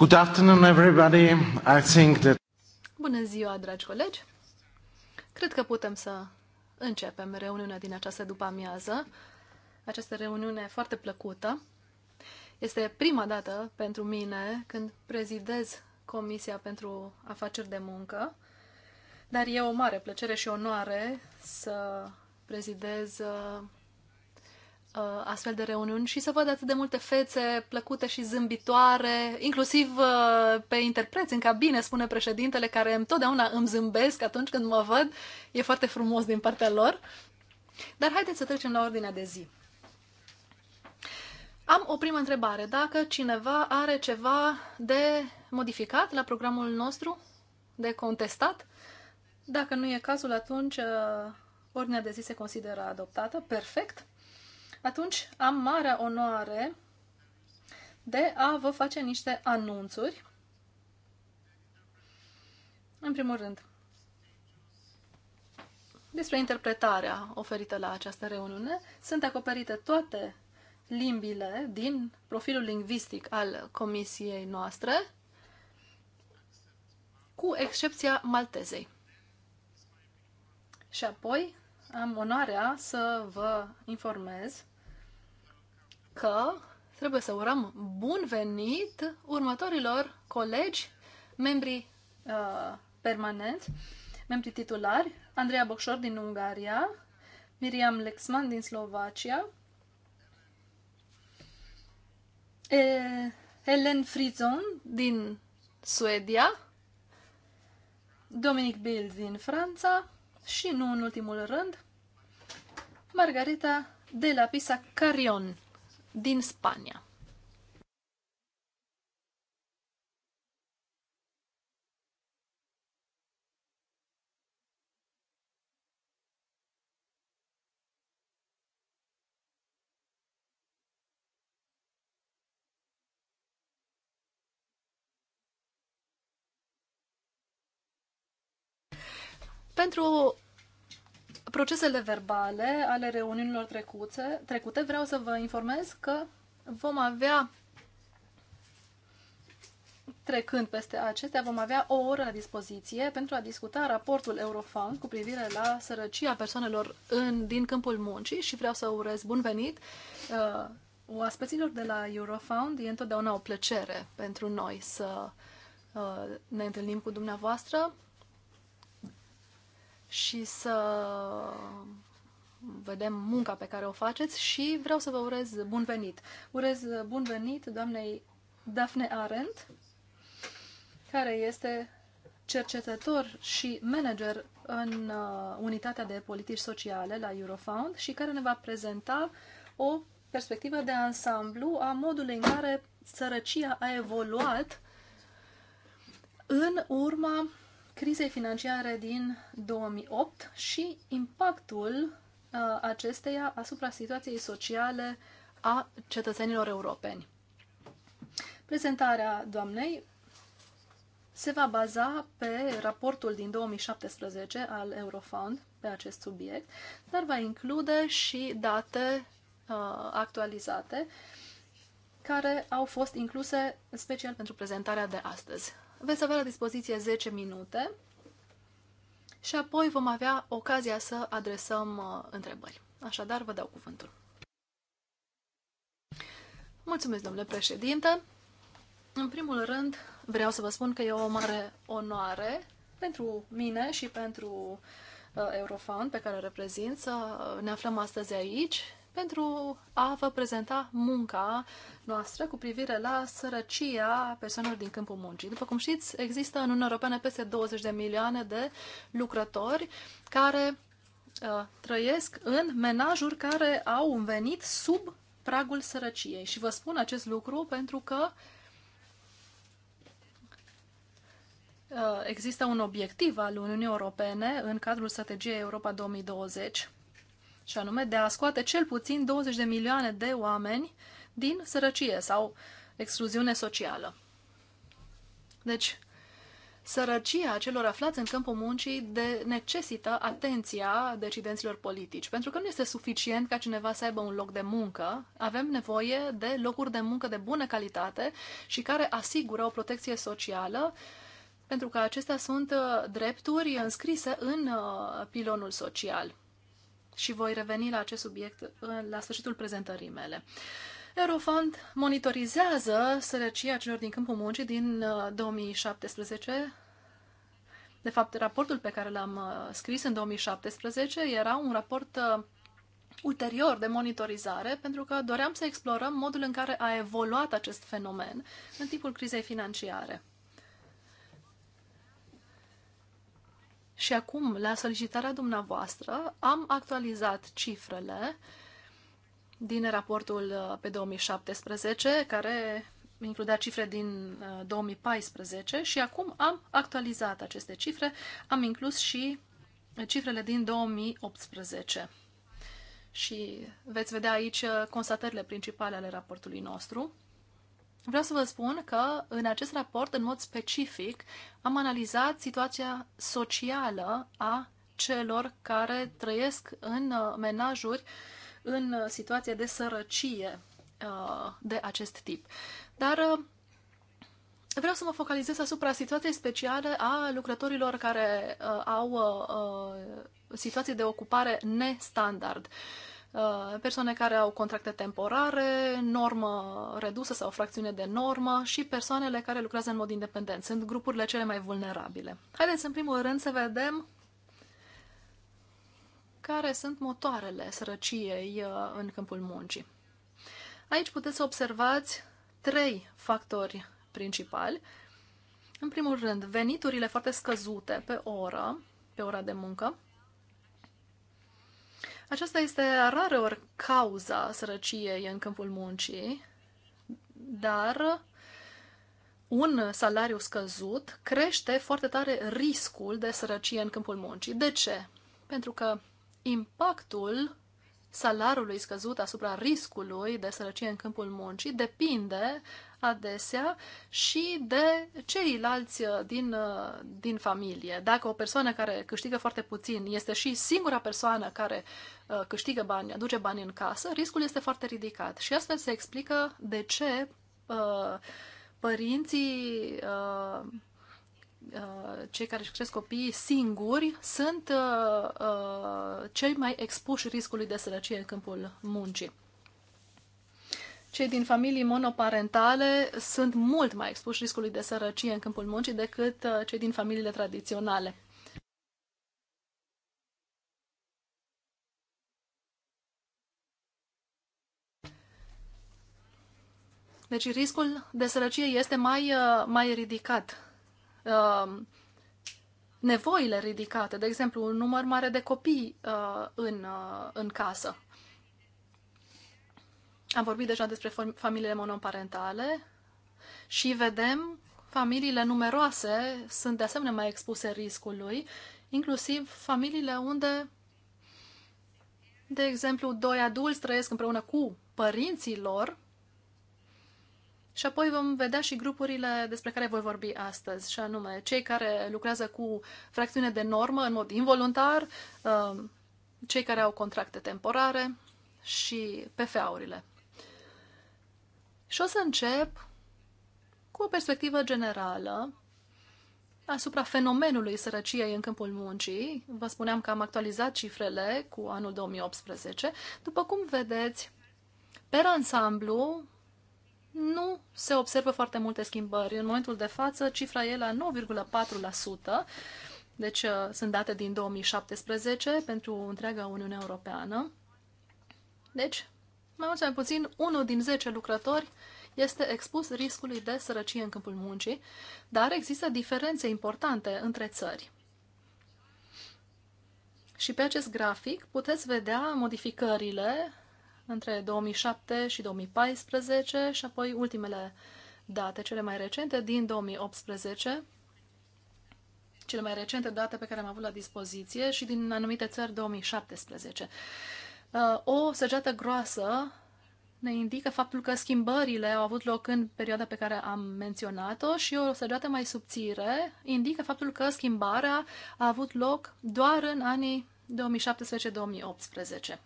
Good afternoon, everybody. I think that... Bună ziua, dragi colegi! Cred că putem să începem reuniunea din această după-amiază. Această reuniune foarte plăcută. Este prima dată pentru mine când prezidez Comisia pentru Afaceri de Muncă, dar e o mare plăcere și onoare să prezidez uh, uh, astfel de reuniuni și să văd atât de multe fețe plăcute și zâmbitoare, inclusiv uh, pe interpreți în cabine, spune președintele, care întotdeauna îmi zâmbesc atunci când mă văd. E foarte frumos din partea lor. Dar haideți să trecem la ordinea de zi. Am o primă întrebare. Dacă cineva are ceva de modificat la programul nostru, de contestat, dacă nu e cazul, atunci uh, ordinea de zi se consideră adoptată. Perfect atunci am mare onoare de a vă face niște anunțuri. În primul rând, despre interpretarea oferită la această reuniune, sunt acoperite toate limbile din profilul lingvistic al comisiei noastre, cu excepția maltezei. Și apoi am onoarea să vă informez că trebuie să urăm bun venit următorilor colegi, membrii uh, permanenți, membrii titulari, Andreea Bocșor din Ungaria, Miriam Lexman din Slovacia, Helen Frizon din Suedia, Dominic Bill din Franța și, nu în ultimul rând, Margarita de la Pisa Carion din Spania. Pentru procesele verbale ale reuniunilor trecute, trecute, vreau să vă informez că vom avea, trecând peste acestea, vom avea o oră la dispoziție pentru a discuta raportul Eurofound cu privire la sărăcia persoanelor în, din câmpul muncii și vreau să urez bun venit uh, oaspeților de la Eurofound. E întotdeauna o plăcere pentru noi să uh, ne întâlnim cu dumneavoastră și să vedem munca pe care o faceți și vreau să vă urez bun venit. Urez bun venit doamnei Daphne Arendt, care este cercetător și manager în uh, unitatea de politici sociale la Eurofound și care ne va prezenta o perspectivă de ansamblu a modului în care sărăcia a evoluat în urma crizei financiare din 2008 și impactul uh, acesteia asupra situației sociale a cetățenilor europeni. Prezentarea doamnei se va baza pe raportul din 2017 al Eurofound pe acest subiect, dar va include și date uh, actualizate care au fost incluse special pentru prezentarea de astăzi veți avea la dispoziție 10 minute și apoi vom avea ocazia să adresăm uh, întrebări. Așadar, vă dau cuvântul. Mulțumesc, domnule președinte. În primul rând, vreau să vă spun că e o mare onoare pentru mine și pentru uh, Eurofan pe care o reprezint, să uh, ne aflăm astăzi aici pentru a vă prezenta munca noastră cu privire la sărăcia persoanelor din câmpul muncii. După cum știți, există în Uniunea Europeană peste 20 de milioane de lucrători care uh, trăiesc în menajuri care au un venit sub pragul sărăciei. Și vă spun acest lucru pentru că uh, există un obiectiv al Uniunii Europene în cadrul strategiei Europa 2020 și anume de a scoate cel puțin 20 de milioane de oameni din sărăcie sau excluziune socială. Deci, sărăcia celor aflați în câmpul muncii de necesită atenția decidenților politici, pentru că nu este suficient ca cineva să aibă un loc de muncă. Avem nevoie de locuri de muncă de bună calitate și care asigură o protecție socială, pentru că acestea sunt uh, drepturi înscrise în uh, pilonul social și voi reveni la acest subiect uh, la sfârșitul prezentării mele. Eurofond monitorizează sărăcia celor din câmpul muncii din 2017. Uh, de fapt, raportul pe care l-am uh, scris în 2017 era un raport ulterior de monitorizare, pentru că doream să explorăm modul în care a evoluat acest fenomen în timpul crizei financiare. Și acum, la solicitarea dumneavoastră, am actualizat cifrele din raportul uh, pe 2017, care includea cifre din 2014 uh, și acum am actualizat aceste cifre, am inclus și cifrele din 2018. Și veți vedea aici uh, constatările principale ale raportului nostru. Vreau să vă spun că în acest raport, în mod specific, am analizat situația socială a celor care trăiesc în uh, menajuri în uh, situație de sărăcie uh, de acest tip. Dar vreau să mă focalizez asupra situației speciale a lucrătorilor care au situații de ocupare nestandard. Uh, persoane care au contracte temporare, normă redusă sau fracțiune de normă și persoanele care lucrează în mod independent. Sunt grupurile cele mai vulnerabile. Haideți în primul rând să vedem care sunt motoarele sărăciei uh, în câmpul muncii. Aici puteți să observați trei factori principali. În primul rând, veniturile foarte scăzute pe oră, pe ora de muncă, aceasta este ori cauza sărăciei în câmpul muncii, dar un salariu scăzut crește foarte tare riscul de sărăcie în câmpul muncii. De ce? Pentru că impactul salarului scăzut, asupra riscului de sărăcie în câmpul muncii, depinde adesea și de ceilalți uh, din, uh, din familie. Dacă o persoană care câștigă foarte puțin este și singura persoană care uh, câștigă bani, aduce bani în casă, riscul este foarte ridicat. Și astfel se explică de ce părinții Uh, cei care își cresc copiii singuri sunt uh, uh, cei mai expuși riscului de sărăcie în câmpul muncii. Cei din familii monoparentale sunt mult mai expuși riscului de sărăcie în câmpul muncii decât cei din familiile tradiționale. Deci riscul de sărăcie este mai, mai ridicat Um, nevoile ridicate, de exemplu, un număr mare de copii uh, în, uh, în casă. Am vorbit deja despre familiile monoparentale și vedem familiile numeroase sunt de asemenea mai expuse riscului, inclusiv familiile unde, de exemplu, doi adulți trăiesc împreună cu părinții lor și apoi vom vedea și grupurile despre care voi vorbi astăzi, și anume cei care lucrează cu fracțiune de normă în mod involuntar, um, cei care au contracte temporare și PFA-urile. Și o să încep cu o perspectivă generală asupra fenomenului sărăciei în câmpul muncii. Vă spuneam că am actualizat cifrele cu anul 2018. După cum vedeți, per ansamblu, nu se observă foarte multe schimbări. În momentul de față, cifra e la 9,4%, deci uh, sunt date din 2017 pentru întreaga Uniune Europeană. Deci, mai mult sau mai puțin, unul din 10 lucrători este expus riscului de sărăcie în câmpul muncii, dar există diferențe importante între țări. Și pe acest grafic puteți vedea modificările între 2007 și 2014 și apoi ultimele date, cele mai recente, din 2018, cele mai recente date pe care am avut la dispoziție și din anumite țări 2017. Uh, o săgeată groasă ne indică faptul că schimbările au avut loc în perioada pe care am menționat-o și o săgeată mai subțire indică faptul că schimbarea a avut loc doar în anii 2017-2018.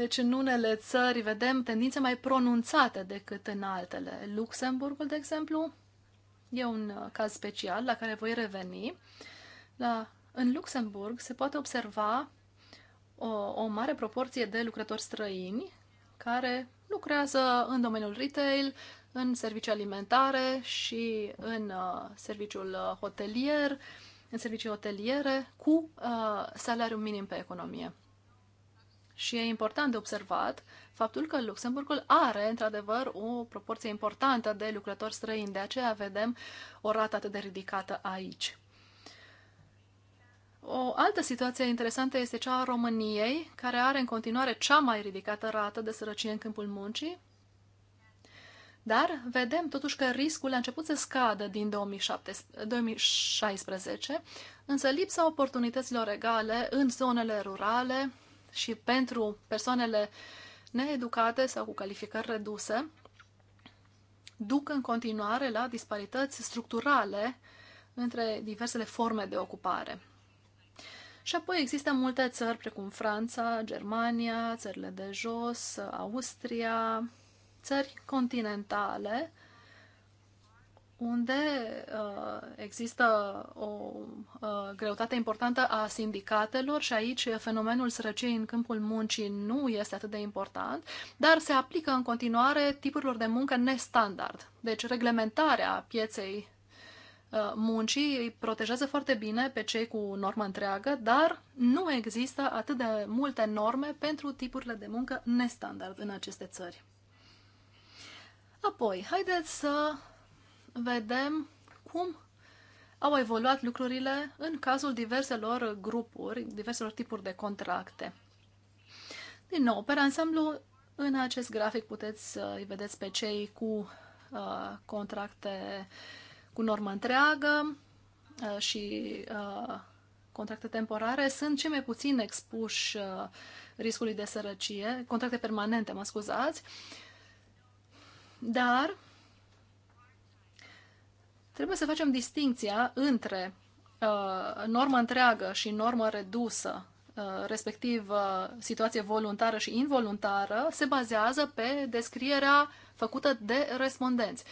Deci în unele țări vedem tendințe mai pronunțate decât în altele. Luxemburgul, de exemplu, e un uh, caz special la care voi reveni. La, în Luxemburg se poate observa o, o mare proporție de lucrători străini care lucrează în domeniul retail, în servicii alimentare și în uh, serviciul uh, hotelier, în servicii hoteliere, cu uh, salariu minim pe economie. Și e important de observat faptul că Luxemburgul are, într-adevăr, o proporție importantă de lucrători străini. De aceea vedem o rată atât de ridicată aici. O altă situație interesantă este cea a României, care are în continuare cea mai ridicată rată de sărăcie în câmpul muncii, dar vedem totuși că riscul a început să scadă din 2016, însă lipsa oportunităților egale în zonele rurale și pentru persoanele needucate sau cu calificări reduse, duc în continuare la disparități structurale între diversele forme de ocupare. Și apoi există multe țări, precum Franța, Germania, țările de jos, Austria, țări continentale, unde uh, există o uh, greutate importantă a sindicatelor și aici fenomenul sărăciei în câmpul muncii nu este atât de important, dar se aplică în continuare tipurilor de muncă nestandard. Deci reglementarea pieței uh, muncii îi protejează foarte bine pe cei cu normă întreagă, dar nu există atât de multe norme pentru tipurile de muncă nestandard în aceste țări. Apoi, haideți să vedem cum au evoluat lucrurile în cazul diverselor grupuri, diverselor tipuri de contracte. Din nou, pe ansamblu, în acest grafic puteți să uh, îi vedeți pe cei cu uh, contracte cu normă întreagă uh, și uh, contracte temporare sunt cei mai puțin expuși uh, riscului de sărăcie, contracte permanente, mă scuzați, dar Trebuie să facem distinția între uh, normă întreagă și normă redusă, uh, respectiv uh, situație voluntară și involuntară, se bazează pe descrierea făcută de respondenți.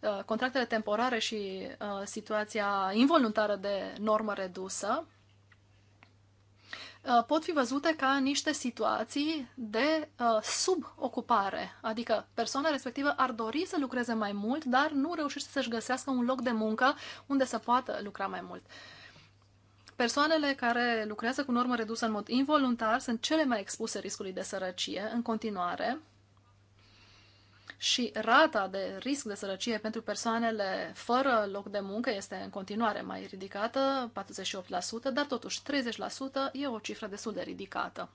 Uh, contractele temporare și uh, situația involuntară de normă redusă Uh, pot fi văzute ca niște situații de uh, subocupare, adică persoana respectivă ar dori să lucreze mai mult, dar nu reușește să-și găsească un loc de muncă unde să poată lucra mai mult. Persoanele care lucrează cu normă redusă în mod involuntar sunt cele mai expuse riscului de sărăcie în continuare și rata de risc de sărăcie pentru persoanele fără loc de muncă este în continuare mai ridicată, 48%, dar totuși 30% e o cifră destul de ridicată.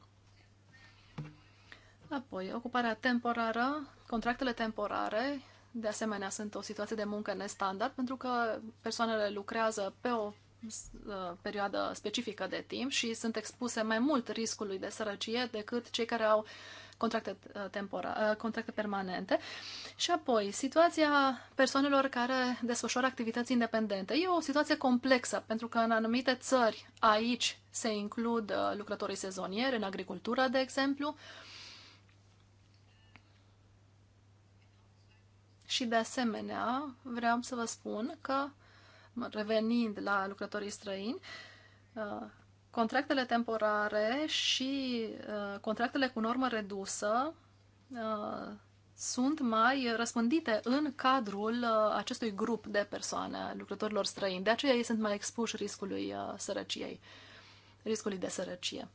Apoi, ocuparea temporară, contractele temporare, de asemenea, sunt o situație de muncă nestandard pentru că persoanele lucrează pe o uh, perioadă specifică de timp și sunt expuse mai mult riscului de sărăcie decât cei care au contracte, uh, tempora, uh, contracte permanente. Și apoi, situația persoanelor care desfășoară activități independente. E o situație complexă, pentru că în anumite țări aici se includ uh, lucrătorii sezonieri, în agricultură, de exemplu, Și de asemenea, vreau să vă spun că, revenind la lucrătorii străini, Contractele temporare și uh, contractele cu normă redusă uh, sunt mai răspândite în cadrul uh, acestui grup de persoane, lucrătorilor străini. De aceea ei sunt mai expuși riscului uh, sărăciei, riscului de sărăcie.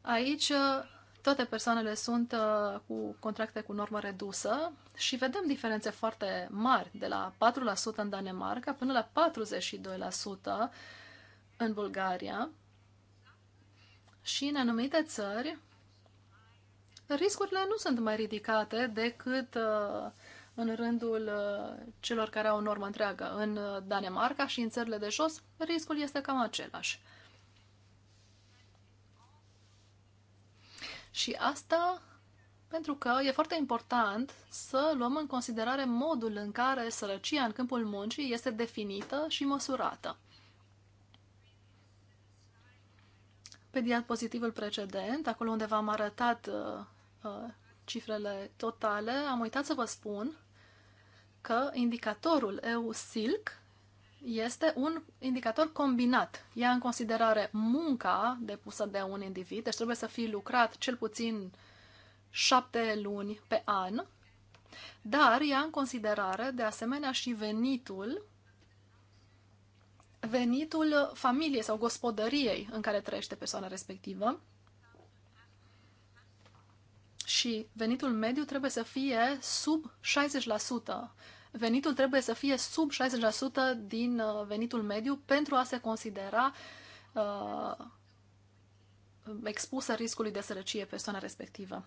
Aici uh, toate persoanele sunt uh, cu contracte cu normă redusă și vedem diferențe foarte mari, de la 4% în Danemarca până la 42% în Bulgaria și în anumite țări, riscurile nu sunt mai ridicate decât uh, în rândul uh, celor care au o normă întreagă. În uh, Danemarca și în țările de jos, riscul este cam același. Și asta pentru că e foarte important să luăm în considerare modul în care sărăcia în câmpul muncii este definită și măsurată. Pe diapozitivul precedent, acolo unde v-am arătat uh, uh, cifrele totale, am uitat să vă spun că indicatorul EU-SILC este un indicator combinat. Ia în considerare munca depusă de un individ, deci trebuie să fie lucrat cel puțin șapte luni pe an, dar ia în considerare de asemenea și venitul venitul familiei sau gospodăriei în care trăiește persoana respectivă și venitul mediu trebuie să fie sub 60%. Venitul trebuie să fie sub 60% din uh, venitul mediu pentru a se considera uh, expusă riscului de sărăcie persoana respectivă.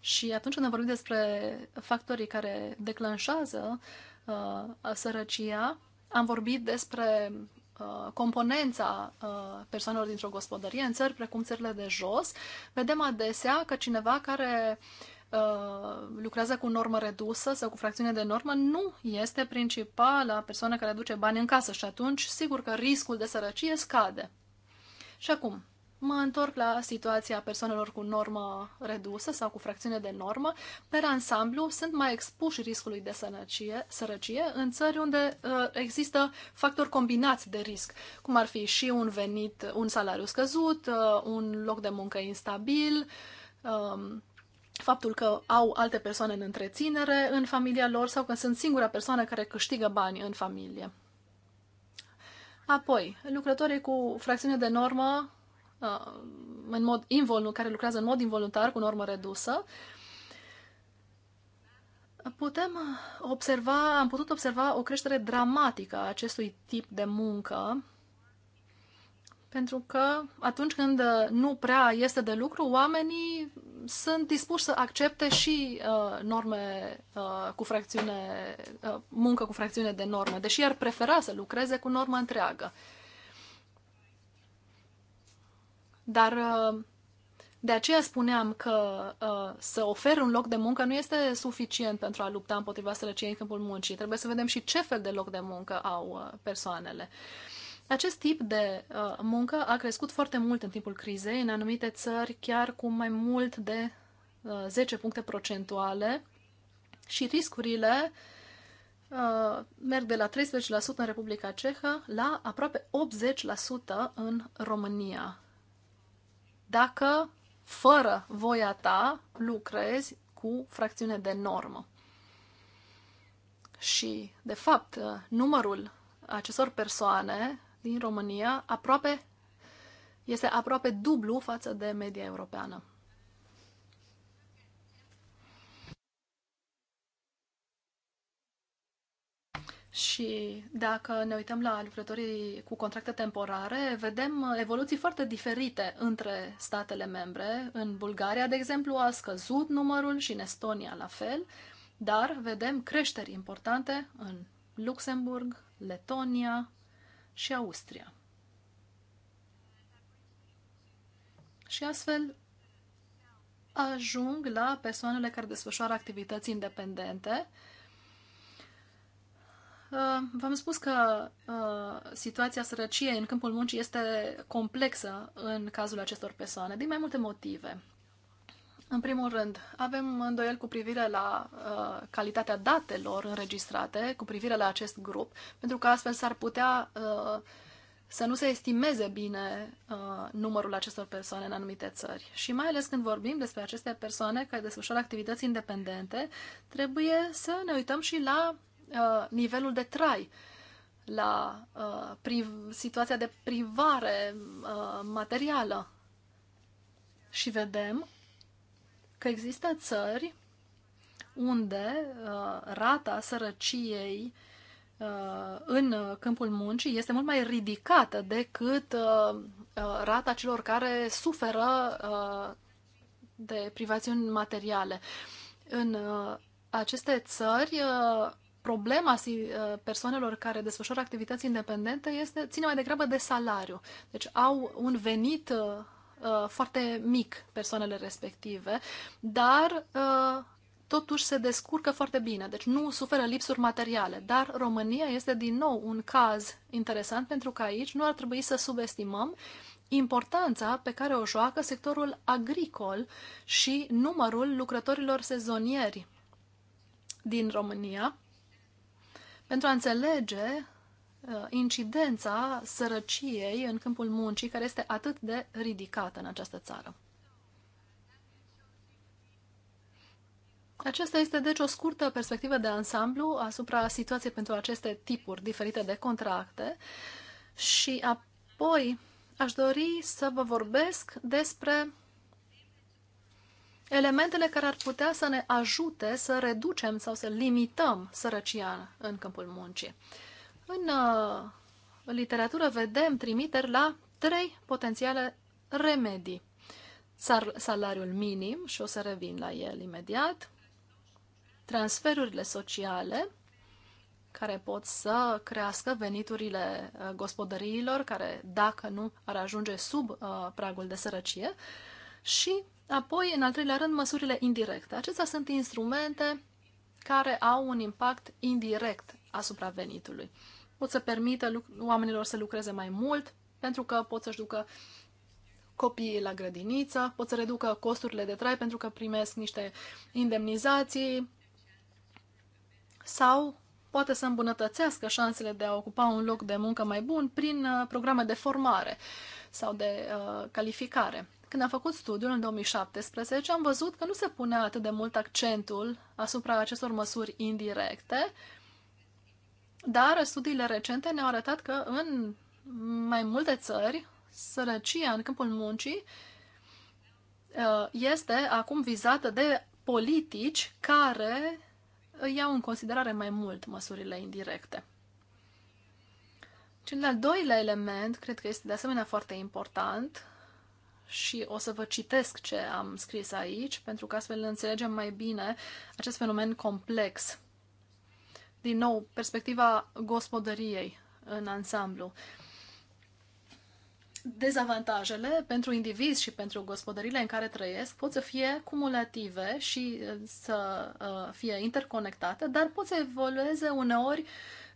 Și atunci când am vorbit despre factorii care declanșează uh, sărăcia, am vorbit despre Uh, componența uh, persoanelor dintr-o gospodărie în țări precum țările de jos, vedem adesea că cineva care uh, lucrează cu normă redusă sau cu fracțiune de normă nu este principala persoană care aduce bani în casă și atunci sigur că riscul de sărăcie scade. Și acum, mă întorc la situația persoanelor cu normă redusă sau cu fracțiune de normă. Per ansamblu, sunt mai expuși riscului de sănăcie, sărăcie în țări unde uh, există factori combinați de risc, cum ar fi și un venit, un salariu scăzut, uh, un loc de muncă instabil, um, faptul că au alte persoane în întreținere în familia lor sau că sunt singura persoană care câștigă bani în familie. Apoi, lucrătorii cu fracțiune de normă Uh, în mod involuntar, care lucrează în mod involuntar cu normă redusă, putem uh, observa, am putut observa o creștere dramatică a acestui tip de muncă, pentru că atunci când uh, nu prea este de lucru, oamenii sunt dispuși să accepte și uh, norme uh, cu fracțiune, uh, muncă cu fracțiune de normă, deși ar prefera să lucreze cu normă întreagă. Uh, Dar uh, de aceea spuneam că uh, să ofer un loc de muncă nu este suficient pentru a lupta împotriva sărăciei în câmpul muncii. Trebuie să vedem și ce fel de loc de muncă au uh, persoanele. Acest tip de muncă a crescut foarte mult în timpul crizei, în anumite țări chiar cu mai mult de 10 puncte procentuale și riscurile merg de la 13% în Republica Cehă la aproape 80% în România dacă fără voia ta lucrezi cu fracțiune de normă. Și, de fapt, numărul acestor persoane din România aproape, este aproape dublu față de media europeană. Și dacă ne uităm la lucrătorii cu contracte temporare, vedem evoluții foarte diferite între statele membre. În Bulgaria, de exemplu, a scăzut numărul și în Estonia la fel, dar vedem creșteri importante în Luxemburg, Letonia și Austria. Și astfel ajung la persoanele care desfășoară activități independente, Uh, v-am spus că uh, situația sărăciei în câmpul muncii este complexă în cazul acestor persoane, din mai multe motive. În primul rând, avem îndoiel cu privire la uh, calitatea datelor înregistrate cu privire la acest grup, pentru că astfel s-ar putea uh, să nu se estimeze bine uh, numărul acestor persoane în anumite țări. Și mai ales când vorbim despre aceste persoane care desfășoară activități independente, trebuie să ne uităm și la Uh, nivelul de trai, la uh, situația de privare uh, materială. Și vedem că există țări unde uh, rata sărăciei uh, în câmpul muncii este mult mai ridicată decât uh, uh rata celor care suferă uh, de privațiuni materiale. În uh, aceste țări, uh, problema uh, persoanelor care desfășoară activități independente este, ține mai degrabă de salariu. Deci au un venit uh, uh, foarte mic persoanele respective, dar totuși se descurcă foarte bine, deci nu suferă lipsuri materiale. Dar România este din nou un caz interesant pentru că aici nu ar trebui să subestimăm importanța pe care o joacă sectorul agricol și numărul lucrătorilor sezonieri din România, pentru a înțelege uh, incidența sărăciei în câmpul muncii, care este atât de ridicată în această țară. Aceasta este deci o scurtă perspectivă de ansamblu asupra situației pentru aceste tipuri diferite de contracte și apoi aș dori să vă vorbesc despre elementele care ar putea să ne ajute să reducem sau să limităm sărăcia în câmpul muncii. În uh, literatură vedem trimiteri la trei potențiale remedii. Salariul minim, și o să revin la el imediat, transferurile sociale, care pot să crească veniturile uh, gospodăriilor, care dacă nu ar ajunge sub uh, pragul de sărăcie, și Apoi, în al treilea rând, măsurile indirecte. Acestea sunt instrumente care au un impact indirect asupra venitului. Pot să permită oamenilor să lucreze mai mult, pentru că pot să-și ducă copiii la grădiniță, pot să reducă costurile de trai pentru că primesc niște indemnizații sau poate să îmbunătățească șansele de a ocupa un loc de muncă mai bun prin uh, programe de formare sau de uh, calificare. Când am făcut studiul în 2017, am văzut că nu se pune atât de mult accentul asupra acestor măsuri indirecte, dar studiile recente ne-au arătat că în mai multe țări, sărăcia în câmpul muncii uh, este acum vizată de politici care iau în considerare mai mult măsurile indirecte. Cel de-al doilea element, cred că este de asemenea foarte important, și o să vă citesc ce am scris aici, pentru că astfel înțelegem mai bine acest fenomen complex. Din nou, perspectiva gospodăriei în ansamblu. Dezavantajele pentru indivizi și pentru gospodările în care trăiesc pot să fie cumulative și uh, să uh, fie interconectate, dar pot să evolueze uneori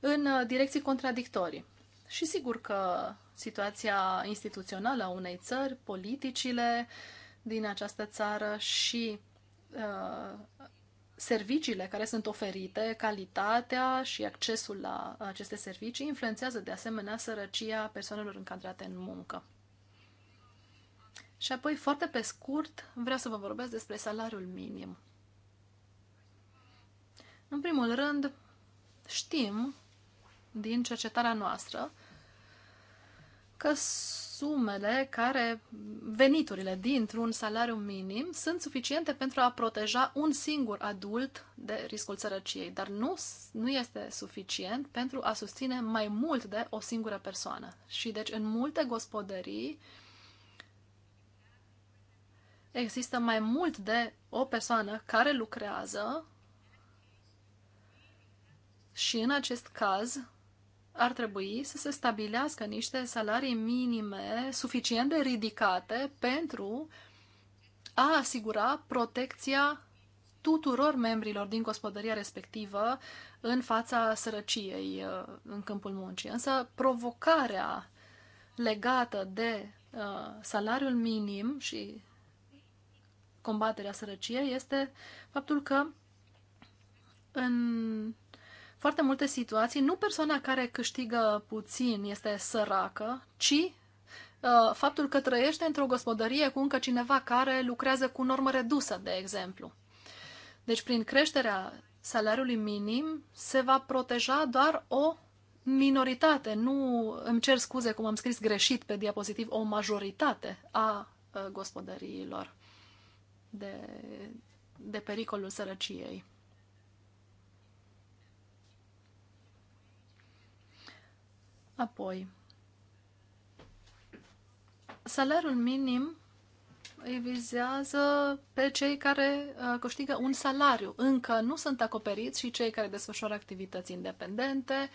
în uh, direcții contradictorii. Și sigur că situația instituțională a unei țări, politicile din această țară și uh, serviciile care sunt oferite, calitatea și accesul la aceste servicii influențează de asemenea sărăcia persoanelor încadrate în muncă. Și apoi, foarte pe scurt, vreau să vă vorbesc despre salariul minim. În primul rând, știm din cercetarea noastră că sumele care, veniturile dintr-un salariu minim sunt suficiente pentru a proteja un singur adult de riscul sărăciei, dar nu, nu este suficient pentru a susține mai mult de o singură persoană. Și deci în multe gospodării există mai mult de o persoană care lucrează și în acest caz ar trebui să se stabilească niște salarii minime suficient de ridicate pentru a asigura protecția tuturor membrilor din gospodăria respectivă în fața sărăciei uh, în câmpul muncii. Însă provocarea legată de uh, salariul minim și combaterea sărăciei este faptul că în foarte multe situații, nu persoana care câștigă puțin este săracă, ci uh, faptul că trăiește într-o gospodărie cu încă cineva care lucrează cu normă redusă, de exemplu. Deci, prin creșterea salariului minim, se va proteja doar o minoritate, nu îmi cer scuze cum am scris greșit pe diapozitiv, o majoritate a uh, gospodăriilor de, de pericolul sărăciei. Apoi, salariul minim îi vizează pe cei care uh, câștigă un salariu. Încă nu sunt acoperiți și cei care desfășoară activități independente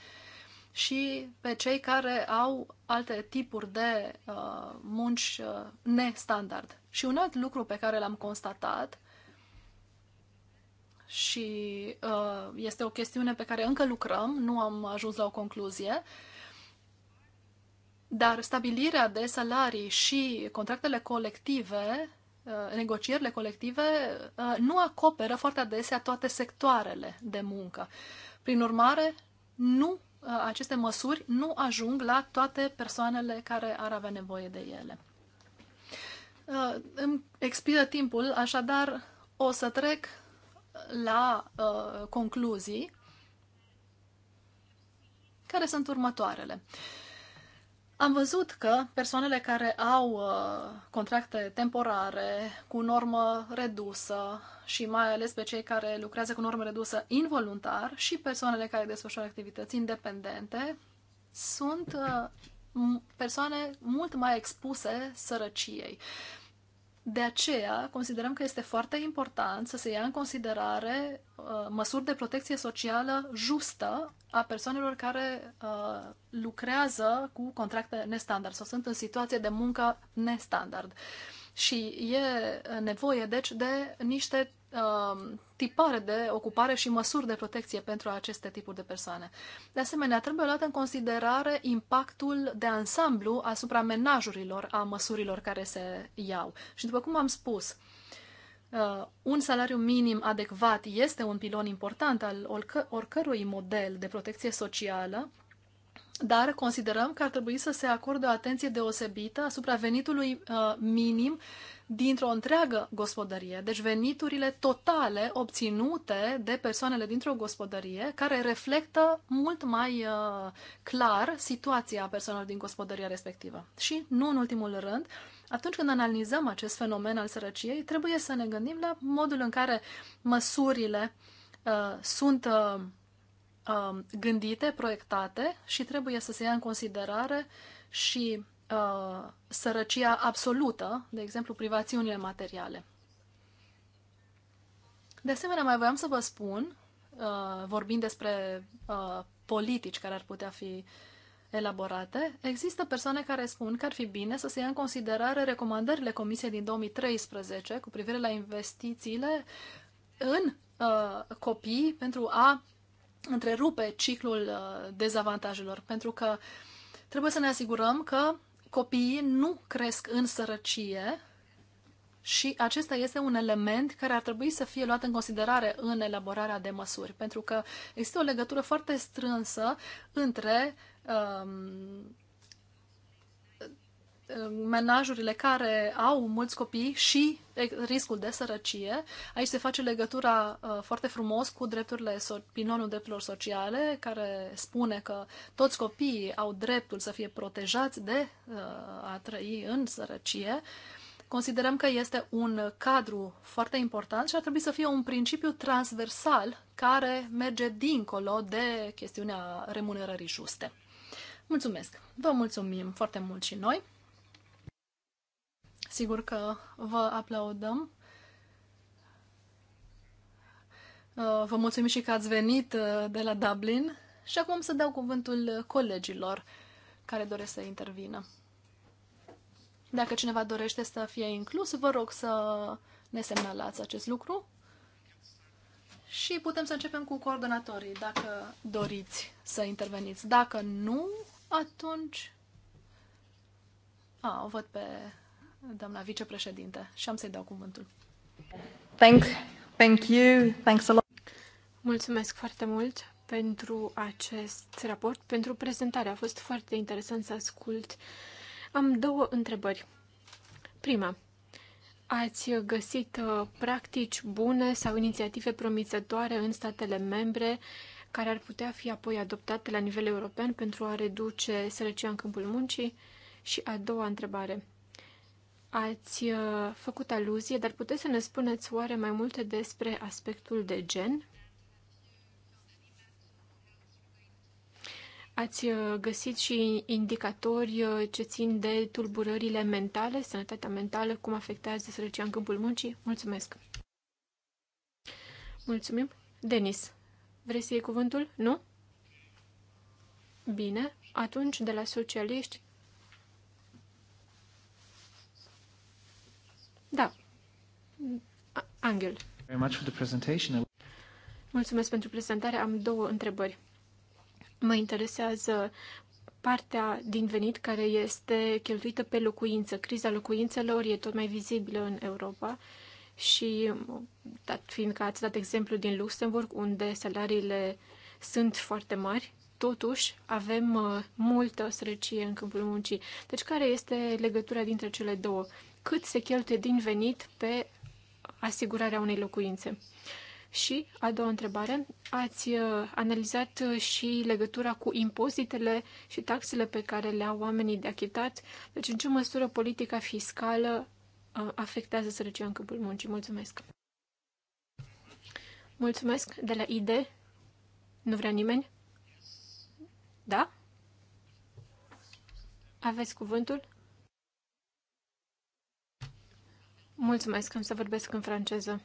și pe cei care au alte tipuri de uh, munci uh, nestandard. Și un alt lucru pe care l-am constatat și este o chestiune pe care încă lucrăm, nu am ajuns la o concluzie, dar stabilirea de salarii și contractele colective, uh, negocierile colective, uh, nu acoperă foarte adesea toate sectoarele de muncă. Prin urmare, nu, uh, aceste măsuri nu ajung la toate persoanele care ar avea nevoie de ele. Îmi expiră timpul, așadar o să trec la concluzii, care sunt următoarele. Am văzut că persoanele care au uh, contracte temporare cu normă redusă și mai ales pe cei care lucrează cu normă redusă involuntar și persoanele care desfășoară activități independente sunt uh, persoane mult mai expuse sărăciei. De aceea, considerăm că este foarte important să se ia în considerare uh, măsuri de protecție socială justă a persoanelor care uh, lucrează cu contracte nestandard sau sunt în situație de muncă nestandard. Și e nevoie, deci, de niște Um, tipare de ocupare și măsuri de protecție pentru aceste tipuri de persoane. De asemenea, trebuie luat în considerare impactul de ansamblu asupra menajurilor a măsurilor care se iau. Și după cum am spus, uh, un salariu minim adecvat este un pilon important al oricărui model de protecție socială, dar considerăm că ar trebui să se acorde o atenție deosebită asupra venitului uh, minim dintr-o întreagă gospodărie, deci veniturile totale obținute de persoanele dintr-o gospodărie, care reflectă mult mai uh, clar situația persoanelor din gospodăria respectivă. Și, nu în ultimul rând, atunci când analizăm acest fenomen al sărăciei, trebuie să ne gândim la modul în care măsurile uh, sunt uh, Um, gândite, proiectate și trebuie să se ia în considerare și uh, sărăcia absolută, de exemplu privațiunile materiale. De asemenea, mai voiam să vă spun, uh, vorbind despre uh, politici care ar putea fi elaborate, există persoane care spun că ar fi bine să se ia în considerare recomandările Comisiei din 2013 cu privire la investițiile în uh, copii pentru a întrerupe ciclul uh, dezavantajelor, pentru că trebuie să ne asigurăm că copiii nu cresc în sărăcie și acesta este un element care ar trebui să fie luat în considerare în elaborarea de măsuri, pentru că există o legătură foarte strânsă între um, Um, menajurile care au mulți copii și riscul de sărăcie. Aici se face legătura uh, foarte frumos cu drepturile, pilonul drepturilor sociale, care spune că toți copiii au dreptul să fie protejați de uh, a trăi în sărăcie. Considerăm că este un cadru foarte important și ar trebui să fie un principiu transversal care merge dincolo de chestiunea remunerării juste. Mulțumesc! Vă mulțumim foarte mult și noi! Sigur că vă aplaudăm. Uh, vă mulțumim și că ați venit uh, de la Dublin. Și acum să dau cuvântul colegilor care doresc să intervină. Dacă cineva dorește să fie inclus, vă rog să ne semnalați acest lucru. Și putem să începem cu coordonatorii, dacă doriți să interveniți. Dacă nu, atunci... A, o văd pe doamna vicepreședinte, și am să-i dau cuvântul. Thank, thank you, thanks a lot. Mulțumesc foarte mult pentru acest raport, pentru prezentare. A fost foarte interesant să ascult. Am două întrebări. Prima, ați găsit uh, practici bune sau inițiative promițătoare în statele membre care ar putea fi apoi adoptate la nivel european pentru a reduce sărăcia în câmpul muncii? Și a doua întrebare ați uh, făcut aluzie, dar puteți să ne spuneți oare mai multe despre aspectul de gen? Ați uh, găsit și indicatori uh, ce țin de tulburările mentale, sănătatea mentală, cum afectează sărăcia în câmpul muncii? Mulțumesc! Mulțumim! Denis, vrei să iei cuvântul? Nu? Bine, atunci de la socialiști Da. Angel. Mulțumesc pentru prezentare. Am două întrebări. Mă interesează partea din venit care este cheltuită pe locuință. Criza locuințelor e tot mai vizibilă în Europa și, dat fiind că ați dat exemplu din Luxemburg, unde salariile sunt foarte mari, totuși avem uh, multă sărăcie în câmpul muncii. Deci care este legătura dintre cele două? cât se cheltuie din venit pe asigurarea unei locuințe. Și a doua întrebare, ați uh, analizat uh, și legătura cu impozitele și taxele pe care le au oamenii de achitat? Deci în ce măsură politica fiscală uh, afectează sărăcia în câmpul muncii? Mulțumesc! Mulțumesc de la ID. Nu vrea nimeni? Da? Aveți cuvântul? Mulțumesc, am să vorbesc în franceză.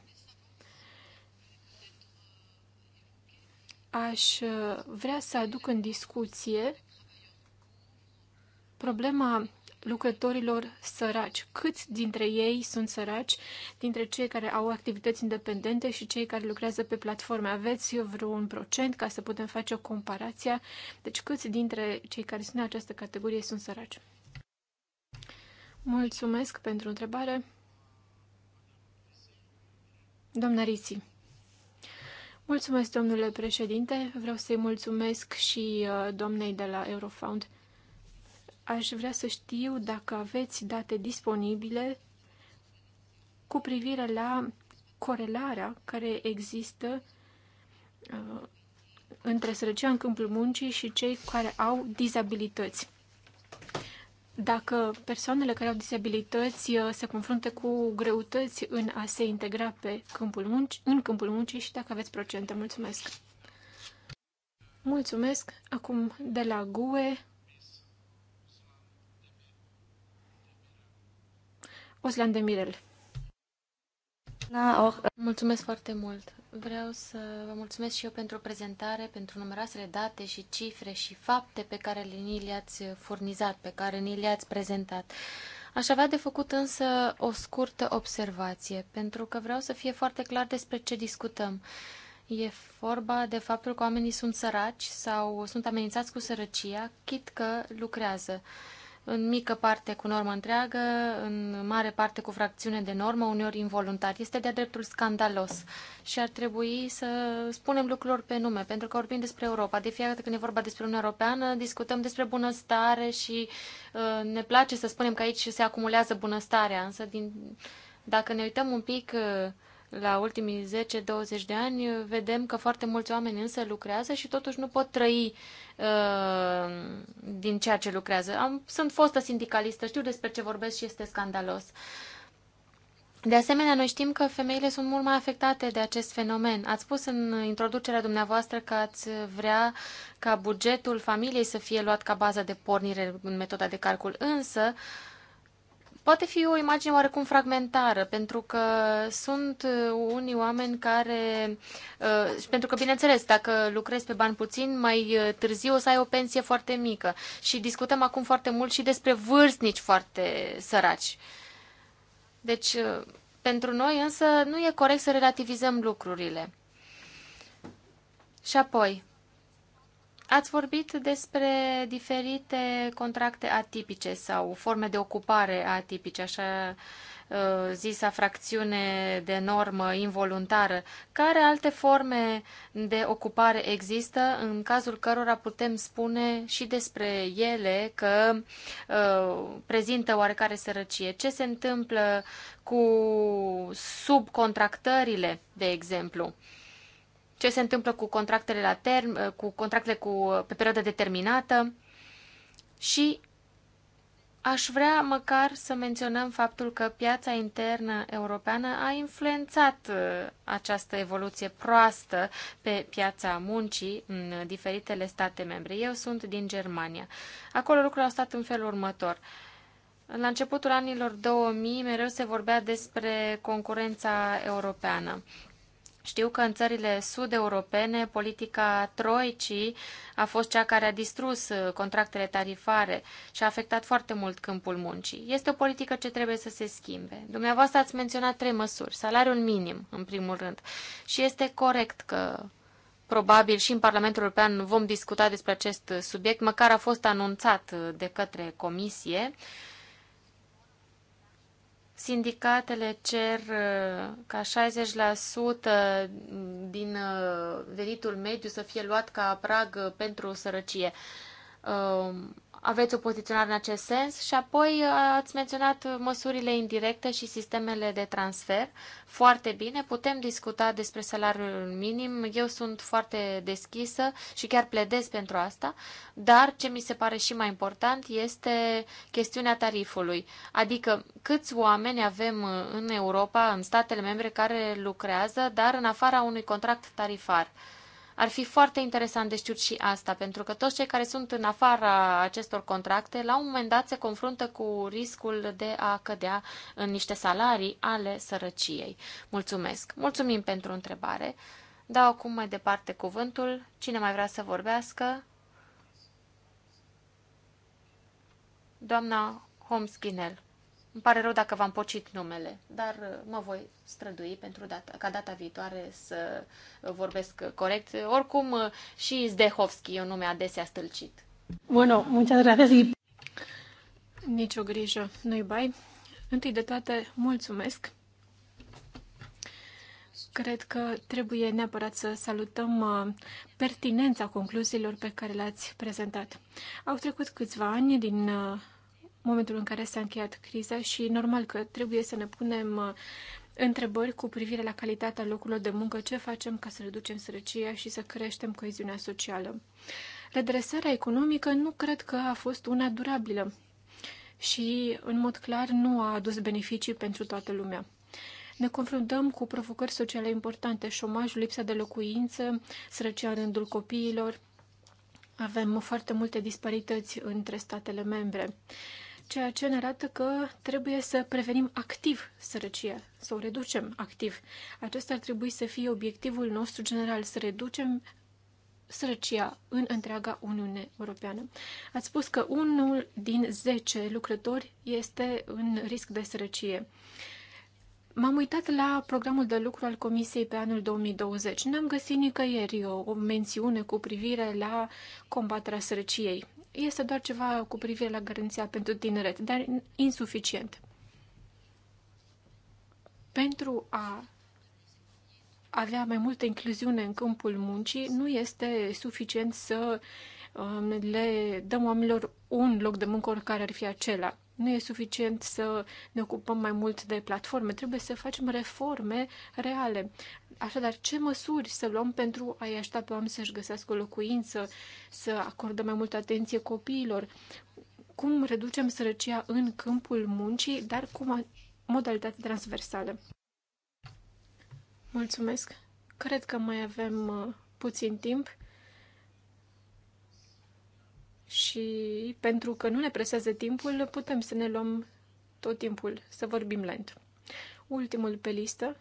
Aș uh, vrea să aduc în discuție problema lucrătorilor săraci. Câți dintre ei sunt săraci, dintre cei care au activități independente și cei care lucrează pe platforme? Aveți vreun procent ca să putem face o comparație? Deci câți dintre cei care sunt în această categorie sunt săraci? Mulțumesc pentru întrebare. Doamna Riții. Mulțumesc, domnule președinte. Vreau să-i mulțumesc și uh, doamnei de la Eurofound. Aș vrea să știu dacă aveți date disponibile cu privire la corelarea care există uh, între sărăcia în câmpul muncii și cei care au dizabilități. Dacă persoanele care au disabilități uh, se confruntă cu greutăți în a se integra pe câmpul munci, în câmpul muncii și dacă aveți procente. Mulțumesc! Mulțumesc! Acum de la GUE Oslan de Mirel. Mulțumesc foarte mult! Vreau să vă mulțumesc și eu pentru prezentare, pentru numeroasele date și cifre și fapte pe care ni le-ați furnizat, pe care ni le-ați prezentat. Aș avea de făcut însă o scurtă observație, pentru că vreau să fie foarte clar despre ce discutăm. E vorba de faptul că oamenii sunt săraci sau sunt amenințați cu sărăcia, chit că lucrează. Uh, în mică parte cu normă întreagă, în mare parte cu fracțiune de normă, uneori involuntar. Este de-a dreptul scandalos și ar trebui să spunem lucrurilor pe nume, pentru că vorbim despre Europa. De fiecare dată când e vorba despre Uniunea Europeană, discutăm despre bunăstare și uh, ne place să spunem că aici se acumulează bunăstarea, însă din, dacă ne uităm un pic uh, la ultimii 10-20 de ani, vedem că foarte mulți oameni însă lucrează și totuși nu pot trăi uh, din ceea ce lucrează. Am, sunt fostă sindicalistă, știu despre ce vorbesc și este scandalos. De asemenea, noi știm că femeile sunt mult mai afectate de acest fenomen. Ați spus în introducerea dumneavoastră că ați vrea ca bugetul familiei să fie luat ca bază de pornire în metoda de calcul, însă uh, poate fi o imagine oarecum fragmentară, pentru că sunt uh, unii oameni care, uh, pentru că, bineînțeles, dacă lucrezi pe bani puțin, mai uh, târziu o să ai o pensie foarte mică. Și discutăm acum foarte mult și despre vârstnici foarte săraci. Deci, pentru noi însă nu e corect să relativizăm lucrurile. Și apoi, Ați vorbit despre diferite contracte atipice sau forme de ocupare atipice, așa uh, zisa fracțiune de normă involuntară. Care alte forme de ocupare există în cazul cărora putem spune și despre ele că uh, prezintă oarecare sărăcie? Ce se întâmplă cu subcontractările, de exemplu? ce se întâmplă cu contractele la term, eh, cu contractele cu, pe perioadă determinată și aș vrea măcar să menționăm faptul că piața internă europeană a influențat eh, această evoluție proastă pe piața muncii în diferitele state membre. Eu sunt din Germania. Acolo lucrurile au stat în felul următor. La începutul anilor 2000 mereu se vorbea despre concurența europeană. Știu că în țările sud-europene politica troicii a fost cea care a distrus uh, contractele tarifare și a afectat foarte mult câmpul muncii. Este o politică ce trebuie să se schimbe. Dumneavoastră ați menționat trei măsuri. Salariul minim, în primul rând. Și este corect că probabil și în Parlamentul European vom discuta despre acest subiect, măcar a fost anunțat uh, de către Comisie. Uh, Sindicatele cer uh, ca 60% din uh, venitul mediu să fie luat ca prag uh, pentru sărăcie. Um, aveți o poziționare în acest sens și apoi uh, ați menționat măsurile indirecte și sistemele de transfer. Foarte bine, putem discuta despre salariul minim. Eu sunt foarte deschisă și chiar pledez pentru asta, dar ce mi se pare și mai important este chestiunea tarifului. Adică câți oameni avem uh, în Europa, în statele membre care lucrează, dar în afara unui contract tarifar. Ar fi foarte interesant de știut și asta, pentru că toți cei care sunt în afara acestor contracte, la un moment dat se confruntă cu riscul de a cădea în niște salarii ale sărăciei. Mulțumesc! Mulțumim pentru întrebare. Dau acum mai departe cuvântul. Cine mai vrea să vorbească? Doamna holmes îmi pare rău dacă v-am pocit numele, dar uh, mă voi strădui pentru data, ca data viitoare să vorbesc corect. Oricum, uh, și Zdehovski e un nume adesea stâlcit. Bueno, muchas gracias Nici Nicio grijă, nu-i bai. Întâi de toate, mulțumesc. Cred că trebuie neapărat să salutăm uh, pertinența concluziilor pe care le-ați prezentat. Au trecut câțiva ani din momentul în care s-a încheiat criza și normal că trebuie să ne punem uh, întrebări cu privire la calitatea locurilor de muncă, ce facem ca să reducem sărăcia și să creștem coeziunea socială. Redresarea economică nu cred că a fost una durabilă și, în mod clar, nu a adus beneficii pentru toată lumea. Ne confruntăm cu provocări sociale importante, șomajul, lipsa de locuință, sărăcia în rândul copiilor. Avem foarte multe disparități între statele membre ceea ce ne arată că trebuie să prevenim activ sărăcia, să o reducem activ. Acesta ar trebui să fie obiectivul nostru general, să reducem sărăcia în întreaga Uniune Europeană. Ați spus că unul din 10 lucrători este în risc de sărăcie. M-am uitat la programul de lucru al Comisiei pe anul 2020. N-am găsit nicăieri o mențiune cu privire la combaterea sărăciei. Este doar ceva cu privire la garanția pentru tineret, dar insuficient. Pentru a avea mai multă incluziune în câmpul muncii, nu este suficient să um, le dăm oamenilor un loc de muncă oricare ar fi acela. Nu e suficient să ne ocupăm mai mult de platforme, trebuie să facem reforme reale. Așadar, ce măsuri să luăm pentru a-i ajuta pe oameni să-și găsească o locuință, să acordăm mai multă atenție copiilor? Cum reducem sărăcia în câmpul muncii, dar cu modalitate transversală? Mulțumesc! Cred că mai avem uh, puțin timp și pentru că nu ne presează timpul, putem să ne luăm tot timpul, să vorbim lent. Ultimul pe listă,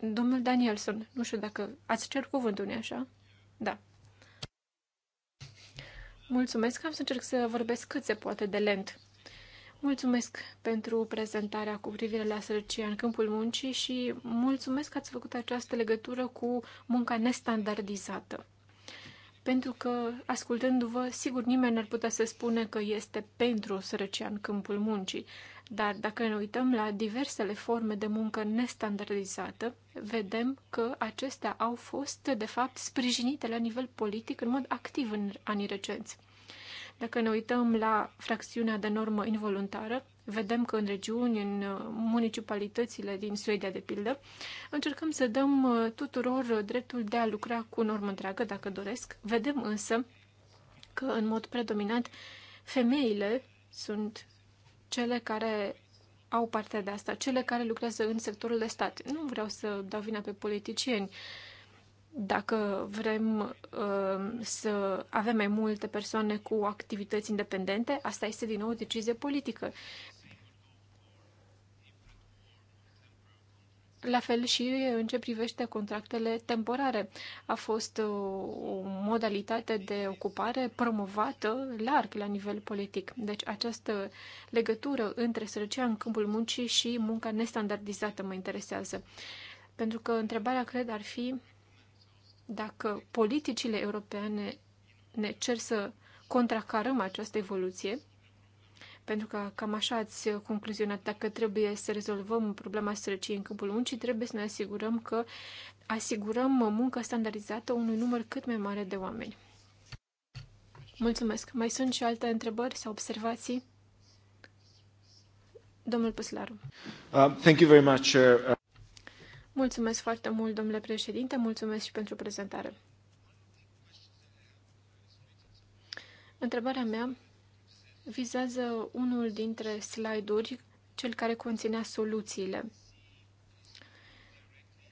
domnul Danielson. Nu știu dacă ați cer cuvântul, nu așa? Da. Mulțumesc, am să încerc să vorbesc cât se poate de lent. Mulțumesc pentru prezentarea cu privire la sărăcia în câmpul muncii și mulțumesc că ați făcut această legătură cu munca nestandardizată. Pentru că, ascultându-vă, sigur nimeni n-ar putea să spune că este pentru sărăcia în câmpul muncii, dar dacă ne uităm la diversele forme de muncă nestandardizată, vedem că acestea au fost, de fapt, sprijinite la nivel politic în mod activ în anii recenți. Dacă ne uităm la fracțiunea de normă involuntară, vedem că în regiuni, în uh, municipalitățile din Suedia, de pildă, încercăm să dăm uh, tuturor uh, dreptul de a lucra cu normă întreagă, dacă doresc. Vedem însă că, în mod predominant, femeile sunt cele care au partea de asta, cele care lucrează în sectorul de stat. Nu vreau să dau vina pe politicieni, uh, dacă vrem uh, să avem mai multe persoane cu activități independente, asta este din nou o decizie politică. La fel și în ce privește contractele temporare. A fost uh, o modalitate de ocupare promovată larg la nivel politic. Deci această legătură între sărăcia în câmpul muncii și munca nestandardizată mă interesează. Pentru că întrebarea, cred, ar fi dacă politicile europene ne cer să contracarăm această evoluție, pentru că cam așa ați concluzionat, dacă trebuie să rezolvăm problema sărăciei în câmpul muncii, trebuie să ne asigurăm că asigurăm muncă standardizată unui număr cât mai mare de oameni. Mulțumesc. Mai sunt și alte întrebări sau observații? Domnul Păslaru. Uh, thank you very much, uh, Mulțumesc foarte mult, domnule președinte, mulțumesc și pentru prezentare. Întrebarea mea vizează unul dintre slide-uri, cel care conținea soluțiile.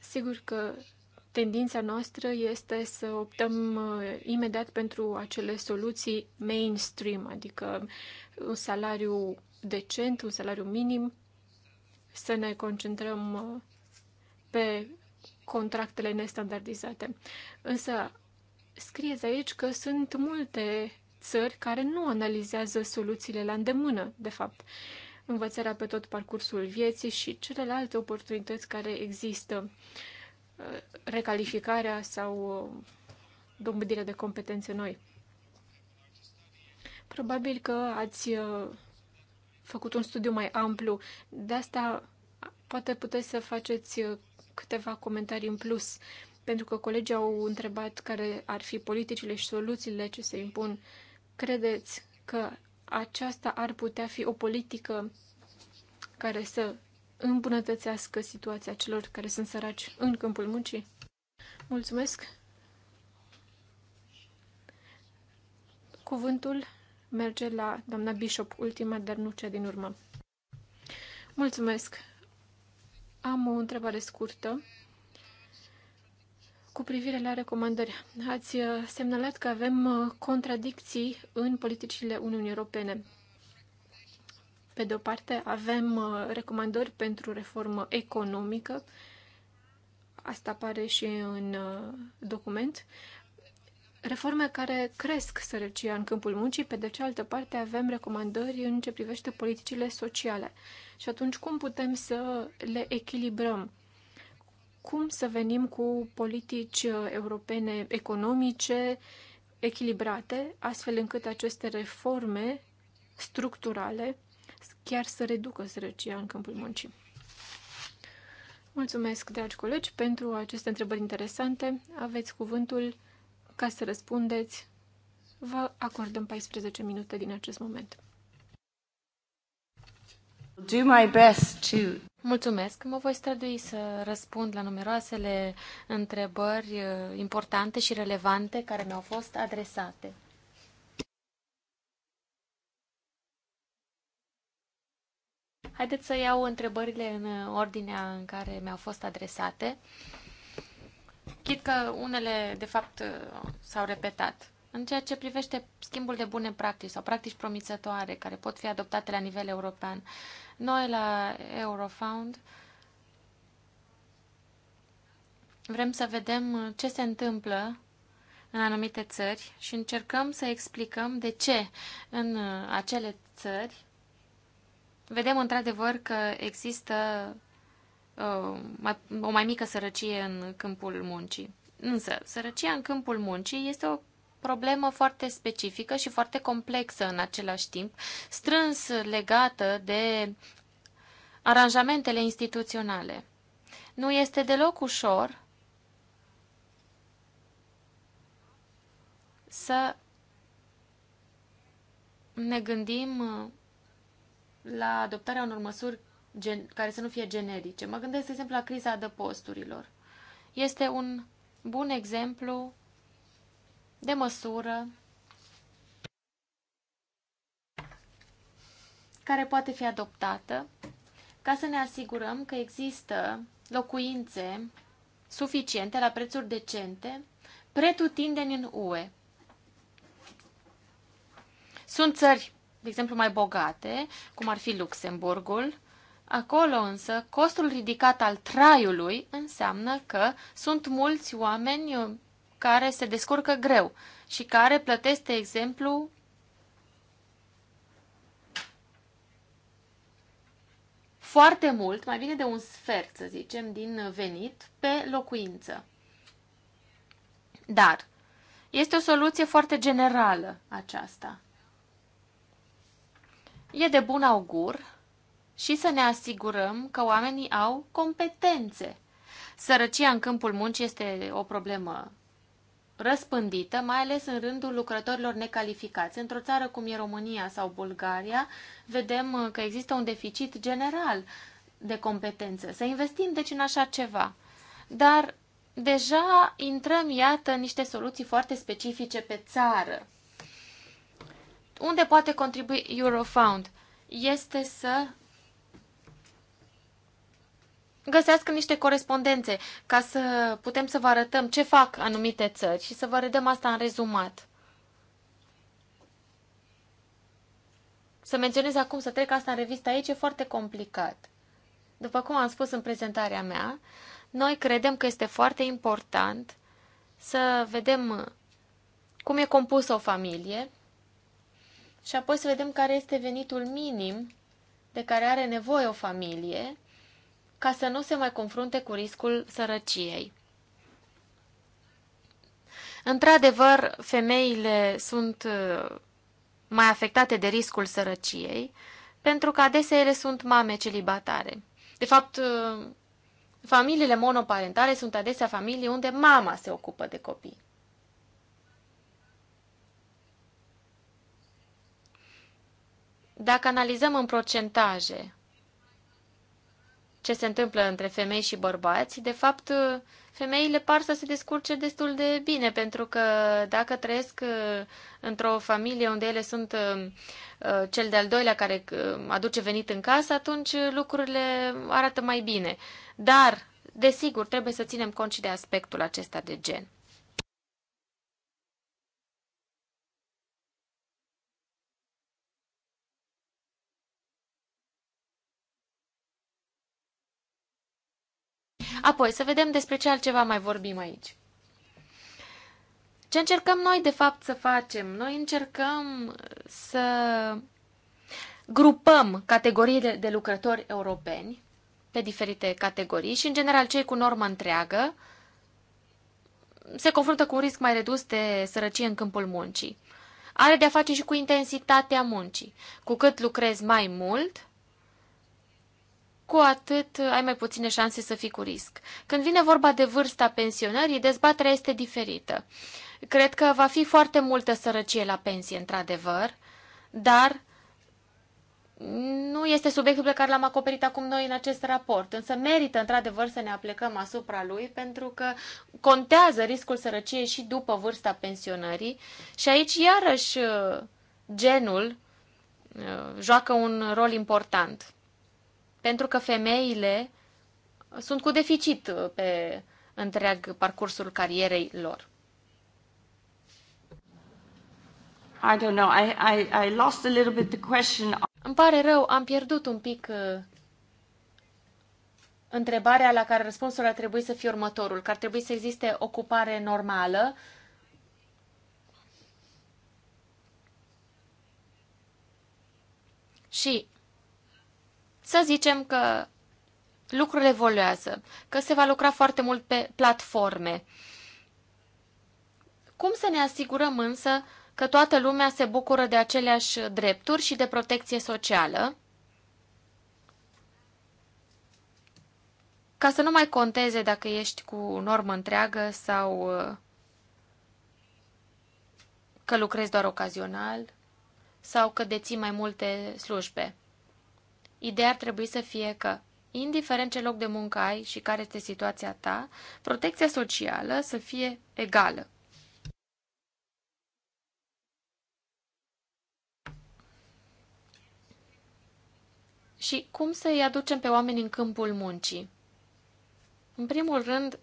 Sigur că tendința noastră este să optăm uh, imediat pentru acele soluții mainstream, adică un salariu decent, un salariu minim, să ne concentrăm uh, pe contractele nestandardizate. Însă, scrieți aici că sunt multe țări care nu analizează soluțiile la îndemână, de fapt. Învățarea pe tot parcursul vieții și celelalte oportunități care există, uh, recalificarea sau uh, dobândirea de competențe noi. Probabil că ați uh, făcut un studiu mai amplu, de asta Poate puteți să faceți uh, câteva comentarii în plus, pentru că colegii au întrebat care ar fi politicile și soluțiile ce se impun. Credeți că aceasta ar putea fi o politică care să îmbunătățească situația celor care sunt săraci în câmpul muncii? Mulțumesc! Cuvântul merge la doamna Bishop, ultima, dar nu cea din urmă. Mulțumesc! Am o întrebare scurtă cu privire la recomandări. Ați uh, semnalat că avem uh, contradicții în politicile Uniunii Europene. Pe de o parte, avem uh, recomandări pentru reformă economică, asta apare și în document, reforme care cresc sărăcia în câmpul muncii, pe de cealaltă parte avem recomandări în ce privește politicile sociale. Și atunci cum putem să le echilibrăm? Cum să venim cu politici uh, europene economice echilibrate, astfel încât aceste reforme structurale chiar să reducă sărăcia în câmpul muncii? Mulțumesc, dragi colegi, pentru aceste întrebări interesante. Aveți cuvântul ca să răspundeți, vă acordăm 14 minute din acest moment. Do my best to... Mulțumesc. Mă voi strădui să răspund la numeroasele întrebări uh, importante și relevante care mi-au fost adresate. Haideți să iau întrebările în ordinea în care mi-au fost adresate. Uh, Chit că unele, de fapt, s-au repetat. În ceea ce privește schimbul de bune practici sau practici promițătoare care pot fi adoptate la nivel european, noi la Eurofound vrem să vedem ce se întâmplă în anumite țări și încercăm să explicăm de ce în acele țări vedem într-adevăr că există Uh, o mai mică sărăcie în câmpul muncii. Însă, sărăcia în câmpul muncii este o problemă foarte specifică și foarte complexă în același timp, strâns legată de aranjamentele instituționale. Nu este deloc ușor să ne gândim la adoptarea unor măsuri gen, care să nu fie generice. Mă gândesc, de exemplu, la criza adăposturilor. Este un bun exemplu de măsură care poate fi adoptată ca să ne asigurăm că există locuințe suficiente la prețuri decente pretutindeni în UE. Sunt țări, de exemplu, mai bogate, cum ar fi Luxemburgul, Acolo însă, costul ridicat al traiului înseamnă că sunt mulți oameni uh, care se descurcă greu și care plătesc, de exemplu, foarte mult, mai bine de un sfert, să zicem, din venit pe locuință. Dar este o soluție foarte generală aceasta. E de bun augur și să ne asigurăm că oamenii au competențe. Sărăcia în câmpul muncii este o problemă răspândită, mai ales în rândul lucrătorilor necalificați. Într-o țară cum e România sau Bulgaria, vedem că există un deficit general de competență. Să investim, deci, în așa ceva. Dar deja intrăm, iată, în niște soluții foarte specifice pe țară. Unde poate contribui Eurofound? Este să găsească niște corespondențe ca să putem să vă arătăm ce fac anumite țări și să vă redăm asta în rezumat. Să menționez acum, să trec asta în revistă aici, e foarte complicat. După cum am spus în prezentarea mea, noi credem că este foarte important să vedem cum e compusă o familie și apoi să vedem care este venitul minim de care are nevoie o familie ca să nu se mai confrunte cu riscul sărăciei. Într-adevăr, femeile sunt uh, mai afectate de riscul sărăciei, pentru că adesea ele sunt mame celibatare. De fapt, uh, familiile monoparentale sunt adesea familii unde mama se ocupă de copii. Dacă analizăm în procentaje ce se întâmplă între femei și bărbați, de fapt, femeile par să se descurce destul de bine, pentru că dacă trăiesc uh, într-o familie unde ele sunt uh, uh, cel de-al doilea care aduce venit în casă, atunci lucrurile arată mai bine. Dar, desigur, trebuie să ținem cont și de aspectul acesta de gen. Apoi, să vedem despre ce altceva mai vorbim aici. Ce încercăm noi, de fapt, să facem? Noi încercăm să grupăm categoriile de lucrători europeni pe diferite categorii și, în general, cei cu normă întreagă se confruntă cu un risc mai redus de sărăcie în câmpul muncii. Are de-a face și cu intensitatea muncii. Cu cât lucrezi mai mult, cu atât ai mai puține șanse să fii cu risc. Când vine vorba de vârsta pensionării, dezbaterea este diferită. Cred că va fi foarte multă sărăcie la pensie, într-adevăr, dar nu este subiectul pe care l-am acoperit acum noi în acest raport, însă merită într-adevăr să ne aplecăm asupra lui pentru că contează riscul sărăciei și după vârsta pensionării și aici iarăși genul uh, joacă un rol important pentru că femeile sunt cu deficit uh, pe întreg parcursul carierei lor. I don't know. I, I, I lost a little bit the question. Îmi pare rău, am pierdut un pic uh, întrebarea la care răspunsul ar trebui să fie următorul, că ar trebui să existe ocupare normală. Și să zicem că lucrurile evoluează, că se va lucra foarte mult pe platforme. Cum să ne asigurăm însă că toată lumea se bucură de aceleași drepturi și de protecție socială? Ca să nu mai conteze dacă ești cu normă întreagă sau uh, că lucrezi doar ocazional sau că deții mai multe slujbe. Ideea ar trebui să fie că, indiferent ce loc de muncă ai și care este situația ta, protecția socială să fie egală. Și cum să-i aducem pe oameni în câmpul muncii? În primul rând,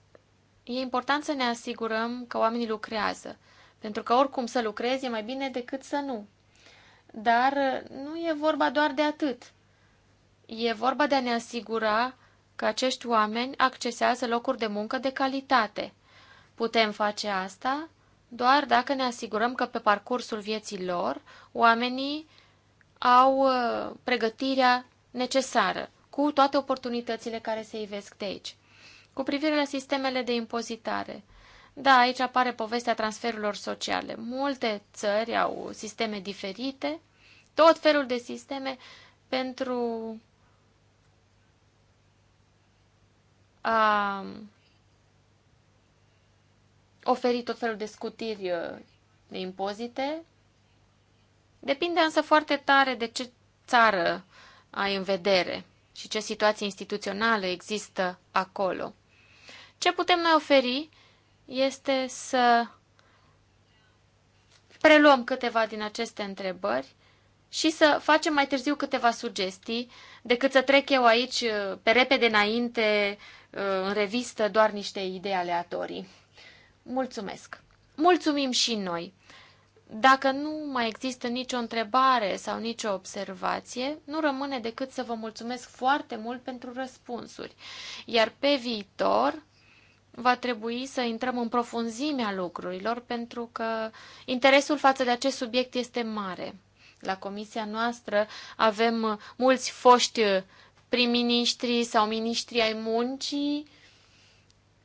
e important să ne asigurăm că oamenii lucrează, pentru că oricum să lucrezi e mai bine decât să nu. Dar nu e vorba doar de atât. E vorba de a ne asigura că acești oameni accesează locuri de muncă de calitate. Putem face asta doar dacă ne asigurăm că pe parcursul vieții lor oamenii au uh, pregătirea necesară, cu toate oportunitățile care se ivesc de aici. Cu privire la sistemele de impozitare, da, aici apare povestea transferurilor sociale. Multe țări au sisteme diferite, tot felul de sisteme pentru a oferi tot felul de scutiri uh, de impozite. Depinde însă foarte tare de ce țară ai în vedere și ce situație instituțională există acolo. Ce putem noi oferi este să preluăm câteva din aceste întrebări și să facem mai târziu câteva sugestii, decât să trec eu aici uh, pe repede înainte în revistă doar niște idei aleatorii. Mulțumesc! Mulțumim și noi! Dacă nu mai există nicio întrebare sau nicio observație, nu rămâne decât să vă mulțumesc foarte mult pentru răspunsuri. Iar pe viitor va trebui să intrăm în profunzimea lucrurilor pentru că interesul față de acest subiect este mare. La comisia noastră avem mulți foști prim-ministrii sau ministrii ai muncii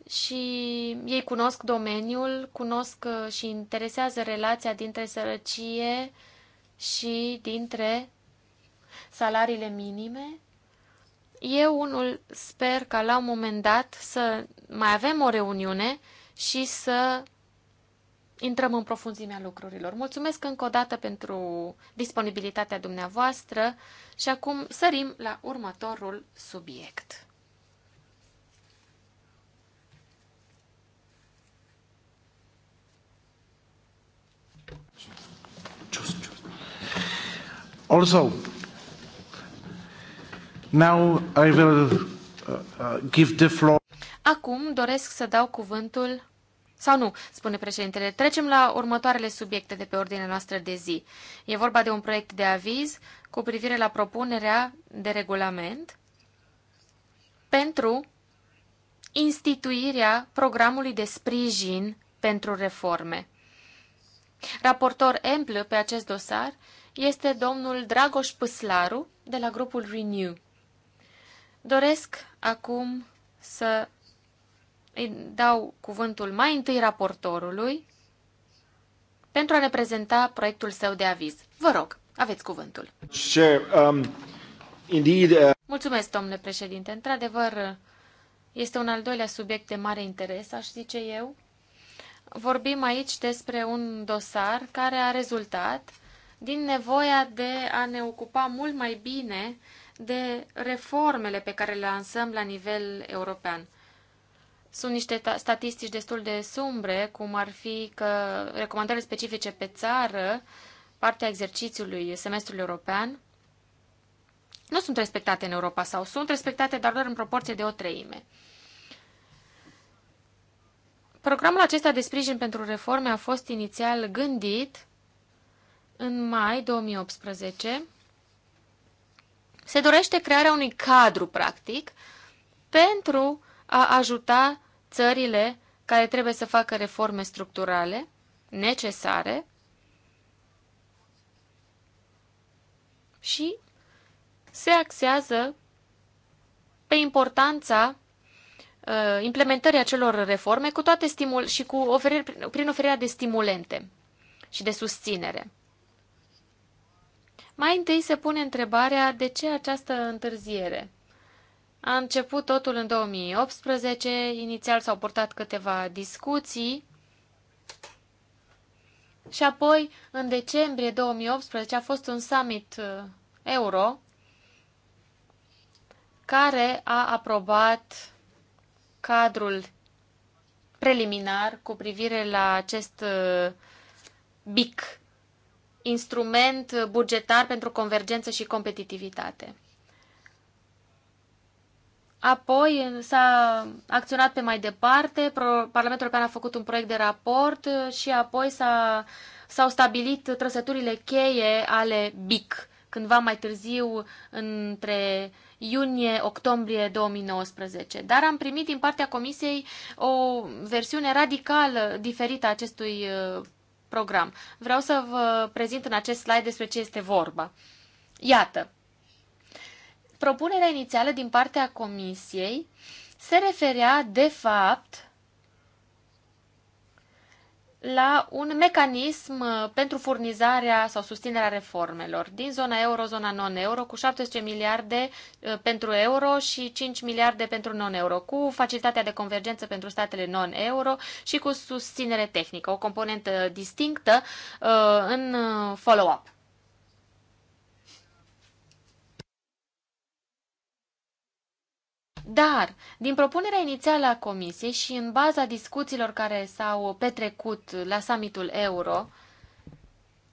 și ei cunosc domeniul, cunosc uh, și interesează relația dintre sărăcie și dintre salariile minime. Eu unul sper ca la un moment dat să mai avem o reuniune și să intrăm în profunzimea lucrurilor. Mulțumesc încă o dată pentru disponibilitatea dumneavoastră și acum sărim la următorul subiect. Also, now I will uh, uh, give the floor. Acum doresc să dau cuvântul sau nu, spune președintele. Trecem la următoarele subiecte de pe ordinea noastră de zi. E vorba de un proiect de aviz cu privire la propunerea de regulament pentru instituirea programului de sprijin pentru reforme. Raportor amplu pe acest dosar este domnul Dragoș Păslaru de la grupul Renew. Doresc acum să îi dau cuvântul mai întâi raportorului pentru a reprezenta proiectul său de aviz. Vă rog, aveți cuvântul. Um, uh, Mulțumesc, domnule președinte. Într-adevăr, este un al doilea subiect de mare interes, aș zice eu. Vorbim aici despre un dosar care a rezultat din nevoia de a ne ocupa mult mai bine de reformele pe care le lansăm la nivel european. Sunt niște statistici destul de sumbre, cum ar fi că recomandările specifice pe țară, partea exercițiului semestrului european, nu sunt respectate în Europa sau sunt respectate, dar doar în proporție de o treime. Programul acesta de sprijin pentru reforme a fost inițial gândit în mai 2018. Se dorește crearea unui cadru, practic, pentru a ajuta țările care trebuie să facă reforme structurale necesare și se axează pe importanța uh, implementării acelor reforme cu toate stimul și cu oferir, prin oferirea de stimulente și de susținere. Mai întâi se pune întrebarea de ce această întârziere. A început totul în 2018, inițial s-au purtat câteva discuții și apoi, în decembrie 2018, a fost un summit uh, euro care a aprobat cadrul preliminar cu privire la acest uh, BIC, instrument bugetar pentru convergență și competitivitate. Apoi s-a acționat pe mai departe, Parlamentul European a făcut un proiect de raport și apoi s-a, s-au stabilit trăsăturile cheie ale BIC, cândva mai târziu, între iunie-octombrie 2019. Dar am primit din partea Comisiei o versiune radicală diferită a acestui uh, program. Vreau să vă prezint în acest slide despre ce este vorba. Iată, propunerea inițială din partea comisiei se referea, de fapt, la un mecanism uh, pentru furnizarea sau susținerea reformelor din zona euro, zona non-euro, cu 17 miliarde uh, pentru euro și 5 miliarde pentru non-euro, cu facilitatea de convergență pentru statele non-euro și cu susținere tehnică, o componentă distinctă uh, în follow-up. Dar, din propunerea inițială a Comisiei și în baza discuțiilor care s-au petrecut la summitul euro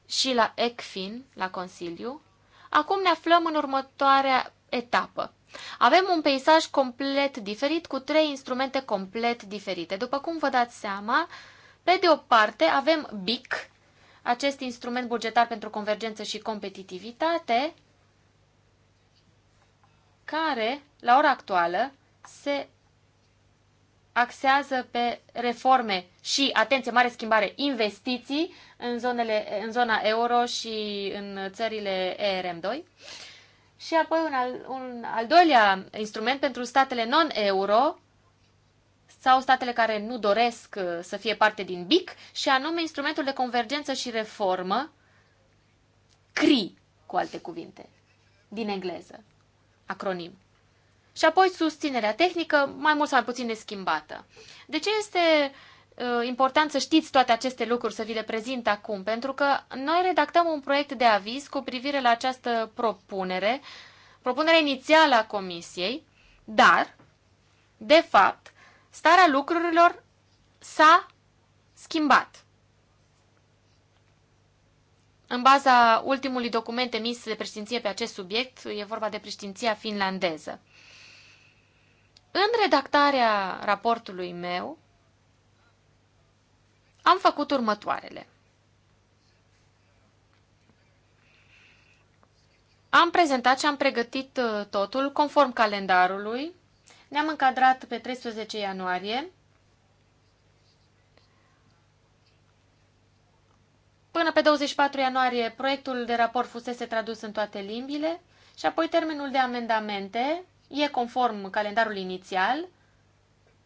și la ECFIN, la Consiliu, acum ne aflăm în următoarea etapă. Avem un peisaj complet diferit cu trei instrumente complet diferite. După cum vă dați seama, pe de o parte avem BIC, acest instrument bugetar pentru convergență și competitivitate, care, la ora actuală, se axează pe reforme și, atenție, mare schimbare, investiții în, zonele, în zona euro și în țările ERM2. Și apoi un al, un al doilea instrument pentru statele non-euro sau statele care nu doresc uh, să fie parte din BIC și anume instrumentul de convergență și reformă, CRI, cu alte cuvinte, din engleză acronim. Și apoi susținerea tehnică, mai mult sau mai puțin neschimbată. De ce este uh, important să știți toate aceste lucruri, să vi le prezint acum? Pentru că noi redactăm un proiect de aviz cu privire la această propunere, propunerea inițială a Comisiei, dar, de fapt, starea lucrurilor s-a schimbat. În baza ultimului document emis de președinție pe acest subiect, e vorba de președinția finlandeză. În redactarea raportului meu, am făcut următoarele. Am prezentat și am pregătit uh, totul conform calendarului. Ne-am încadrat pe 13 ianuarie Până pe 24 ianuarie, proiectul de raport fusese tradus în toate limbile și apoi termenul de amendamente e conform calendarul inițial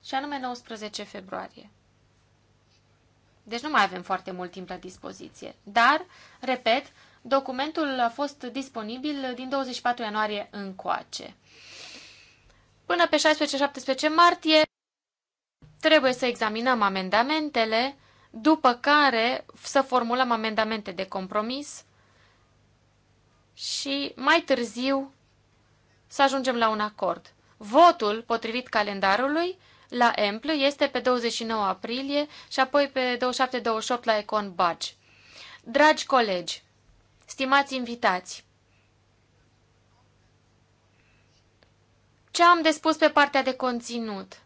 și anume 19 februarie. Deci nu mai avem foarte mult timp la dispoziție. Dar, repet, documentul a fost disponibil din 24 ianuarie încoace. Până pe 16-17 martie trebuie să examinăm amendamentele după care să formulăm amendamente de compromis și mai târziu să ajungem la un acord. Votul, potrivit calendarului, la Emplu este pe 29 aprilie și apoi pe 27-28 la Econ Bagi. Dragi colegi, stimați invitați, ce am de spus pe partea de conținut?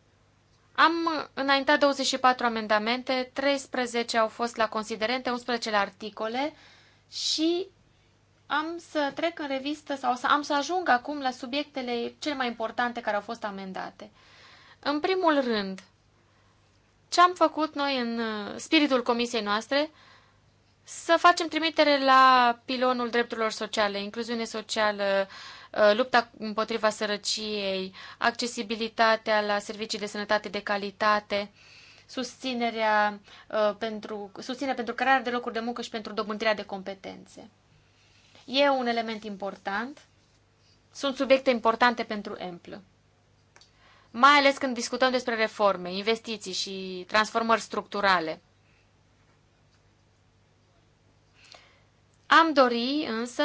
Am înaintat 24 amendamente, 13 au fost la considerente, 11 la articole și am să trec în revistă sau să, am să ajung acum la subiectele cele mai importante care au fost amendate. În primul rând, ce am făcut noi în uh, spiritul comisiei noastre? Să facem trimitere la pilonul drepturilor sociale, incluziune socială, uh, Uh, lupta împotriva sărăciei, accesibilitatea la servicii de sănătate de calitate, susținerea uh, pentru, susținerea pentru crearea de locuri de muncă și pentru dobândirea de competențe. E un element important. Sunt subiecte importante pentru EMPLă. Mai ales când discutăm despre reforme, investiții și transformări structurale. Am dori însă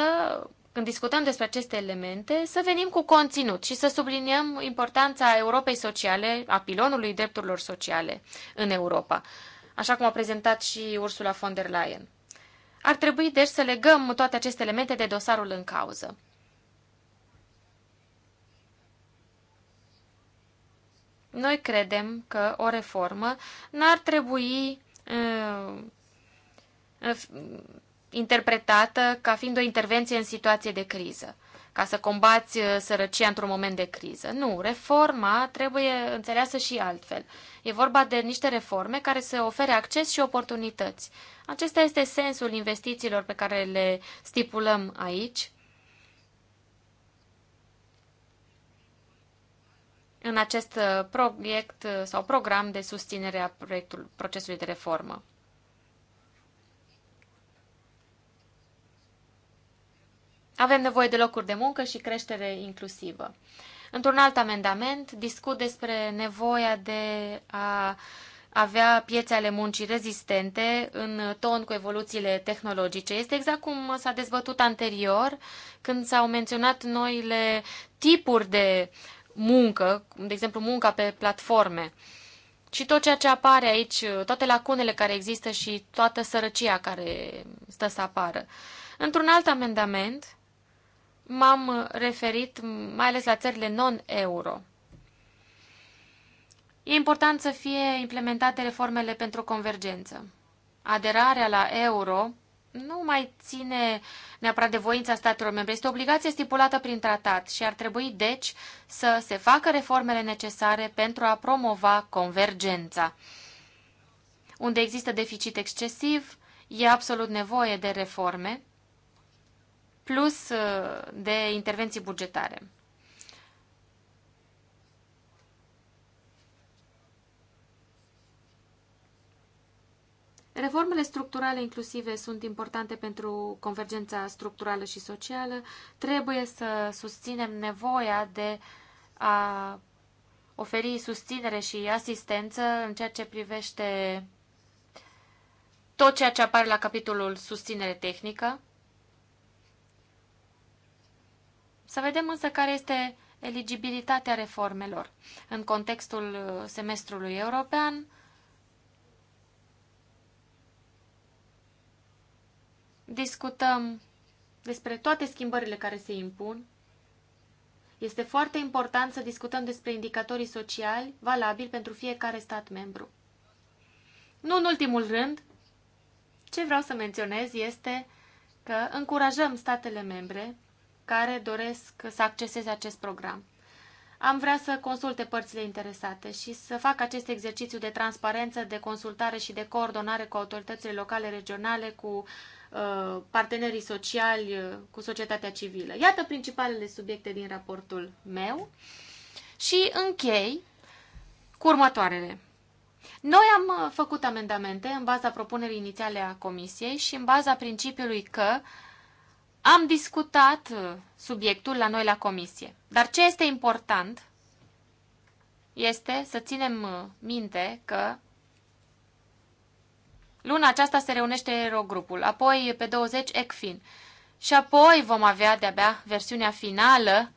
când discutăm despre aceste elemente, să venim cu conținut și să subliniem importanța Europei sociale, a pilonului drepturilor sociale în Europa, așa cum a prezentat și Ursula von der Leyen. Ar trebui, deci, să legăm toate aceste elemente de dosarul în cauză. Noi credem că o reformă n-ar trebui uh, uh, interpretată ca fiind o intervenție în situație de criză, ca să combați uh, sărăcia într-un moment de criză. Nu, reforma trebuie înțeleasă și altfel. E vorba de niște reforme care să ofere acces și oportunități. Acesta este sensul investițiilor pe care le stipulăm aici. în acest uh, proiect uh, sau program de susținere a proiectul, procesului de reformă. Avem nevoie de locuri de muncă și creștere inclusivă. Într-un alt amendament discut despre nevoia de a avea piețe ale muncii rezistente în ton cu evoluțiile tehnologice. Este exact cum s-a dezbătut anterior când s-au menționat noile tipuri de muncă, de exemplu munca pe platforme. Și tot ceea ce apare aici, toate lacunele care există și toată sărăcia care stă să apară. Într-un alt amendament, m-am referit mai ales la țările non-euro. E important să fie implementate reformele pentru convergență. Aderarea la euro nu mai ține neapărat de voința statelor membre. Este o obligație stipulată prin tratat și ar trebui, deci, să se facă reformele necesare pentru a promova convergența. Unde există deficit excesiv, e absolut nevoie de reforme plus uh, de intervenții bugetare. Reformele structurale inclusive sunt importante pentru convergența structurală și socială. Trebuie să susținem nevoia de a oferi susținere și asistență în ceea ce privește tot ceea ce apare la capitolul susținere tehnică. Să vedem însă care este eligibilitatea reformelor în contextul semestrului european, discutăm despre toate schimbările care se impun. Este foarte important să discutăm despre indicatorii sociali valabili pentru fiecare stat membru. Nu în ultimul rând, ce vreau să menționez este că încurajăm statele membre care doresc să acceseze acest program. Am vrea să consulte părțile interesate și să fac acest exercițiu de transparență, de consultare și de coordonare cu autoritățile locale, regionale, cu uh, partenerii sociali, uh, cu societatea civilă. Iată principalele subiecte din raportul meu și închei cu următoarele. Noi am uh, făcut amendamente în baza propunerii inițiale a Comisiei și în baza principiului că uh, am discutat uh, subiectul la noi la comisie. Dar ce este important este să ținem uh, minte că luna aceasta se reunește Eurogrupul, apoi pe 20 ECFIN și apoi vom avea de-abia versiunea finală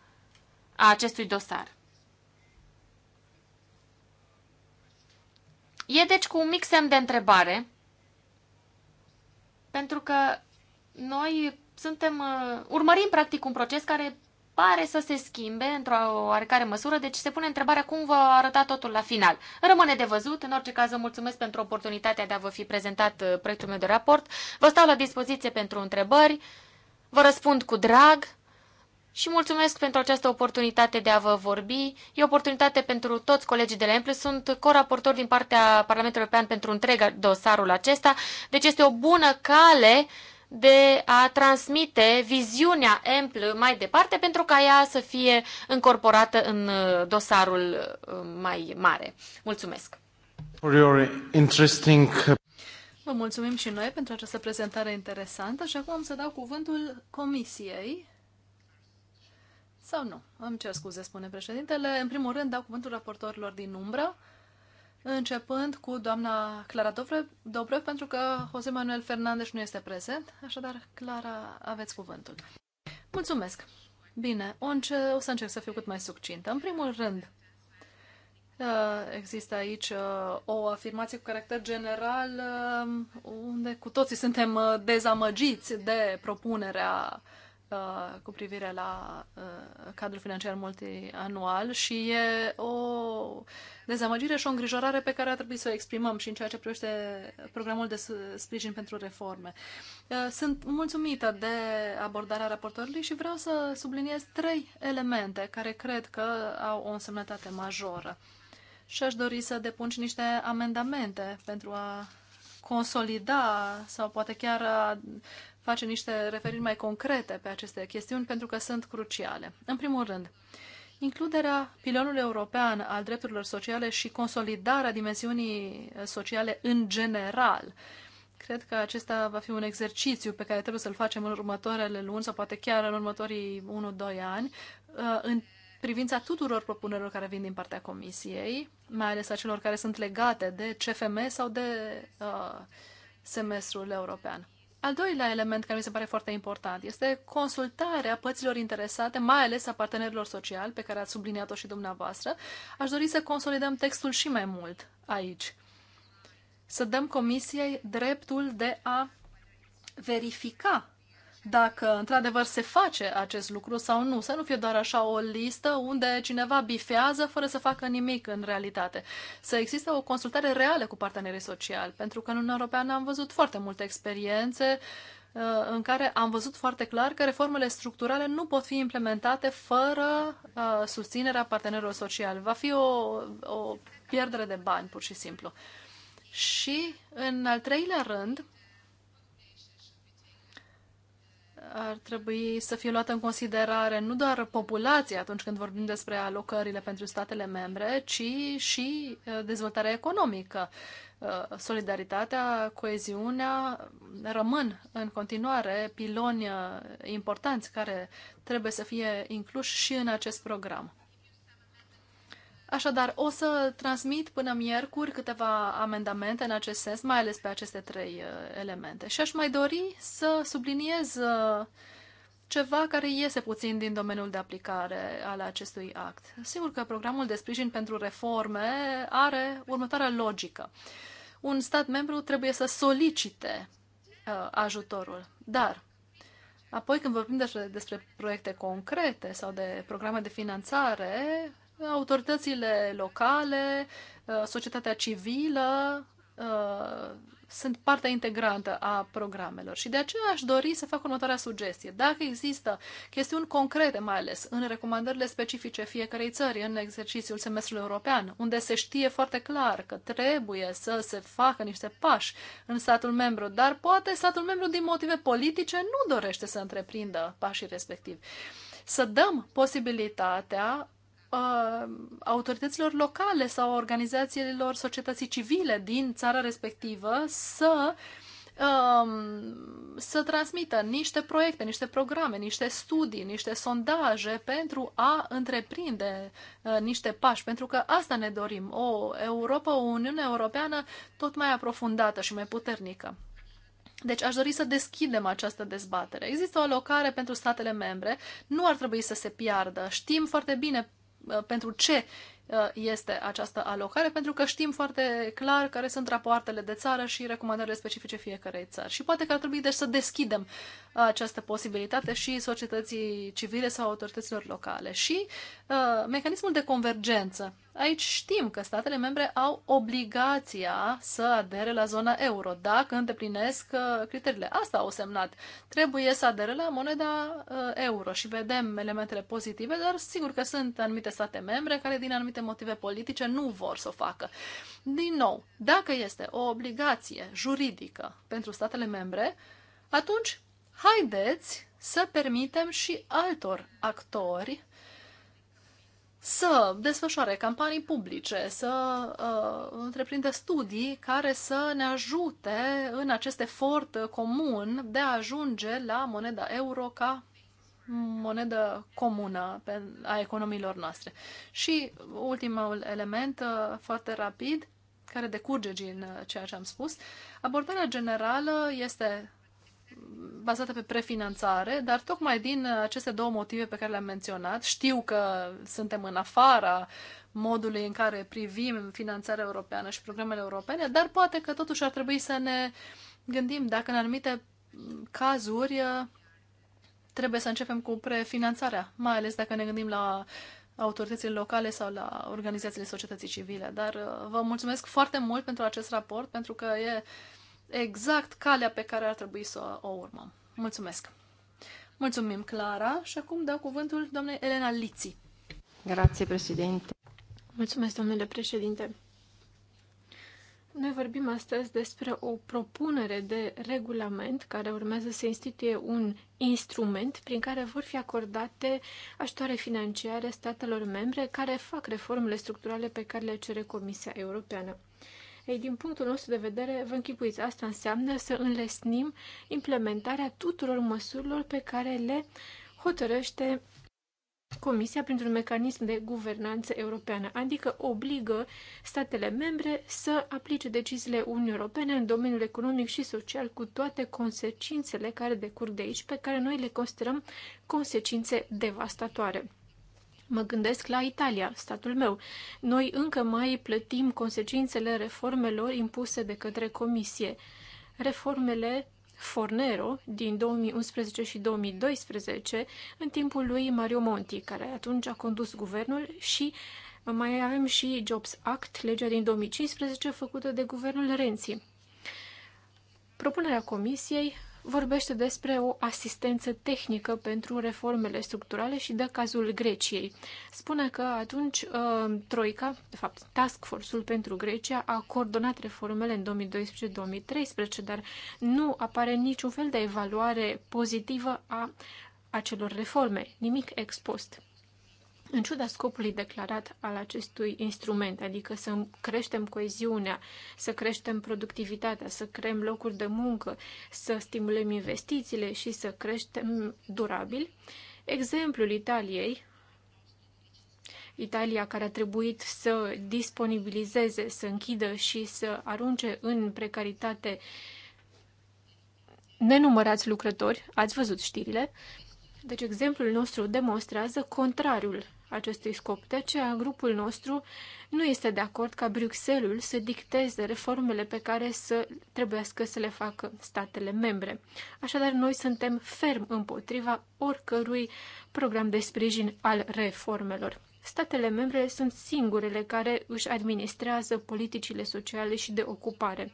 a acestui dosar. E deci cu un mic semn de întrebare, pentru că noi suntem, uh, urmărim practic un proces care pare să se schimbe într-o oarecare măsură, deci se pune întrebarea cum va arăta totul la final. Rămâne de văzut, în orice caz vă mulțumesc pentru oportunitatea de a vă fi prezentat uh, proiectul meu de raport. Vă stau la dispoziție pentru întrebări, vă răspund cu drag și mulțumesc pentru această oportunitate de a vă vorbi. E o oportunitate pentru toți colegii de la Emple. Sunt coraportor din partea Parlamentului European pentru întreg dosarul acesta, deci este o bună cale uh, de a transmite viziunea amplă mai departe pentru ca ea să fie încorporată în uh, dosarul uh, mai mare. Mulțumesc! Vă mulțumim și noi pentru această prezentare interesantă și acum am să dau cuvântul comisiei. Sau nu? Îmi cer scuze, spune președintele. În primul rând dau cuvântul raportorilor din umbră începând cu doamna Clara Dobrev, pentru că José Manuel Fernandez nu este prezent, așadar, Clara, aveți cuvântul. Mulțumesc! Bine, o, înce- o să încerc să fiu cât mai succintă. În primul rând, uh, există aici uh, o afirmație cu caracter general uh, unde cu toții suntem dezamăgiți de propunerea Uh, cu privire la uh, cadrul financiar multianual și e o dezamăgire și o îngrijorare pe care ar trebui să o exprimăm și în ceea ce privește programul de sprijin pentru reforme. Uh, sunt mulțumită de abordarea raportorului și vreau să subliniez trei elemente care cred că au o însemnătate majoră. Și aș dori să depun și niște amendamente pentru a consolida sau poate chiar a face niște referiri mai concrete pe aceste chestiuni pentru că sunt cruciale. În primul rând, includerea pilonului european al drepturilor sociale și consolidarea dimensiunii sociale în general. Cred că acesta va fi un exercițiu pe care trebuie să-l facem în următoarele luni sau poate chiar în următorii 1-2 ani, uh, în privința tuturor propunerilor care vin din partea Comisiei, mai ales a celor care sunt legate de CFM sau de uh, semestrul european. Al doilea element care mi se pare foarte important este consultarea părților interesate, mai ales a partenerilor sociali, pe care ați subliniat-o și dumneavoastră. Aș dori să consolidăm textul și mai mult aici. Să dăm comisiei dreptul de a verifica dacă într-adevăr se face acest lucru sau nu. Să nu fie doar așa o listă unde cineva bifează fără să facă nimic în realitate. Să existe o consultare reală cu partenerii sociali, pentru că în Uniunea Europeană am văzut foarte multe experiențe uh, în care am văzut foarte clar că reformele structurale nu pot fi implementate fără uh, susținerea partenerilor sociali. Va fi o, o pierdere de bani, pur și simplu. Și, în al treilea rând, ar trebui să fie luată în considerare nu doar populația atunci când vorbim despre alocările pentru statele membre, ci și uh, dezvoltarea economică. Uh, solidaritatea, coeziunea rămân în continuare piloni uh, importanți care trebuie să fie incluși și în acest program. Așadar, o să transmit până miercuri câteva amendamente în acest sens, mai ales pe aceste trei uh, elemente. Și aș mai dori să subliniez uh, ceva care iese puțin din domeniul de aplicare al acestui act. Sigur că programul de sprijin pentru reforme are următoarea logică. Un stat membru trebuie să solicite uh, ajutorul, dar apoi când vorbim despre proiecte concrete sau de programe de finanțare, autoritățile locale, uh, societatea civilă uh, sunt partea integrantă a programelor. Și de aceea aș dori să fac următoarea sugestie. Dacă există chestiuni concrete, mai ales în recomandările specifice fiecarei țări în exercițiul semestrului european, unde se știe foarte clar că trebuie să se facă niște pași în statul membru, dar poate statul membru din motive politice nu dorește să întreprindă pașii respectivi. Să dăm posibilitatea autorităților locale sau organizațiilor societății civile din țara respectivă să um, să transmită niște proiecte, niște programe, niște studii, niște sondaje pentru a întreprinde uh, niște pași, pentru că asta ne dorim, o Europa, o Uniune Europeană tot mai aprofundată și mai puternică. Deci aș dori să deschidem această dezbatere. Există o alocare pentru statele membre, nu ar trebui să se piardă. Știm foarte bine Uh, pentru ce uh, este această alocare, pentru că știm foarte clar care sunt rapoartele de țară și recomandările specifice fiecarei țări. Și poate că ar trebui deci să deschidem această posibilitate și societății civile sau autorităților locale. Și Uh, mecanismul de convergență. Aici știm că statele membre au obligația să adere la zona euro, dacă îndeplinesc uh, criteriile. Asta au semnat. Trebuie să adere la moneda uh, euro și vedem elementele pozitive, dar sigur că sunt anumite state membre care din anumite motive politice nu vor să o facă. Din nou, dacă este o obligație juridică pentru statele membre, atunci haideți să permitem și altor actori să desfășoare campanii publice, să uh, întreprinde studii care să ne ajute în acest efort comun de a ajunge la moneda euro ca monedă comună a economiilor noastre. Și ultimul element, uh, foarte rapid, care decurge din uh, ceea ce am spus, abordarea generală este bazată pe prefinanțare, dar tocmai din aceste două motive pe care le-am menționat, știu că suntem în afara modului în care privim finanțarea europeană și programele europene, dar poate că totuși ar trebui să ne gândim dacă în anumite cazuri uh, trebuie să începem cu prefinanțarea, mai ales dacă ne gândim la autoritățile locale sau la organizațiile societății civile. Dar uh, vă mulțumesc foarte mult pentru acest raport, pentru că e exact calea pe care ar trebui să o urmăm. Mulțumesc! Mulțumim, Clara, și acum dau cuvântul doamnei Elena Liți. Grație, președinte. Mulțumesc, domnule președinte. Noi vorbim astăzi despre o propunere de regulament care urmează să instituie un instrument prin care vor fi acordate ajutoare financiare statelor membre care fac reformele structurale pe care le cere Comisia Europeană. Ei, din punctul nostru de vedere, vă închipuiți, asta înseamnă să înlesnim implementarea tuturor măsurilor pe care le hotărăște Comisia printr-un mecanism de guvernanță europeană, adică obligă statele membre să aplice deciziile Uniunii Europene în domeniul economic și social cu toate consecințele care decurg de aici, pe care noi le considerăm consecințe devastatoare. Mă gândesc la Italia, statul meu. Noi încă mai plătim consecințele reformelor impuse de către Comisie. Reformele Fornero din 2011 și 2012, în timpul lui Mario Monti, care atunci a condus guvernul și mai avem și Jobs Act, legea din 2015, făcută de guvernul Renzi. Propunerea Comisiei vorbește despre o asistență tehnică pentru reformele structurale și dă cazul Greciei. Spune că atunci uh, Troica, de fapt Task Force-ul pentru Grecia, a coordonat reformele în 2012-2013, dar nu apare niciun fel de evaluare pozitivă a acelor reforme, nimic expost. post. În ciuda scopului declarat al acestui instrument, adică să creștem coeziunea, să creștem productivitatea, să creăm locuri de muncă, să stimulăm investițiile și să creștem durabil, exemplul Italiei, Italia care a trebuit să disponibilizeze, să închidă și să arunce în precaritate nenumărați lucrători, ați văzut știrile, deci exemplul nostru demonstrează contrariul acestui scop. De aceea, grupul nostru nu este de acord ca Bruxelles să dicteze reformele pe care să trebuiască să le facă statele membre. Așadar, noi suntem ferm împotriva oricărui program de sprijin al reformelor. Statele membre sunt singurele care își administrează politicile sociale și de ocupare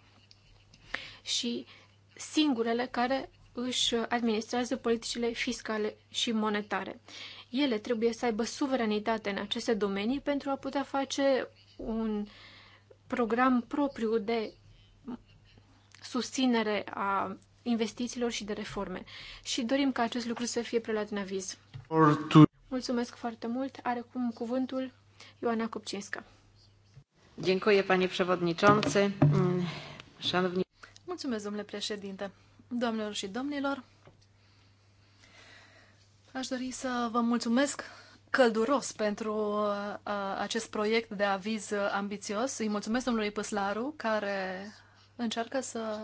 și singurele care își administrează politicile fiscale și monetare. Ele trebuie să aibă suveranitate în aceste domenii pentru a putea face un program propriu de susținere a investițiilor și de reforme. Și dorim ca acest lucru să fie preluat în aviz. Mulțumesc foarte mult. Are cum cuvântul Ioana Kopcińska. Dziękuję, panie przewodniczący. Mm, szanowni... Mulțumesc, domnule președinte. Doamnelor și domnilor, Aș dori să vă mulțumesc călduros pentru uh, acest proiect de aviz ambițios. Îi mulțumesc domnului Păslaru, care încearcă să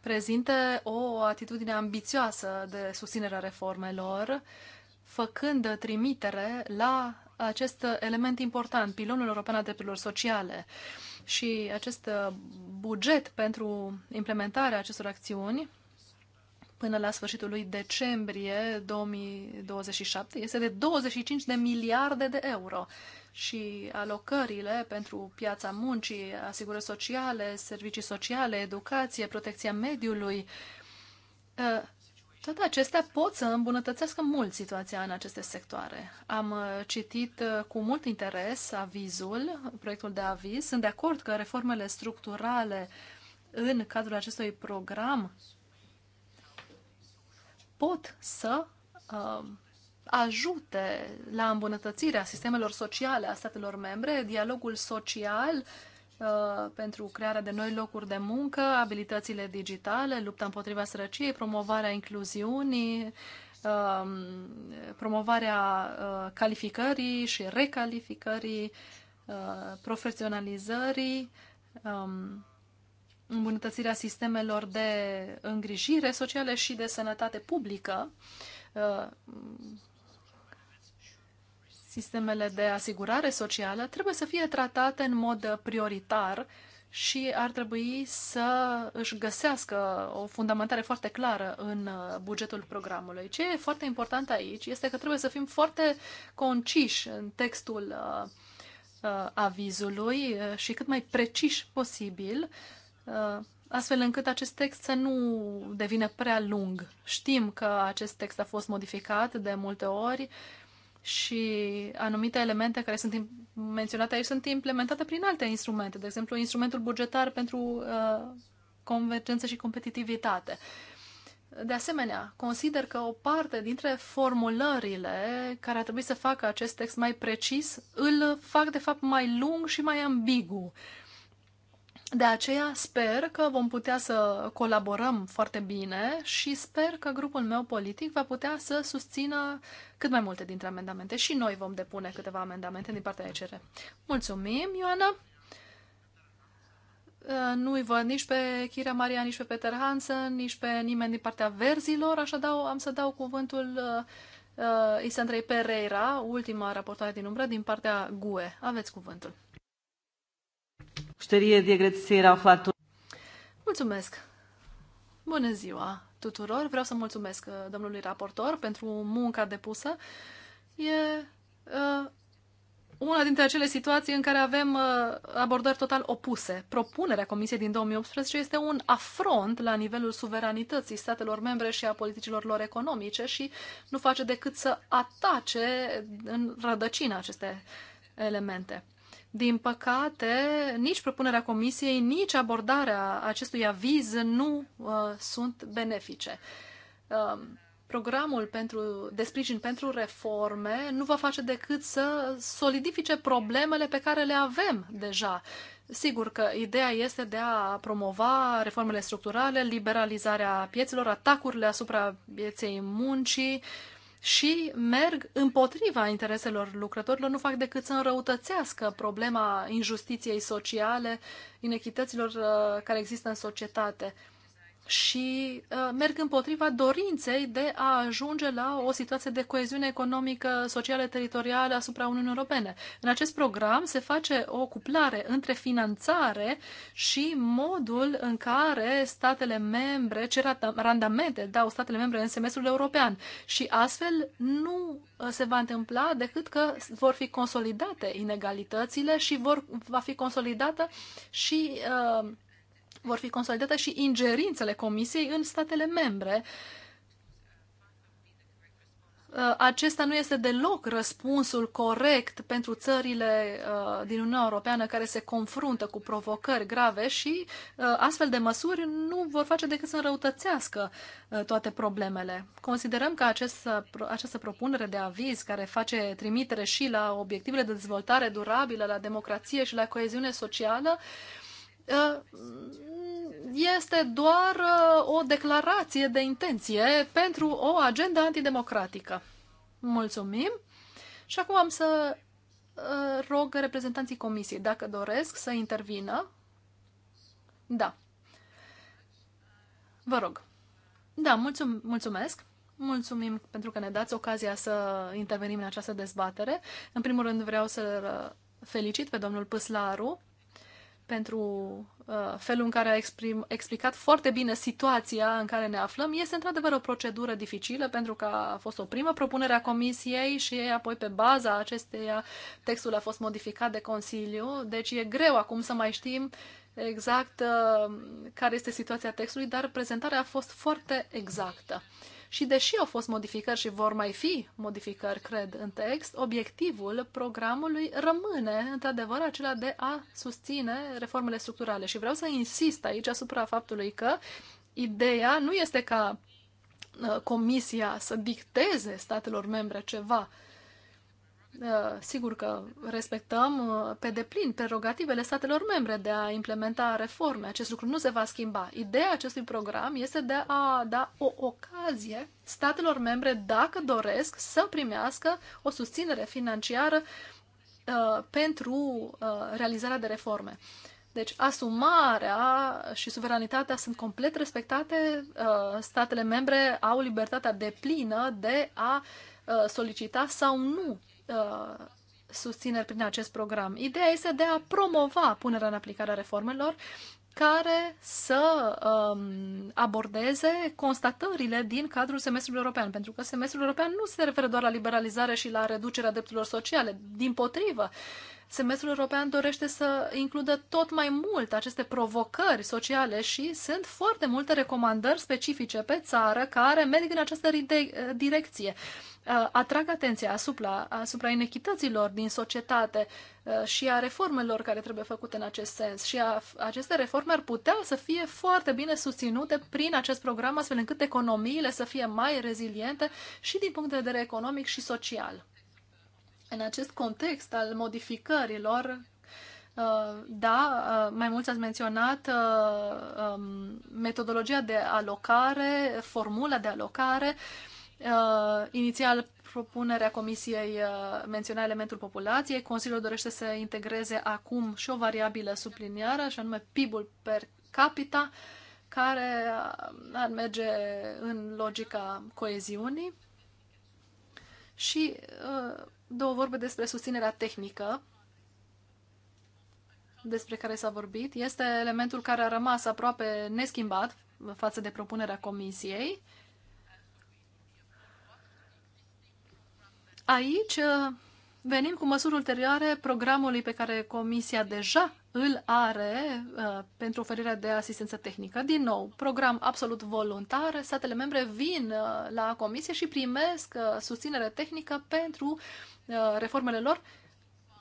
prezinte o atitudine ambițioasă de susținere a reformelor, făcând trimitere la acest element important, pilonul european al drepturilor sociale. Și acest buget pentru implementarea acestor acțiuni până la sfârșitul lui decembrie 2027 este de 25 de miliarde de euro și alocările pentru piața muncii, asigurări sociale, servicii sociale, educație, protecția mediului, ă, toate acestea pot să îmbunătățească mult situația în aceste sectoare. Am ă, citit ă, cu mult interes avizul, proiectul de aviz. Sunt de acord că reformele structurale în cadrul acestui program pot să uh, ajute la îmbunătățirea sistemelor sociale a statelor membre, dialogul social uh, pentru crearea de noi locuri de muncă, abilitățile digitale, lupta împotriva sărăciei, promovarea incluziunii, um, promovarea uh, calificării și recalificării, uh, profesionalizării, um, îmbunătățirea sistemelor de îngrijire sociale și de sănătate publică, sistemele de asigurare socială trebuie să fie tratate în mod prioritar și ar trebui să își găsească o fundamentare foarte clară în bugetul programului. Ce e foarte important aici este că trebuie să fim foarte conciși în textul uh, uh, avizului uh, și cât mai preciși posibil Uh, astfel încât acest text să nu devină prea lung. Știm că acest text a fost modificat de multe ori și anumite elemente care sunt menționate aici sunt implementate prin alte instrumente, de exemplu instrumentul bugetar pentru uh, convergență și competitivitate. De asemenea, consider că o parte dintre formulările care ar trebui să facă acest text mai precis îl fac de fapt mai lung și mai ambigu. Uh, de aceea sper că vom putea să colaborăm foarte bine și sper că grupul meu politic va putea să susțină cât mai multe dintre amendamente și noi vom depune câteva amendamente din partea ECR. Mulțumim, Ioana! Uh, nu-i văd nici pe Kira Maria, nici pe Peter Hansen, nici pe nimeni din partea verzilor, dau, am să dau cuvântul uh, uh Isandrei Pereira, ultima raportare din umbră, din partea GUE. Aveți cuvântul. Șterie de agradecer ao relator. Mulțumesc! Bună ziua tuturor! Vreau să mulțumesc uh, domnului raportor pentru munca depusă. E uh, una dintre acele situații în care avem uh, abordări total opuse. Propunerea Comisiei din 2018 este un afront la nivelul suveranității statelor membre și a politicilor lor economice și nu face decât să atace în rădăcină aceste elemente. Din păcate, nici propunerea comisiei, nici abordarea acestui aviz nu uh, sunt benefice. Uh, programul pentru, de sprijin pentru reforme nu va face decât să solidifice problemele pe care le avem deja. Sigur că ideea este de a promova reformele structurale, liberalizarea piețelor, atacurile asupra pieței muncii, uh, și merg împotriva intereselor lucrătorilor, nu fac decât să înrăutățească problema injustiției sociale, inechităților uh, care există în societate și uh, merg împotriva dorinței de a ajunge la o situație de coeziune economică, socială, teritorială asupra Uniunii Europene. În acest program se face o cuplare între finanțare și modul în care statele membre, ce randamente dau statele membre în semestrul european și astfel nu uh, se va întâmpla decât că vor fi consolidate inegalitățile și vor, va fi consolidată și uh, vor fi consolidate și ingerințele Comisiei în statele membre. Uh, acesta nu este deloc răspunsul corect pentru țările uh, din Uniunea Europeană care se confruntă cu provocări grave și uh, astfel de măsuri nu vor face decât să înrăutățească toate problemele. Considerăm că această, această propunere de aviz care face trimitere și la obiectivele de dezvoltare durabilă, la democrație și la coeziune socială Ă, mm, este doar ă, o declarație de intenție pentru o agenda antidemocratică. Mulțumim! Și acum am să ă, rog reprezentanții comisiei dacă doresc să intervină. Da. Vă rog. Da, mulțum- mulțumesc. Mulțumim pentru că ne dați ocazia să intervenim în această dezbatere. În primul rând vreau să felicit pe domnul Păslaru pentru uh, felul în care a exprim, explicat foarte bine situația în care ne aflăm. Este într-adevăr o procedură dificilă pentru că a fost o primă propunere a Comisiei și apoi pe baza acesteia textul a fost modificat de Consiliu, deci e greu acum să mai știm exact uh, care este situația textului, dar prezentarea a fost foarte exactă. Uh, și deși au fost modificări și vor mai fi modificări, cred, în text, obiectivul programului rămâne, într-adevăr, acela de a susține reformele structurale. Și vreau să insist aici asupra faptului că ideea nu este ca uh, Comisia să dicteze statelor membre ceva, Uh, sigur că respectăm uh, pe deplin prerogativele statelor membre de a implementa reforme. Acest lucru nu se va schimba. Ideea acestui program este de a da o ocazie statelor membre, dacă doresc, să primească o susținere financiară uh, pentru realizarea de reforme. Deci asumarea și suveranitatea sunt complet respectate. statele membre au libertatea deplină de a solicita sau nu Uh, susțineri prin acest program. Ideea este de a promova punerea în aplicare a reformelor care să um, abordeze constatările din cadrul semestrului european, pentru că semestrul european nu se referă doar la liberalizare și la reducerea drepturilor sociale, din potrivă, uh, Semestrul european dorește să includă tot mai mult aceste provocări sociale și sunt foarte multe recomandări specifice pe țară care merg în această direcție. Uh, atrag atenția asupra, asupra inechităților din societate uh, și a reformelor care trebuie făcute în acest sens. Și a, aceste reforme ar putea să fie foarte bine susținute prin acest program, astfel încât economiile să fie mai reziliente și din punct de vedere economic și social. În acest context al modificărilor, uh, da, uh, mai mulți ați menționat uh, um, metodologia de alocare, formula de alocare. Inițial, propunerea Comisiei menționa elementul populației. Consiliul dorește să integreze acum și o variabilă subliniară, și anume PIB-ul per capita, care ar merge în logica coeziunii. Și două vorbe despre susținerea tehnică despre care s-a vorbit. Este elementul care a rămas aproape neschimbat față de propunerea comisiei. Aici uh, venim cu măsuri ulterioare programului pe care comisia deja îl are uh, pentru oferirea de asistență tehnică. Din nou, program absolut voluntar, statele membre vin uh, la comisie și primesc uh, susținere tehnică pentru Uh, reformele lor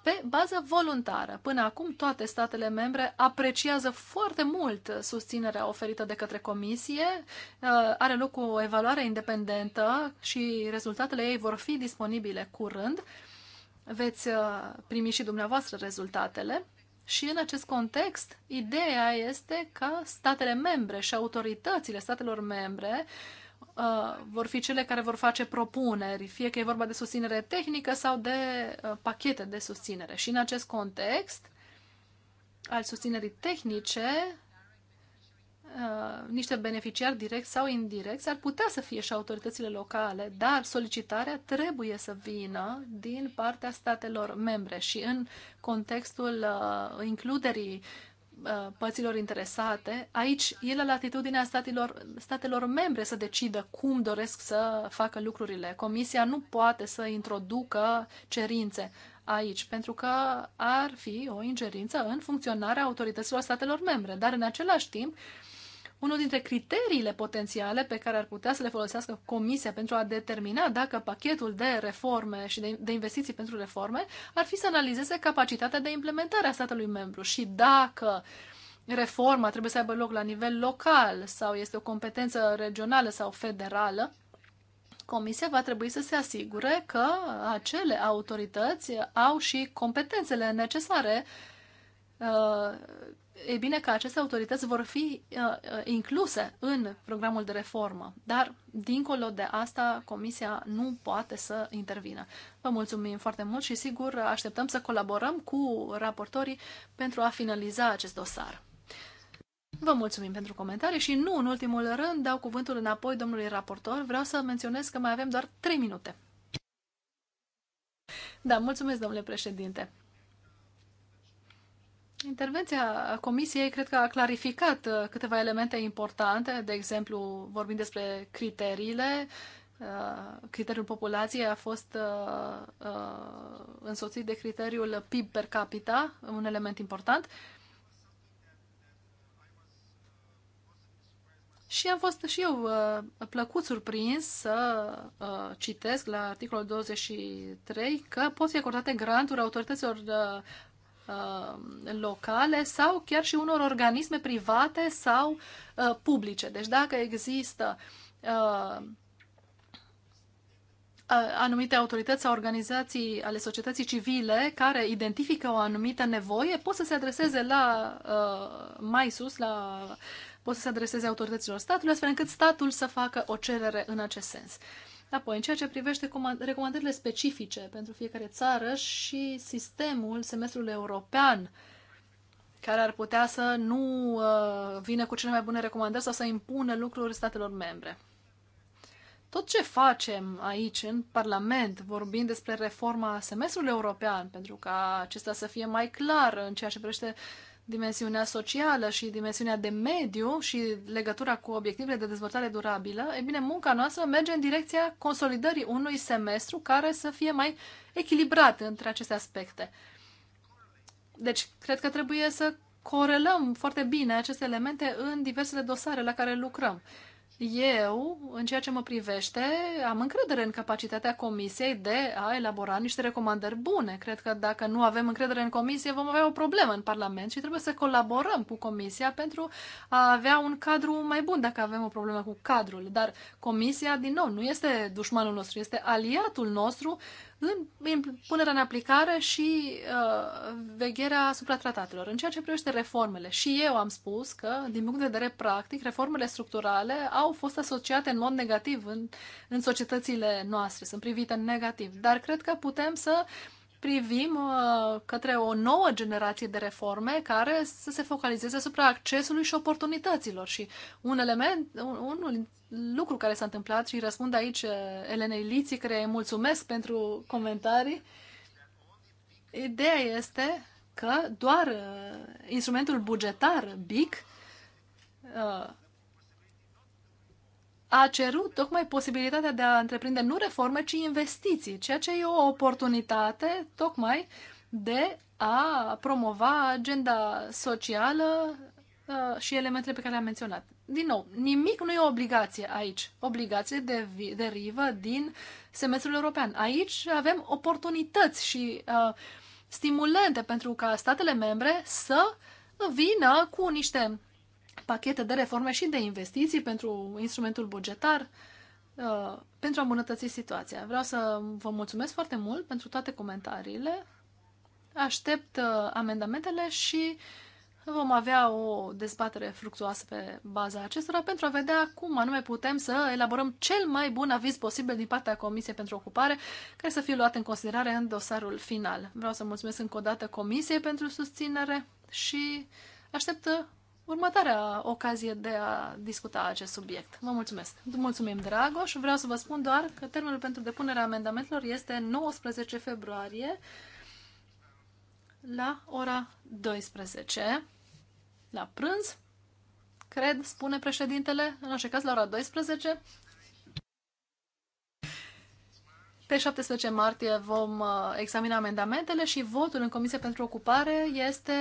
pe bază voluntară. Până acum, toate statele membre apreciază foarte mult susținerea oferită de către comisie. Uh, are loc o evaluare independentă și rezultatele ei vor fi disponibile curând. Veți uh, primi și dumneavoastră rezultatele. Și în acest context, ideea este ca statele membre și autoritățile statelor membre uh, uh, vor fi cele care vor face propuneri, fie că e vorba de susținere tehnică sau de uh, pachete de susținere. Și în acest context al susținerii tehnice, uh, niște beneficiari direct sau indirect ar putea să fie și autoritățile locale, dar solicitarea trebuie să vină din partea statelor membre și în contextul uh, includerii uh, Uh, părților interesate. Aici e la latitudinea statelor, statelor membre să decidă cum doresc să facă lucrurile. Comisia nu poate să introducă cerințe aici, pentru că ar fi o ingerință în funcționarea autorităților statelor membre. Dar în același timp, uh, unul dintre criteriile potențiale pe care ar putea să le folosească Comisia pentru a determina dacă pachetul de reforme și de, investiții pentru reforme ar fi să analizeze capacitatea de implementare a statului membru și dacă reforma trebuie să aibă loc la nivel local sau este o competență regională sau federală, Comisia va trebui să se asigure că acele autorități au și competențele necesare uh, e bine că aceste autorități vor fi uh, uh, incluse în programul de reformă, dar dincolo de asta Comisia nu poate să intervină. Vă mulțumim foarte mult și sigur așteptăm să colaborăm cu raportorii pentru a finaliza acest dosar. Vă mulțumim pentru comentarii și nu în ultimul rând dau cuvântul înapoi domnului raportor. Vreau să menționez că mai avem doar 3 minute. Da, mulțumesc, domnule președinte. Intervenția Comisiei cred că a clarificat uh, câteva elemente importante, de exemplu, vorbim despre criteriile, uh, criteriul populației a fost uh, însoțit de criteriul PIB per capita, un element important. Și am fost și eu plăcut surprins să citesc la articolul 23 că pot fi acordate granturi autorităților Uh, locale sau chiar și unor organisme private sau uh, publice. Deci dacă există uh, anumite autorități sau organizații ale societății civile care identifică o anumită nevoie, pot să se adreseze la uh, mai sus, la pot să se adreseze autorităților statului, astfel încât statul să facă o cerere în acest sens. Uh, Apoi, în ceea ce privește recomandările specifice pentru fiecare țară și sistemul, semestrul european, care ar putea să nu uh, vină cu cele mai bune recomandări sau să impună lucruri statelor membre. Tot ce facem aici, în Parlament, vorbind despre reforma semestrului european, pentru ca acesta să fie mai clar în ceea ce privește uh, dimensiunea socială și dimensiunea de mediu și legătura cu obiectivele de dezvoltare durabilă, e bine, munca noastră merge în direcția consolidării unui semestru care să fie mai echilibrat între aceste aspecte. Deci, cred că trebuie să corelăm foarte bine aceste elemente în diversele dosare la care lucrăm eu, în ceea ce mă privește, am încredere în capacitatea comisiei de a elabora niște recomandări bune. Cred că dacă nu avem încredere în comisie, vom avea o problemă în Parlament și trebuie să colaborăm cu comisia pentru a avea un cadru mai bun dacă avem o problemă cu cadrul. Dar comisia, din nou, nu este dușmanul nostru, este aliatul nostru în punerea în aplicare și uh, vegherea asupra tratatelor. În ceea ce privește reformele, și eu am spus că, din punct de vedere practic, reformele structurale au fost asociate în mod negativ în, în societățile noastre, sunt privite negativ. Dar cred că putem să uh, privim uh, către o nouă generație de reforme care să se focalizeze asupra accesului și oportunităților. Și un element, un, un lucru care s-a întâmplat și răspund aici uh, Elenei Liții, care îi mulțumesc pentru comentarii, ideea este că doar uh, instrumentul bugetar BIC a cerut tocmai posibilitatea de a întreprinde nu reforme, ci investiții, ceea ce e o oportunitate tocmai de a promova agenda socială uh, și elementele pe care le-am menționat. Din nou, nimic nu e o obligație aici. Obligație de derivă din semestrul european. Aici avem oportunități și uh, stimulente pentru ca statele membre să vină cu niște pachete de reforme și de investiții pentru instrumentul bugetar, uh, pentru a îmbunătăți situația. Vreau să vă mulțumesc foarte mult pentru toate comentariile. Aștept uh, amendamentele și vom avea o dezbatere fructuoasă pe baza acestora pentru a vedea cum anume putem să elaborăm cel mai bun aviz posibil din partea Comisiei pentru Ocupare, care să fie luat în considerare în dosarul final. Vreau să mulțumesc încă o dată Comisiei pentru susținere și aștept uh, următoarea ocazie de a discuta acest subiect. Vă mulțumesc. Mulțumim, Dragoș. Vreau să vă spun doar că termenul pentru depunerea amendamentelor este 19 februarie la ora 12, la prânz, cred, spune președintele, în orice caz la ora 12. Pe 17 martie vom uh, examina amendamentele și votul în Comisie pentru Ocupare este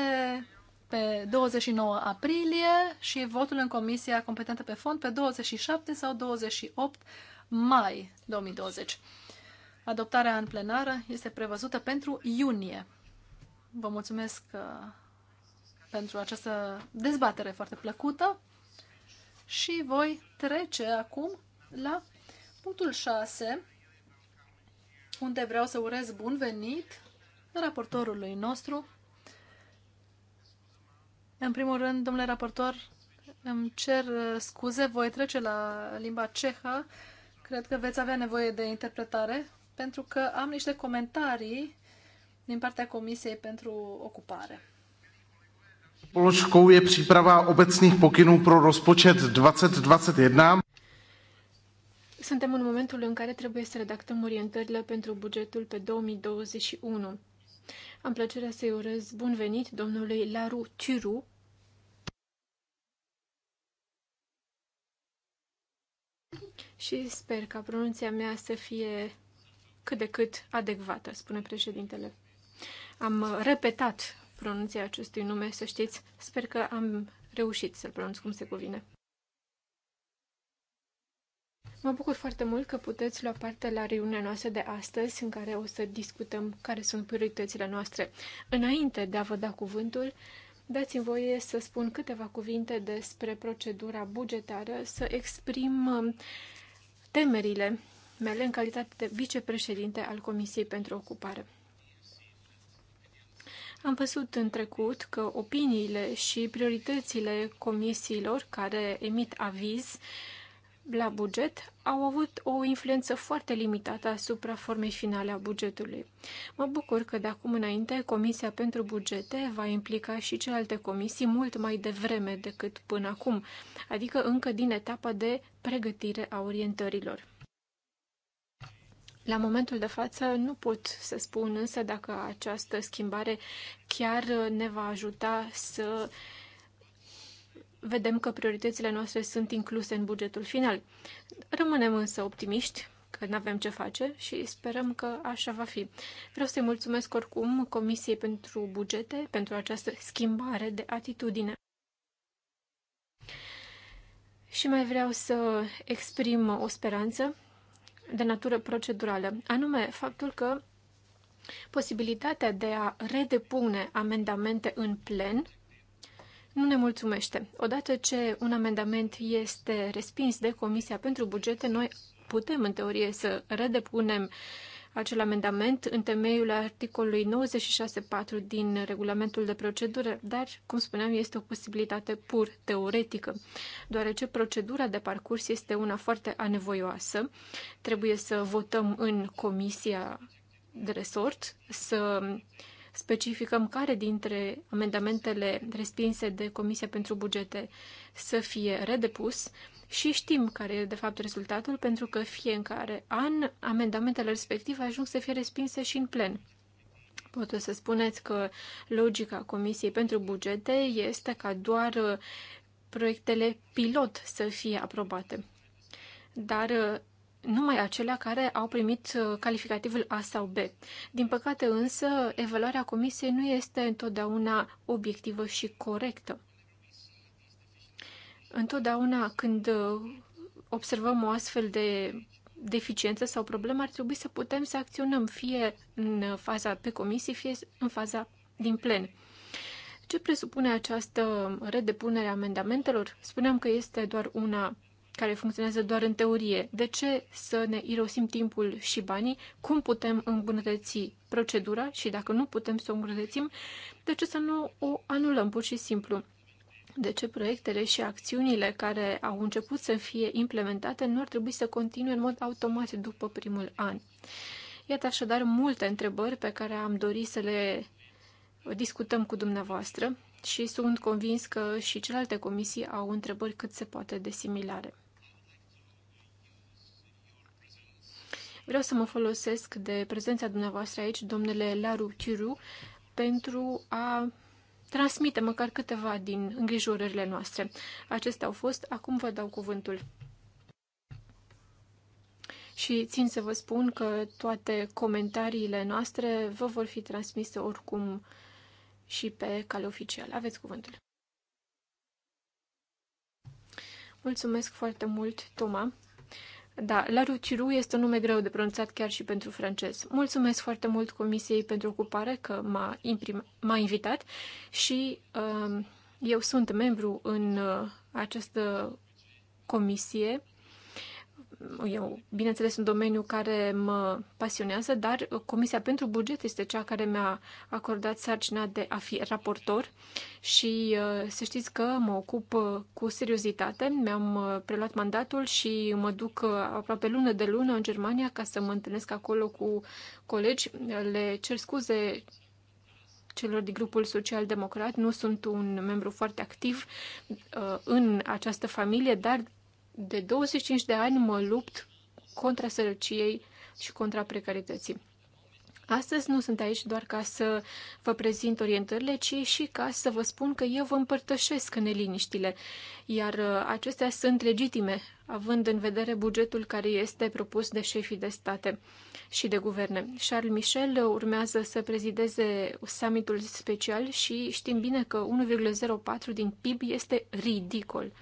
pe 29 aprilie și votul în comisia competentă pe fond pe 27 sau 28 mai 2020. Adoptarea în plenară este prevăzută pentru iunie. Vă mulțumesc uh, pentru această dezbatere foarte plăcută și voi trece acum la punctul 6, unde vreau să urez bun venit raportorului nostru, în primul rând, domnule raportor, îmi cer uh, scuze, voi trece la limba cehă. Cred că veți avea nevoie de interpretare, pentru că am niște comentarii din partea Comisiei pentru Ocupare. Položkou je příprava obecných pokynů pro rozpočet 2021. Suntem în momentul în care trebuie să redactăm orientările pentru bugetul pe 2021. Am plăcerea să-i urez bun venit domnului Laru Ciru. Și sper ca pronunția mea să fie cât de cât adecvată, spune președintele. Am repetat pronunția acestui nume, să știți. Sper că am reușit să-l pronunț cum se cuvine. Mă bucur foarte mult că puteți lua parte la reuniunea noastră de astăzi, în care o să discutăm care sunt prioritățile noastre. Înainte de a vă da cuvântul, dați-mi voie să spun câteva cuvinte despre procedura bugetară, să exprim um, temerile mele în calitate de vicepreședinte al Comisiei pentru Ocupare. Am văzut în trecut că opiniile și prioritățile comisiilor care emit aviz uh, la buget au avut o influență foarte limitată asupra formei finale a bugetului. Mă bucur că de acum înainte Comisia pentru Bugete va implica și celelalte comisii mult mai devreme decât până acum, adică încă din etapa de pregătire a orientărilor. La momentul de față nu pot să spun însă dacă această schimbare chiar ne va ajuta să uh, vedem că prioritățile noastre sunt incluse în bugetul final. Rămânem însă optimiști că nu avem ce face și sperăm că așa va fi. Vreau să-i mulțumesc oricum Comisiei pentru bugete, pentru această schimbare de atitudine. Și mai vreau să exprim o speranță de natură procedurală, anume faptul că posibilitatea de a redepune amendamente în plen nu ne mulțumește. Odată ce un amendament este respins de Comisia pentru Bugete, noi putem, în teorie, să redepunem acel amendament în temeiul articolului 96.4 din regulamentul de procedură, dar, cum spuneam, este o posibilitate pur teoretică, deoarece procedura de parcurs este una foarte anevoioasă. Trebuie să votăm în comisia de resort, să uh, specificăm care dintre amendamentele respinse de Comisia pentru Bugete să fie redepus și știm care e de fapt rezultatul, pentru că fiecare an amendamentele respective ajung să fie respinse și în plen. Pot să spuneți că logica Comisiei pentru Bugete este ca doar uh, proiectele pilot să fie aprobate. Dar uh, numai acelea care au primit uh, calificativul A sau B. Din păcate însă, evaluarea comisiei nu este întotdeauna obiectivă și corectă. Întotdeauna când uh, observăm o astfel de deficiență sau problemă, ar trebui să putem să acționăm fie în faza pe comisie, fie în faza din plen. Ce presupune această redepunere a amendamentelor? Spuneam că este doar una care funcționează doar în teorie. De ce să ne irosim timpul și banii? Cum putem îmbunătăți procedura și dacă nu putem să o îmbunătățim, de ce să nu o anulăm pur și simplu? De ce proiectele și acțiunile care au început să fie implementate nu ar trebui să continue în mod automat după primul an? Iată așadar multe întrebări pe care am dorit să le discutăm cu dumneavoastră și sunt convins că și celelalte comisii au întrebări cât se poate de similare. Vreau să mă folosesc de prezența dumneavoastră aici, domnule Laru Chiru, pentru a transmite măcar câteva din îngrijorările noastre. Acestea au fost, acum vă dau cuvântul. Și țin să vă spun că toate comentariile noastre vă vor fi transmise oricum și pe cale oficial. Aveți cuvântul. Mulțumesc foarte mult, Toma. Da, La Ruciru este un nume greu de pronunțat chiar și pentru francez. Mulțumesc foarte mult Comisiei pentru ocupare că m-a, m-a invitat și uh, eu sunt membru în uh, această comisie eu, bineînțeles, un domeniu care mă pasionează, dar Comisia pentru Buget este cea care mi-a acordat sarcina de a fi raportor și uh, să știți că mă ocup uh, cu seriozitate. Mi-am uh, preluat mandatul și mă duc aproape lună de lună în Germania ca să mă întâlnesc acolo cu colegi. Le cer scuze celor din grupul social-democrat. Nu sunt un membru foarte activ în această familie, dar de 25 de ani mă lupt contra sărăciei și contra precarității. Astăzi nu sunt aici doar ca să vă prezint orientările, ci și ca să vă spun că eu vă împărtășesc neliniștile, iar uh, acestea sunt legitime, având în vedere bugetul care este propus de șefii de state și de guverne. Charles Michel urmează să prezideze summitul special și știm bine că 1,04 din PIB este ridicol.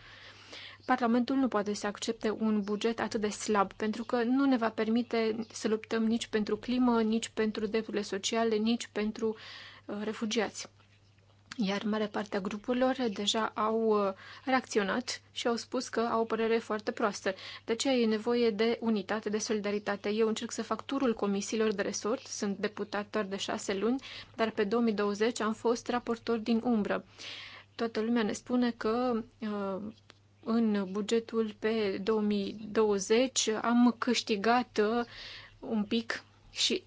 Parlamentul nu poate să accepte un buget atât de slab, pentru că nu ne va permite să luptăm nici pentru climă, nici pentru drepturile sociale, nici pentru uh, refugiați. Iar mare parte a grupurilor deja au uh, reacționat și au spus că au o părere foarte proastă. De aceea e nevoie de unitate, de solidaritate. Eu încerc să fac turul comisiilor de resort, sunt deputat doar de șase luni, dar pe 2020 am fost raportor din umbră toată lumea ne spune că uh, în bugetul pe 2020 am câștigat uh, un pic și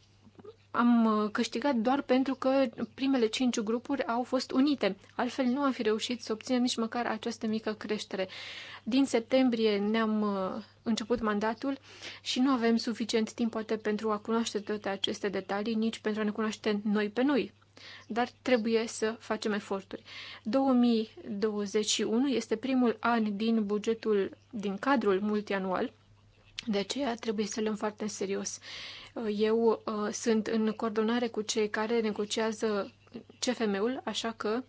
am uh, câștigat doar pentru că primele cinci grupuri au fost unite. Altfel nu am fi reușit să obținem nici măcar această mică creștere. Din septembrie ne-am uh, început mandatul și nu avem suficient timp poate pentru a cunoaște toate aceste detalii, nici pentru a ne cunoaște noi pe noi dar trebuie să facem eforturi. 2021 este primul an din bugetul, din cadrul multianual, de aceea trebuie să luăm foarte în serios. Eu uh, sunt în coordonare cu cei care negociază CFM-ul, așa că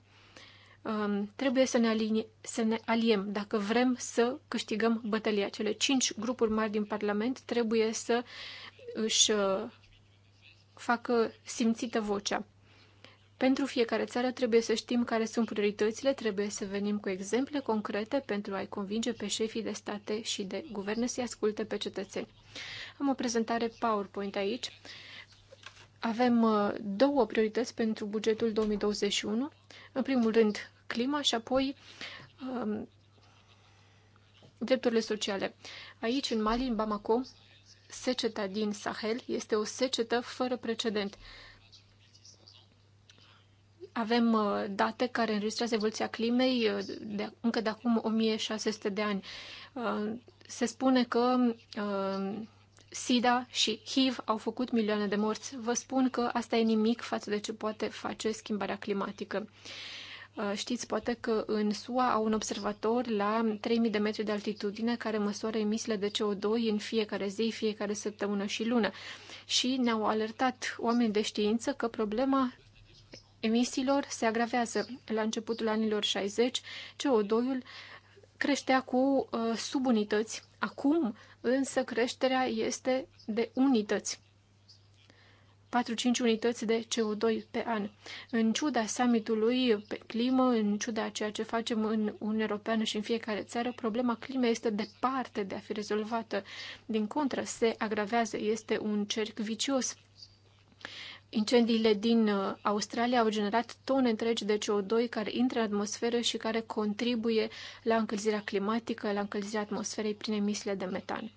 um, trebuie să ne, alini- să ne aliem. Dacă vrem să câștigăm bătălia, cele cinci grupuri mari din Parlament trebuie să își uh, facă simțită vocea. Pentru fiecare țară trebuie să știm care sunt prioritățile, trebuie să venim cu exemple concrete pentru a-i convinge pe șefii de state și de guverne să-i asculte pe cetățeni. Am o prezentare PowerPoint aici. Avem uh, două priorități pentru bugetul 2021. În primul rând, clima și apoi um, drepturile sociale. Aici, în Mali, în Bamako, seceta din Sahel este o secetă fără precedent. Avem uh, date care înregistrează evoluția climei uh, de, încă de acum 1600 de ani. Uh, se spune că SIDA și HIV au făcut milioane de morți. Vă spun că asta e nimic față de ce poate face schimbarea climatică. Știți poate că în SUA au un observator la 3000 de metri de altitudine care măsoară emisiile de CO2 în fiecare zi, fiecare săptămână și lună. Și ne-au alertat oameni de știință că problema emisiilor se agravează. La începutul anilor 60, CO2-ul creștea cu uh, subunități. Acum, însă, creșterea este de unități. 4-5 unități de CO2 pe an. În ciuda summitului pe climă, în ciuda ceea ce facem în Uniunea Europeană și în fiecare țară, problema climei este departe de a fi rezolvată. Din contră, se agravează, este un cerc vicios. Incendiile din uh, Australia au generat tone întregi de CO2 care intră în atmosferă și care contribuie la încălzirea climatică, la încălzirea atmosferei prin emisiile de metan.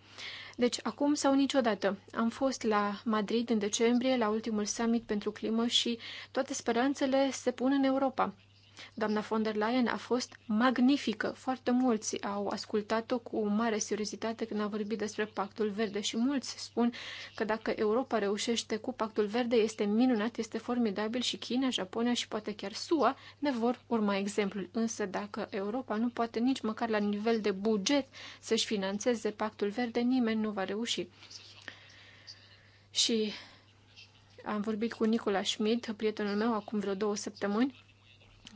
Deci, acum sau niciodată. Am fost la Madrid în decembrie, la ultimul summit pentru climă și toate speranțele se pun în Europa. Doamna von der Leyen a fost magnifică. Foarte mulți au ascultat-o cu mare seriozitate când a vorbit despre Pactul Verde și mulți spun că dacă Europa reușește cu Pactul Verde, este minunat, este formidabil și China, Japonia și poate chiar SUA ne vor urma exemplul. Însă dacă Europa nu poate nici măcar la nivel de buget să-și financeze Pactul Verde, nimeni nu va reuși. Și am vorbit cu Nicola Schmidt, prietenul meu, acum vreo două săptămâni,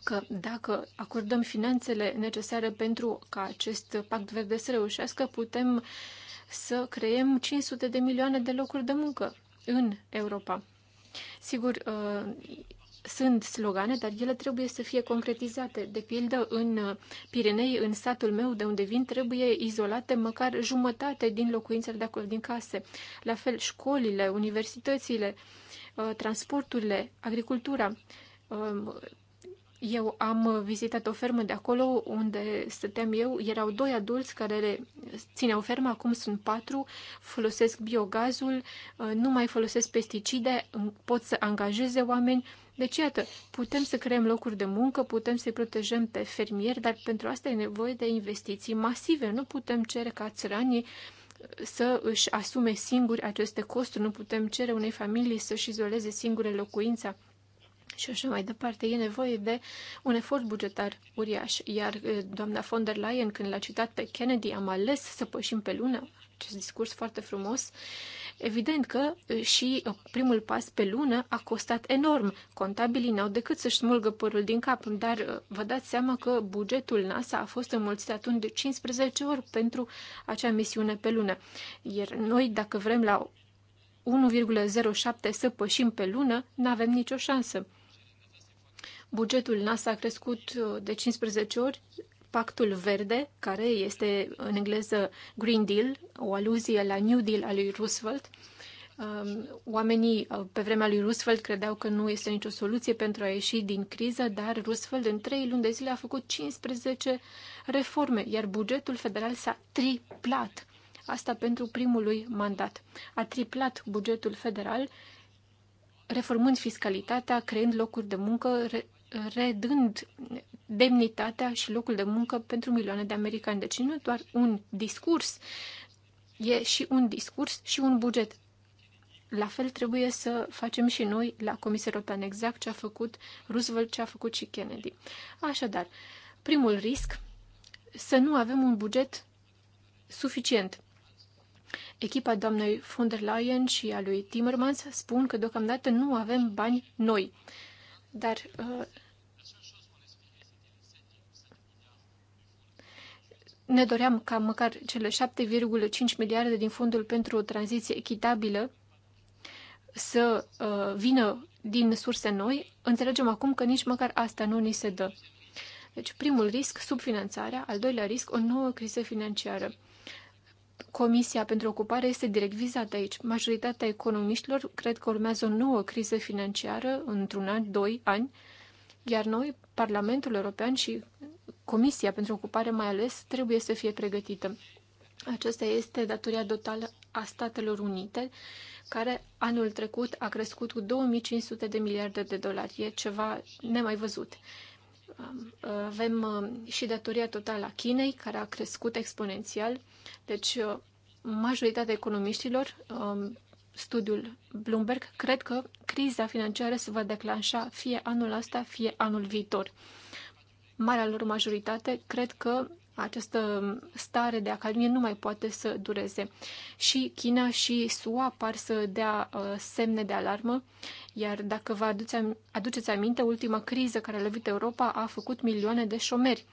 că dacă acordăm finanțele necesare pentru ca acest pact verde să reușească, putem să creăm 500 de milioane de locuri de muncă în Europa. Sigur, uh, sunt slogane, dar ele trebuie să fie concretizate. De pildă, în Pirenei, în satul meu de unde vin, trebuie izolate măcar jumătate din locuințele de acolo, din case. La fel, școlile, universitățile, uh, transporturile, agricultura uh, eu am vizitat o fermă de acolo unde stăteam eu. Erau doi adulți care țineau fermă, acum sunt patru, folosesc biogazul, uh, nu mai folosesc pesticide, pot să angajeze oameni. Deci, iată, putem să creăm locuri de muncă, putem să-i protejăm pe fermieri, dar pentru asta e nevoie de investiții masive. Nu putem cere ca țăranii să își asume singuri aceste costuri, nu putem cere unei familii să-și izoleze singure locuința și așa mai departe. E nevoie de un efort bugetar uriaș. Iar eh, doamna von der Leyen, când l-a citat pe Kennedy, am ales să pășim pe lună, acest discurs foarte frumos, evident că eh, și primul pas pe lună a costat enorm. Contabilii n-au decât să-și smulgă părul din cap, dar eh, vă dați seama că bugetul NASA a fost înmulțit atunci de 15 ori pentru acea misiune pe lună. Iar noi, dacă vrem la 1,07 să pășim pe lună, n-avem nicio șansă. Bugetul NASA a crescut uh, de 15 ori, Pactul Verde, care este în engleză Green Deal, o aluzie la New Deal al lui Roosevelt. Um, oamenii uh, pe vremea lui Roosevelt credeau că nu este nicio soluție pentru a ieși din criză, dar Roosevelt în trei luni de zile a făcut 15 reforme, iar bugetul federal s-a triplat. Asta pentru primul lui mandat. A triplat bugetul federal reformând fiscalitatea, creând locuri de muncă, redând demnitatea și locul de muncă pentru milioane de americani. Deci nu doar un discurs, e și un discurs și un buget. La fel trebuie să facem și noi la Comisia Europeană exact ce a făcut Roosevelt, ce a făcut și Kennedy. Așadar, primul risc, să nu avem un buget suficient. Echipa doamnei von der Leyen și a lui Timmermans spun că deocamdată nu avem bani noi. Dar uh, ne doream ca măcar cele 7,5 miliarde din fondul pentru o tranziție echitabilă să uh, vină din surse noi, înțelegem acum că nici măcar asta nu ni se dă. Deci primul risc, subfinanțarea, al doilea risc, o nouă criză financiară. Comisia pentru ocupare este direct vizată aici. Majoritatea economiștilor cred că urmează o nouă criză financiară într-un an, doi ani, iar noi, Parlamentul European și Comisia pentru Ocupare mai ales trebuie să fie pregătită. Aceasta este datoria totală a Statelor Unite, care anul trecut a crescut cu 2500 de miliarde de dolari. E ceva nemai văzut. Avem uh, și datoria totală a Chinei, care a crescut exponențial. Deci, uh, majoritatea economiștilor, um, studiul Bloomberg, cred că criza financiară se va declanșa fie anul ăsta, fie anul viitor marea lor majoritate, cred că această stare de acalmie nu mai poate să dureze. Și China și SUA par să dea uh, semne de alarmă, iar dacă vă aduce, aduceți aminte, ultima criză care a lovit Europa a făcut milioane de șomeri.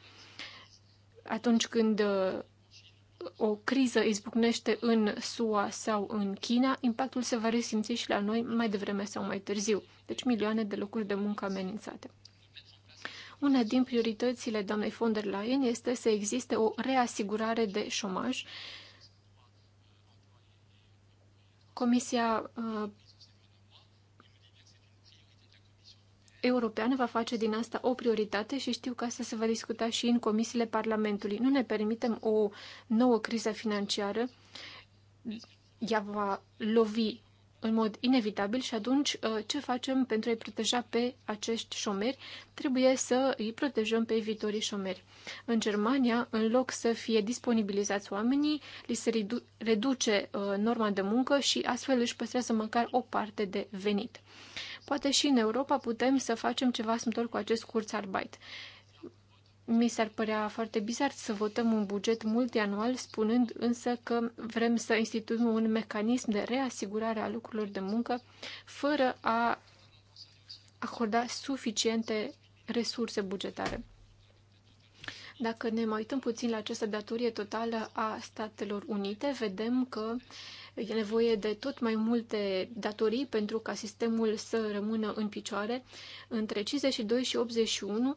Atunci când uh, o criză izbucnește în SUA sau în China, impactul se va resimți și la noi mai devreme sau mai târziu. Deci milioane de locuri de muncă amenințate. Una din prioritățile doamnei von der Leyen este să existe o reasigurare de șomaj. Comisia uh, europeană va face din asta o prioritate și știu că asta se va discuta și în comisiile Parlamentului. Nu ne permitem o nouă criză financiară. Ea va lovi în mod inevitabil și atunci uh, ce facem pentru a-i proteja pe acești șomeri? Trebuie să îi protejăm pe viitorii șomeri. În Germania, în loc să fie disponibilizați oamenii, li se redu- reduce uh, norma de muncă și astfel își păstrează măcar o parte de venit. Poate și în Europa putem să facem ceva asemănător cu acest Kurzarbeit. Mi s-ar părea foarte bizar să votăm un buget multianual, spunând însă că vrem să instituim un mecanism de reasigurare a lucrurilor de muncă, fără a acorda suficiente resurse bugetare. Dacă ne mai uităm puțin la această datorie totală a Statelor Unite, vedem că e nevoie de tot mai multe datorii pentru ca sistemul să rămână în picioare. Între 52 și 81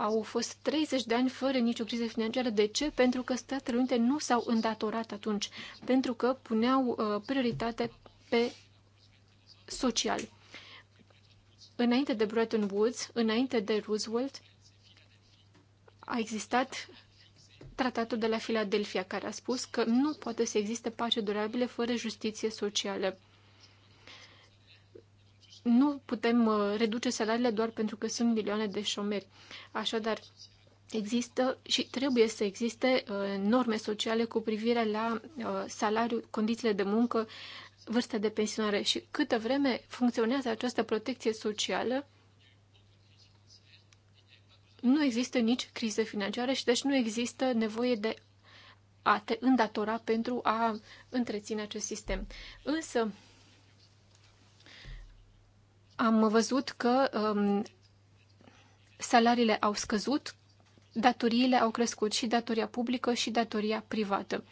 au fost 30 de ani fără nicio criză financiară. De ce? Pentru că Statele Unite nu s-au îndatorat atunci, pentru că puneau uh, prioritate pe social. Înainte de Bretton Woods, înainte de Roosevelt, a existat tratatul de la Philadelphia care a spus că nu poate să existe pace durabilă fără justiție socială nu putem uh, reduce salariile doar pentru că sunt milioane de șomeri. Așadar, există și trebuie să existe uh, norme sociale cu privire la uh, salariu, condițiile de muncă, vârsta de pensionare și câtă vreme funcționează această protecție socială, nu există nici crize financiară și deci nu există nevoie de a te îndatora pentru a întreține acest sistem. Însă, am văzut că um, salariile au scăzut, datoriile au crescut și datoria publică și datoria privată.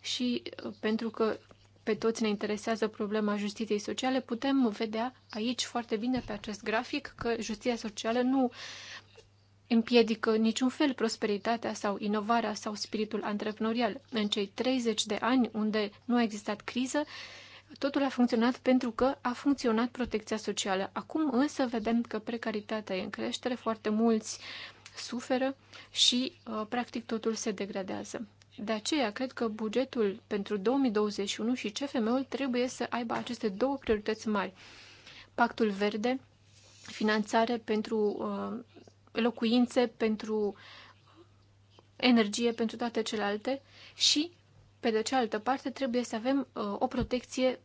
Și uh, pentru că pe toți ne interesează problema justiției sociale, putem vedea aici foarte bine pe acest grafic că justiția socială nu împiedică niciun fel prosperitatea sau inovarea sau spiritul antreprenorial. În cei 30 de ani unde nu a existat criză, Totul a funcționat pentru că a funcționat protecția socială. Acum însă vedem că precaritatea e în creștere, foarte mulți suferă și uh, practic totul se degradează. De aceea, cred că bugetul pentru 2021 și CFM-ul trebuie să aibă aceste două priorități mari. Pactul verde, finanțare pentru uh, locuințe, pentru energie, pentru toate celelalte și pe de cealaltă parte, trebuie să avem uh, o protecție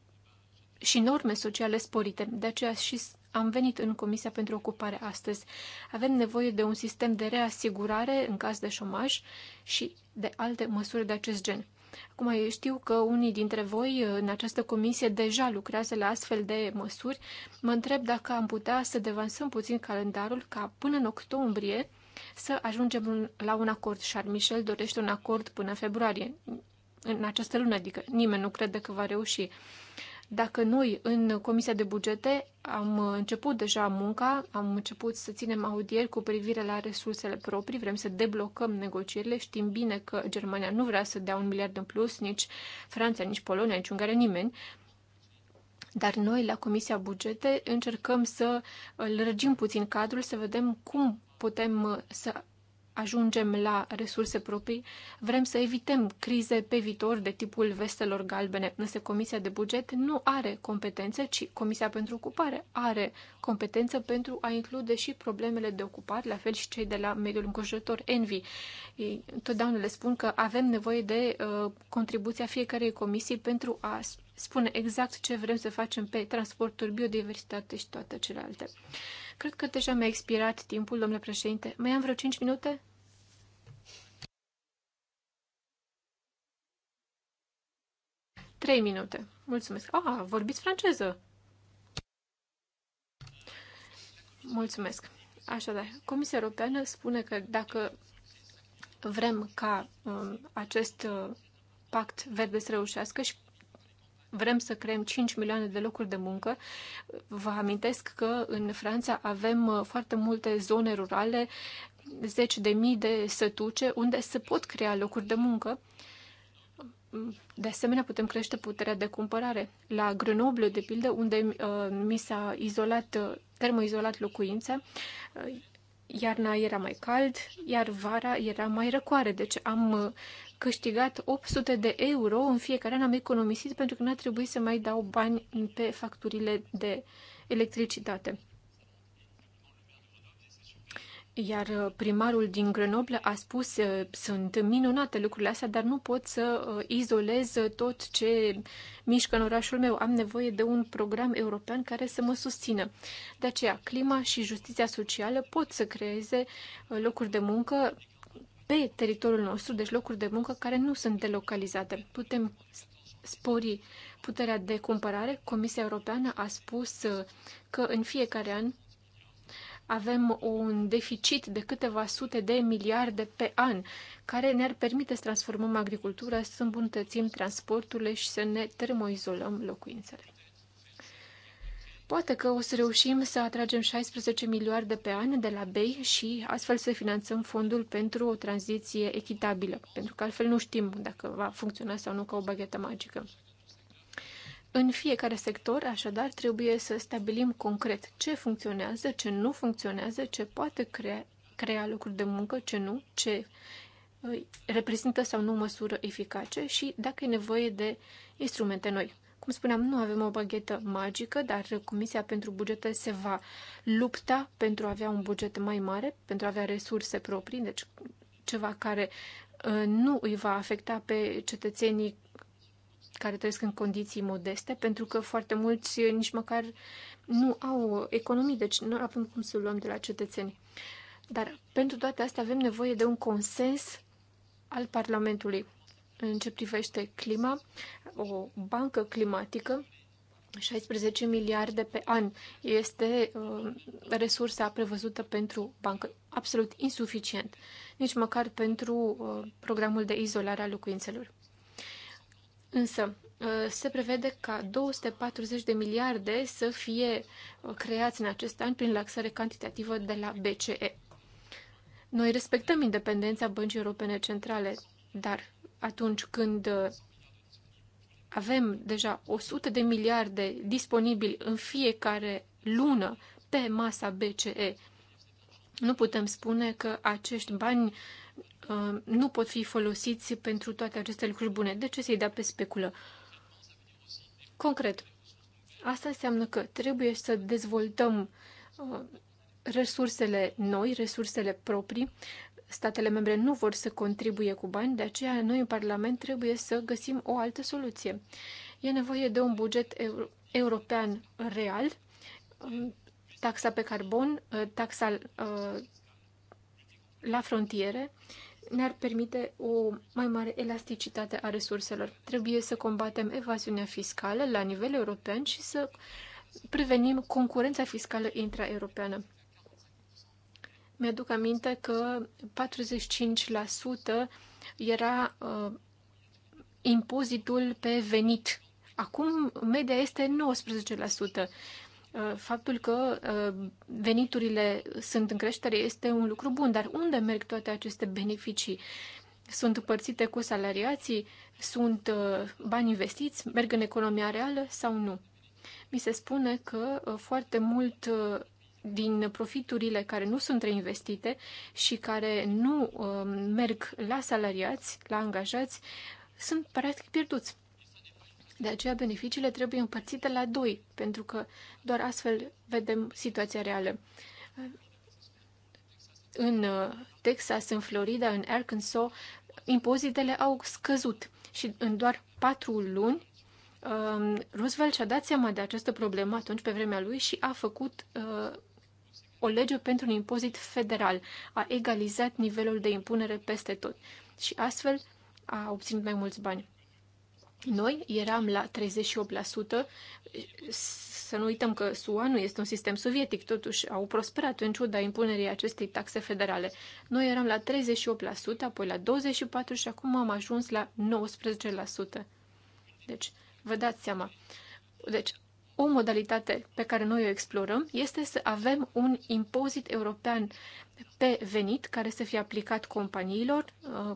și norme sociale sporite. De aceea și am venit în Comisia pentru Ocupare astăzi. Avem nevoie de un sistem de reasigurare în caz de șomaj și de alte măsuri de acest gen. Acum, eu știu că unii dintre voi uh, în această comisie deja lucrează la astfel de măsuri. Mă întreb dacă am putea să devansăm puțin calendarul ca până în octombrie să ajungem la un acord. Charles Michel dorește un acord până februarie în această lună, adică nimeni nu crede că va reuși. Dacă noi în Comisia de Bugete am început deja munca, am început să ținem audieri cu privire la resursele proprii, vrem să deblocăm negocierile, știm bine că Germania nu vrea să dea un miliard în plus, nici Franța, nici Polonia, nici Ungaria, nimeni, dar noi la Comisia Bugete încercăm să lărgim puțin cadrul, să vedem cum putem să ajungem la resurse proprii, vrem să evităm crize pe viitor de tipul vestelor galbene. Însă Comisia de Buget nu are competențe, ci Comisia pentru Ocupare are competență pentru a include și problemele de ocupare, la fel și cei de la mediul înconjurător, ENVI. Totdeauna le spun că avem nevoie de uh, contribuția fiecarei comisii pentru a spune exact ce vrem să facem pe transporturi, biodiversitate și toate celelalte. Cred că deja mi-a expirat timpul, domnule președinte. Mai am vreo 5 minute? Trei minute. Mulțumesc. Ah, vorbiți franceză. Mulțumesc. Așadar, Comisia Europeană spune că dacă vrem ca um, acest uh, pact verde să reușească și vrem să creăm 5 milioane de locuri de muncă. Vă amintesc că în Franța avem uh, foarte multe zone rurale, zeci de mii de sătuce, unde se pot crea locuri de muncă. De asemenea, putem crește puterea de cumpărare. La Grenoble, de pildă, unde uh, mi s-a izolat, uh, termoizolat locuința, uh, iarna era mai cald, iar vara era mai răcoare, deci am uh, câștigat 800 de euro în fiecare an, am economisit pentru că nu a trebuit să mai dau bani pe facturile de electricitate. Iar uh, primarul din Grenoble a spus, uh, sunt minunate lucrurile astea, dar nu pot să uh, izolez tot ce mișcă în orașul meu. Am nevoie de un program european care să mă susțină. De aceea, clima și justiția socială pot să creeze locuri de muncă pe teritoriul nostru, deci locuri de muncă care nu sunt delocalizate. Putem spori puterea de cumpărare. Comisia Europeană a spus uh, că în fiecare an avem un deficit de câteva sute de miliarde pe an, care ne-ar permite să transformăm agricultura, să îmbunătățim transporturile și să ne termoizolăm locuințele. Poate că o să reușim să atragem 16 miliarde pe an de la BEI și astfel să finanțăm fondul pentru o tranziție echitabilă, pentru că altfel nu știm dacă va funcționa sau nu ca o baghetă magică. În fiecare sector, așadar, trebuie să stabilim concret ce funcționează, ce nu funcționează, ce poate crea, crea lucruri de muncă, ce nu, ce uh, reprezintă sau nu măsură eficace și dacă e nevoie de instrumente noi. Cum spuneam, nu avem o baghetă magică, dar Comisia pentru Bugete se va lupta pentru a avea un buget mai mare, pentru a avea resurse proprii, deci ceva care uh, nu îi va afecta pe cetățenii care trăiesc în condiții modeste, pentru că foarte mulți uh, nici măcar nu au economii, deci nu avem cum să luăm de la cetățeni. Dar pentru toate astea avem nevoie de un consens al Parlamentului în ce privește clima, o bancă climatică, 16 miliarde pe an este uh, resursa prevăzută pentru bancă. Absolut insuficient, nici măcar pentru uh, programul de izolare a locuințelor. Însă, uh, se prevede ca 240 de miliarde să fie uh, creați în acest an prin laxare cantitativă de la BCE. Noi respectăm independența Băncii Europene Centrale, dar atunci când uh, avem deja 100 de miliarde disponibili în fiecare lună pe masa BCE, nu putem spune că acești bani uh, nu pot fi folosiți pentru toate aceste lucruri bune. De ce să-i dea pe speculă? Concret, asta înseamnă că trebuie să dezvoltăm uh, resursele noi, resursele proprii, statele membre nu vor să contribuie cu bani, de aceea noi în Parlament trebuie să găsim o altă soluție. E nevoie de un buget euro european real, um, taxa pe carbon, uh, taxa uh, la frontiere, ne-ar permite o mai mare elasticitate a resurselor. Trebuie să combatem evaziunea fiscală la nivel european și să prevenim concurența fiscală europeană. Mi-aduc aminte că 45% era uh, impozitul pe venit. Acum media este 19%. Uh, faptul că uh, veniturile sunt în creștere este un lucru bun, dar unde merg toate aceste beneficii? Sunt împărțite cu salariații? Sunt uh, bani investiți? Merg în economia reală sau nu? Mi se spune că foarte mult din profiturile care nu sunt reinvestite și care nu uh, merg la salariați, la angajați, sunt practic pierduți. De aceea beneficiile trebuie împărțite la doi, pentru că doar astfel vedem situația reală. În uh, Texas, în Florida, în Arkansas, impozitele au scăzut și în doar patru luni um, Roosevelt și-a dat seama de această problemă atunci pe vremea lui și a făcut uh, o lege pentru un impozit federal. A egalizat nivelul de impunere peste tot și astfel a obținut mai mulți bani. Noi eram la 38%, să nu uităm că SUA nu este un sistem sovietic, totuși au prosperat în ciuda impunerii acestei taxe federale. Noi eram la 38%, apoi la 24% și acum am ajuns la 19%. Deci, vă dați seama. Deci, o modalitate pe care noi o explorăm este să avem un impozit european pe venit care să fie aplicat companiilor, uh,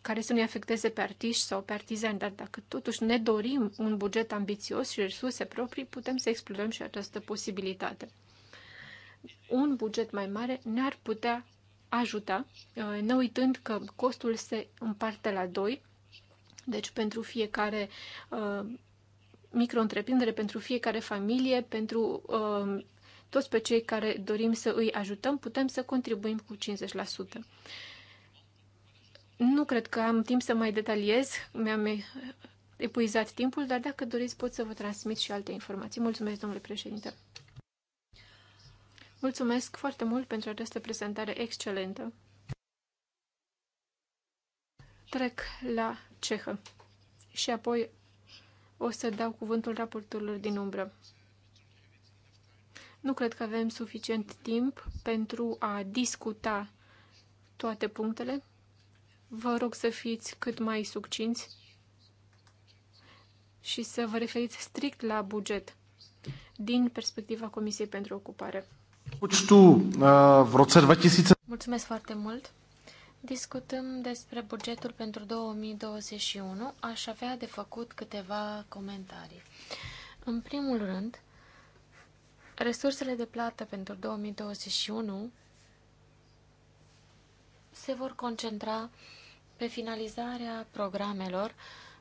care să nu-i afecteze pe artiști sau pe artizani, dar dacă totuși ne dorim un buget ambițios și resurse proprii, putem să explorăm și această posibilitate. Un buget mai mare ne-ar putea ajuta, uh, ne uitând că costul se împarte la doi, deci pentru fiecare uh, micro-întreprindere pentru fiecare familie, pentru uh, toți pe cei care dorim să îi ajutăm, putem să contribuim cu 50%. Nu cred că am timp să mai detaliez, mi-am epuizat timpul, dar dacă doriți pot să vă transmit și alte informații. Mulțumesc, domnule președinte! Mulțumesc foarte mult pentru această prezentare excelentă. Trec la cehă și apoi o să dau cuvântul raporturilor din umbră. Nu cred că avem suficient timp pentru a discuta toate punctele. Vă rog să fiți cât mai succinți și să vă referiți strict la buget din perspectiva Comisiei pentru Ocupare. Eh, Mulțumesc foarte mult! Discutăm despre bugetul pentru 2021. Aș avea de făcut câteva comentarii. În primul rând, resursele de plată pentru 2021 se vor concentra pe finalizarea programelor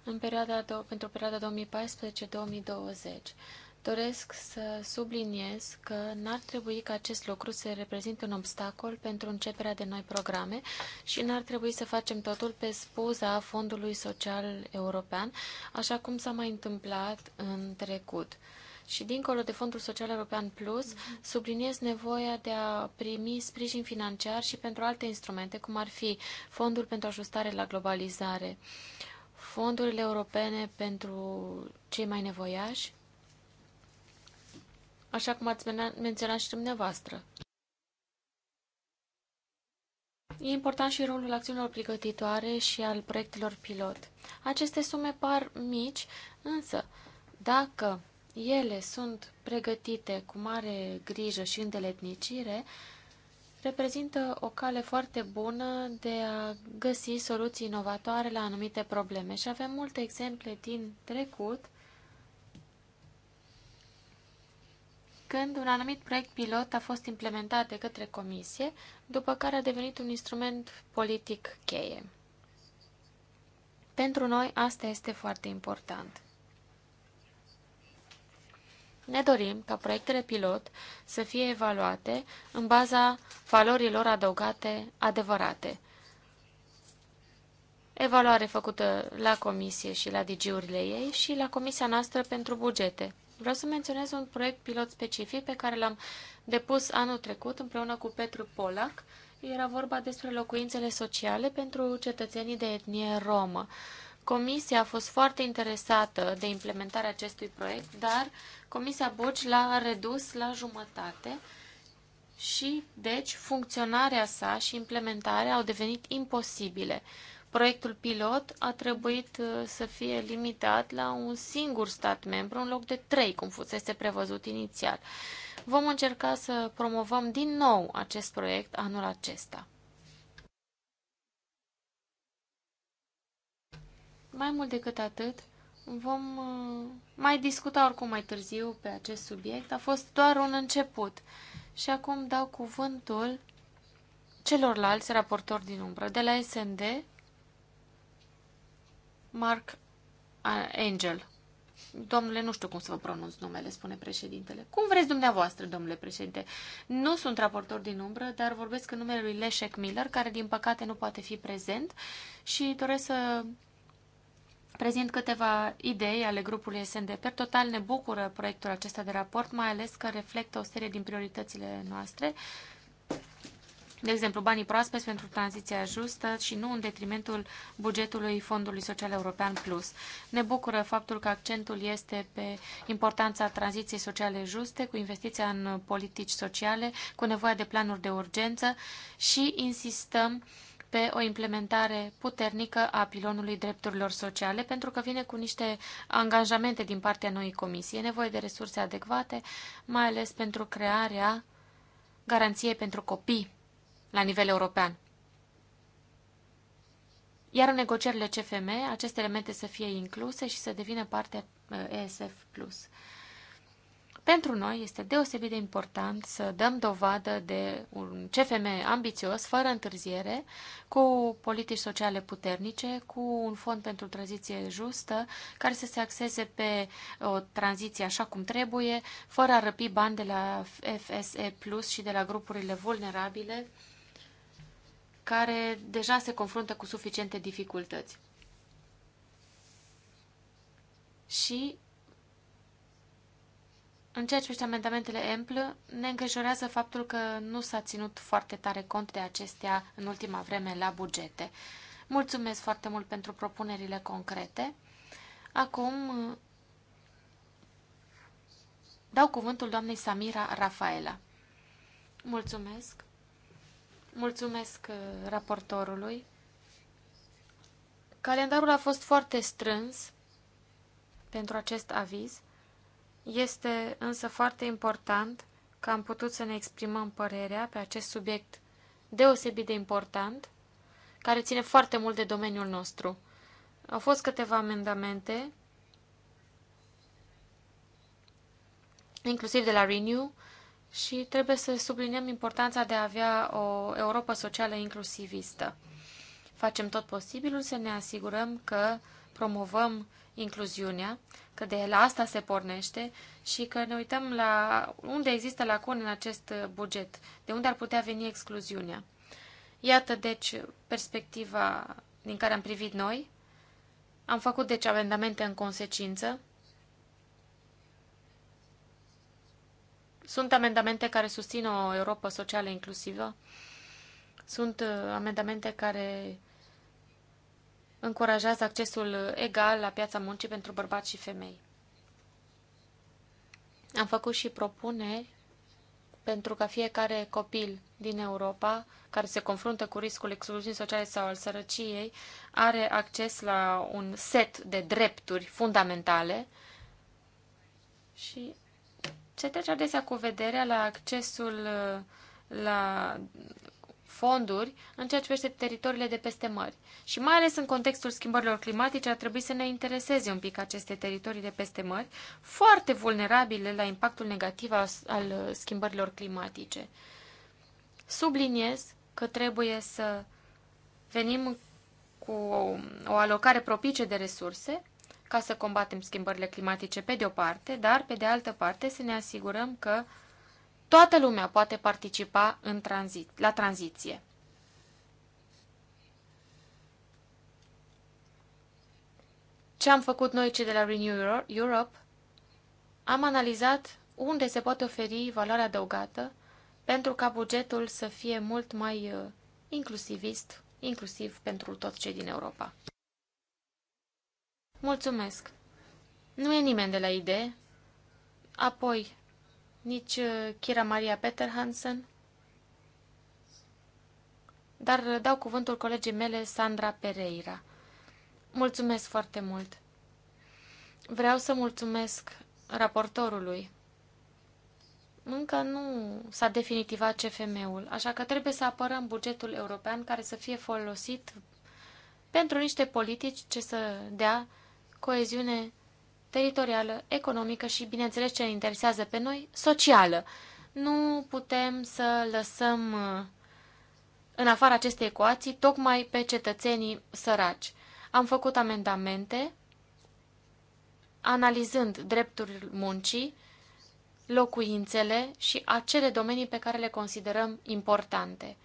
în perioada, pentru perioada 2014-2020. Doresc să subliniez că n-ar trebui ca acest lucru să reprezinte un obstacol pentru începerea de noi programe și n-ar trebui să facem totul pe spuza Fondului Social European, așa cum s-a mai întâmplat în trecut. Și dincolo de Fondul Social European Plus, subliniez nevoia de a primi sprijin financiar și pentru alte instrumente, cum ar fi Fondul pentru Ajustare la Globalizare, fondurile europene pentru cei mai nevoiași, așa cum ați menționat și dumneavoastră. E important și rolul acțiunilor pregătitoare și al proiectelor pilot. Aceste sume par mici, însă dacă ele sunt pregătite cu mare grijă și îndeletnicire, reprezintă o cale foarte bună de a găsi soluții inovatoare la anumite probleme și avem multe exemple din trecut când un anumit proiect pilot a fost implementat de către comisie, după care a devenit un instrument politic cheie. Pentru noi asta este foarte important. Ne dorim ca proiectele pilot să fie evaluate în baza valorilor adăugate adevărate. Evaluare făcută la comisie și la digiurile ei și la comisia noastră pentru bugete. Vreau să menționez un proiect pilot specific pe care l-am depus anul trecut împreună cu Petru Polac. Era vorba despre locuințele sociale pentru cetățenii de etnie romă. Comisia a fost foarte interesată de implementarea acestui proiect, dar Comisia Buci l-a redus la jumătate și, deci, funcționarea sa și implementarea au devenit imposibile. Proiectul pilot a trebuit uh, să fie limitat la un singur stat membru în loc de trei, cum fusese prevăzut inițial. Vom încerca să promovăm din nou acest proiect anul acesta. Mai mult decât atât, vom uh, mai discuta oricum mai târziu pe acest subiect. A fost doar un început. Și acum dau cuvântul celorlalți raportori din umbră, de la SND, Mark Angel. Domnule, nu știu cum să vă pronunț numele, spune președintele. Cum vreți dumneavoastră, domnule președinte? Nu sunt raportor din umbră, dar vorbesc în numele lui Leșec Miller, care din păcate nu poate fi prezent și doresc să prezint câteva idei ale grupului SND. Per total ne bucură proiectul acesta de raport, mai ales că reflectă o serie din prioritățile noastre. Uh, de exemplu, banii proaspeți pentru tranziția justă și nu în detrimentul bugetului Fondului Social European Plus. Ne bucură faptul că accentul este pe importanța tranziției sociale juste, cu investiția în politici sociale, cu nevoia de planuri de urgență și insistăm pe o implementare puternică a pilonului drepturilor sociale, pentru că vine cu niște angajamente din partea noii comisii. E nevoie de resurse adecvate, mai ales pentru crearea garanției pentru copii la nivel european. Iar în negocierile CFM, aceste elemente să fie incluse și să devină parte uh, ESF+. Pentru noi este deosebit de important să dăm dovadă de un CFM ambițios, fără întârziere, cu politici sociale puternice, cu un fond pentru tranziție justă, care să se axeze pe o tranziție așa cum trebuie, fără a răpi bani de la FSE Plus și de la grupurile vulnerabile, care deja se confruntă cu suficiente dificultăți. Și în ceea ce privește amendamentele ample, ne îngrijorează faptul că nu s-a ținut foarte tare cont de acestea în ultima vreme la bugete. Mulțumesc foarte mult pentru propunerile concrete. Acum dau cuvântul doamnei Samira Rafaela. Mulțumesc. Mulțumesc uh, raportorului. Calendarul a fost foarte strâns pentru acest aviz. Este însă foarte important că am putut să ne exprimăm părerea pe acest subiect deosebit de important, care ține foarte mult de domeniul nostru. Au fost câteva amendamente, inclusiv de la Renew, și trebuie să subliniem importanța de a avea o Europa socială inclusivistă. Facem tot posibilul să ne asigurăm că promovăm incluziunea, că de la asta se pornește și că ne uităm la unde există lacune în acest buget, de unde ar putea veni excluziunea. Iată, deci, perspectiva din care am privit noi. Am făcut, deci, amendamente în consecință. Sunt amendamente care susțin o Europa socială inclusivă. Sunt uh, amendamente care încurajează accesul egal la piața muncii pentru bărbați și femei. Am făcut și propuneri pentru ca fiecare copil din Europa care se confruntă cu riscul excluziunii sociale sau al sărăciei are acces la un set de drepturi fundamentale și se trece adesea cu vederea la accesul uh, la fonduri în ceea ce privește teritoriile de peste mări. Și mai ales în contextul schimbărilor climatice ar trebui să ne intereseze un pic aceste teritorii de peste mări, foarte vulnerabile la impactul negativ al schimbărilor climatice. Subliniez că trebuie să venim cu o, o alocare propice de resurse ca să combatem schimbările climatice pe de o parte, dar pe de altă parte să ne asigurăm că toată lumea poate participa în tranzi la tranziție. Ce am făcut noi cei de la Renew Europe? Am analizat unde se poate oferi valoare adăugată pentru ca bugetul să fie mult mai uh, inclusivist, inclusiv pentru toți cei din Europa. Mulțumesc. Nu e nimeni de la idee. Apoi, nici Kira uh, Maria Peter Hansen. Dar uh, dau cuvântul colegii mele, Sandra Pereira. Mulțumesc foarte mult. Vreau să mulțumesc raportorului. Încă nu s-a definitivat CFM-ul, așa că trebuie să apărăm bugetul european care să fie folosit pentru niște politici ce să dea coeziune teritorială, economică și, bineînțeles, ce ne interesează pe noi, socială. Nu putem să lăsăm uh, în afara acestei ecuații tocmai pe cetățenii săraci. Am făcut amendamente analizând drepturi muncii, locuințele și acele domenii pe care le considerăm importante.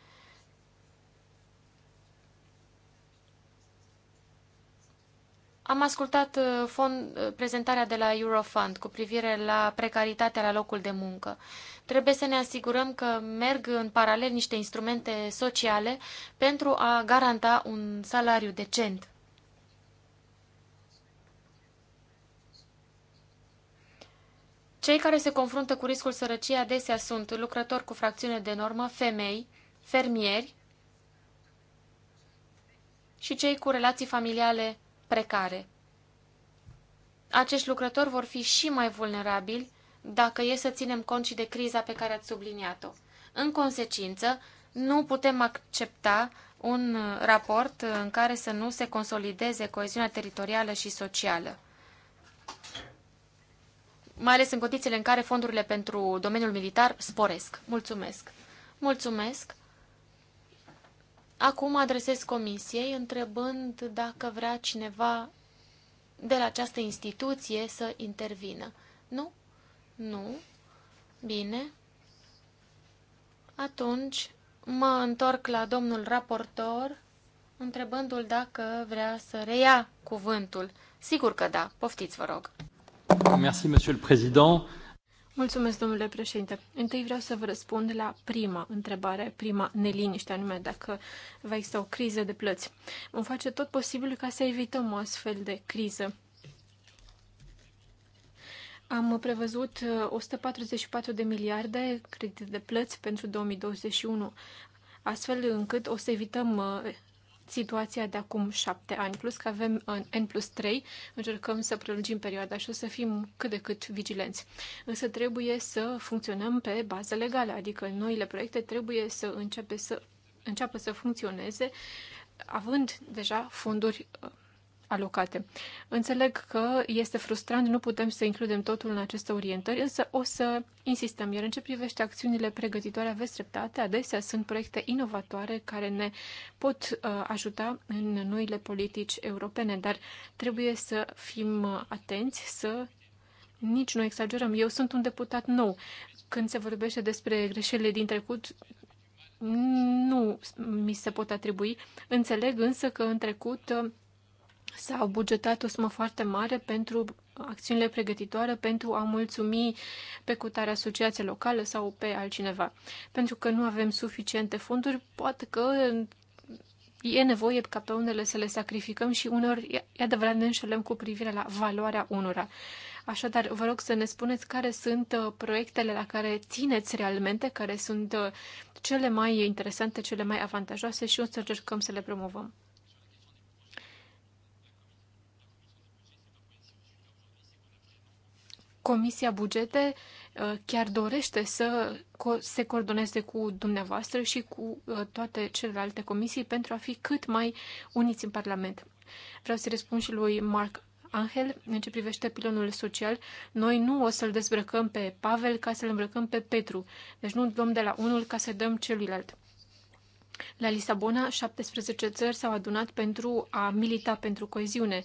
Am ascultat uh, fond, uh, prezentarea de la Eurofund cu privire la precaritatea la locul de muncă. Trebuie să ne asigurăm că merg în paralel niște instrumente sociale pentru a garanta un salariu decent. Cei care se confruntă cu riscul sărăciei adesea sunt lucrători cu fracțiune de normă, femei, fermieri și cei cu relații familiale precare. Acești lucrători vor fi și mai vulnerabili dacă e să ținem cont și de criza pe care ați subliniat-o. În consecință, nu putem accepta un raport în care să nu se consolideze coeziunea teritorială și socială mai ales în condițiile în care fondurile pentru domeniul militar sporesc. Mulțumesc! Mulțumesc! Acum adresez comisiei întrebând dacă vrea cineva de la această instituție să intervină. Nu? Nu? Bine. Atunci mă întorc la domnul raportor întrebându-l dacă vrea să reia cuvântul. Sigur că da. Poftiți, vă rog. Merci, monsieur le président. Mulțumesc, domnule președinte. Întâi vreau să vă răspund la prima întrebare, prima neliniște, anume dacă va exista o criză de plăți. Vom face tot posibilul ca să evităm o astfel de criză. Am prevăzut 144 uh, de miliarde credite de plăți pentru 2021, astfel încât o să evităm uh, situația de acum șapte ani, plus că avem în uh, N plus 3, încercăm să prelungim perioada și o să fim cât de cât vigilenți. Însă trebuie să funcționăm pe bază legală, adică noile proiecte trebuie să, începe să înceapă să funcționeze având deja fonduri uh, alocate. Înțeleg că este frustrant, nu putem să includem totul în aceste orientări, însă o să insistăm. Iar în ce privește acțiunile pregătitoare, aveți dreptate, adesea sunt proiecte inovatoare care ne pot uh, ajuta în noile politici europene, dar trebuie să fim uh, atenți, să nici nu exagerăm. Eu sunt un deputat nou. Când se vorbește despre greșelile din trecut, nu mi se pot atribui. Înțeleg însă că în trecut uh, S-au bugetat o sumă foarte mare pentru acțiunile pregătitoare pentru a mulțumi pe cutare asociație locală sau pe altcineva. Pentru că nu avem suficiente fonduri, poate că e nevoie ca pe unele să le sacrificăm și uneori e adevărat, ne înșelăm cu privire la valoarea unora. Așadar, vă rog să ne spuneți care sunt uh, proiectele la care țineți realmente, care sunt uh, cele mai interesante, cele mai avantajoase și o să încercăm să le promovăm. Comisia Bugete uh, chiar dorește să se coordoneze cu dumneavoastră și cu uh, toate celelalte comisii pentru a fi cât mai uniți în Parlament. Vreau să răspund și lui Mark Angel, în ce privește pilonul social, noi nu o să-l dezbrăcăm pe Pavel ca să-l îmbrăcăm pe Petru. Deci nu luăm de la unul ca să dăm celuilalt. La Lisabona, 17 țări s-au adunat pentru a milita pentru coeziune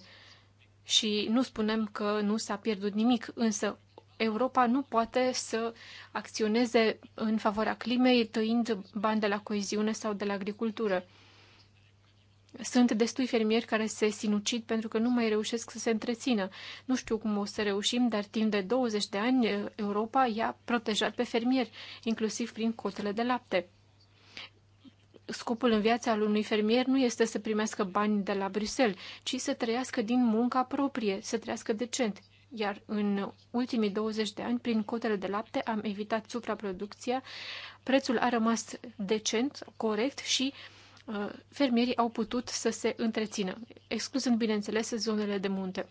și nu spunem că nu s-a pierdut nimic, însă Europa nu poate să acționeze în favoarea climei tăind bani de la coeziune sau de la agricultură. Sunt destui fermieri care se sinucid pentru că nu mai reușesc să se întrețină. Nu știu cum o să reușim, dar timp de 20 de ani Europa i-a protejat pe fermieri, inclusiv prin cotele de lapte scopul în viața al unui fermier nu este să primească bani de la Bruxelles, ci să trăiască din munca proprie, să trăiască decent. Iar în ultimii 20 de ani, prin cotele de lapte, am evitat supraproducția, prețul a rămas decent, corect și uh, fermierii au putut să se întrețină, excluzând, bineînțeles, zonele de munte.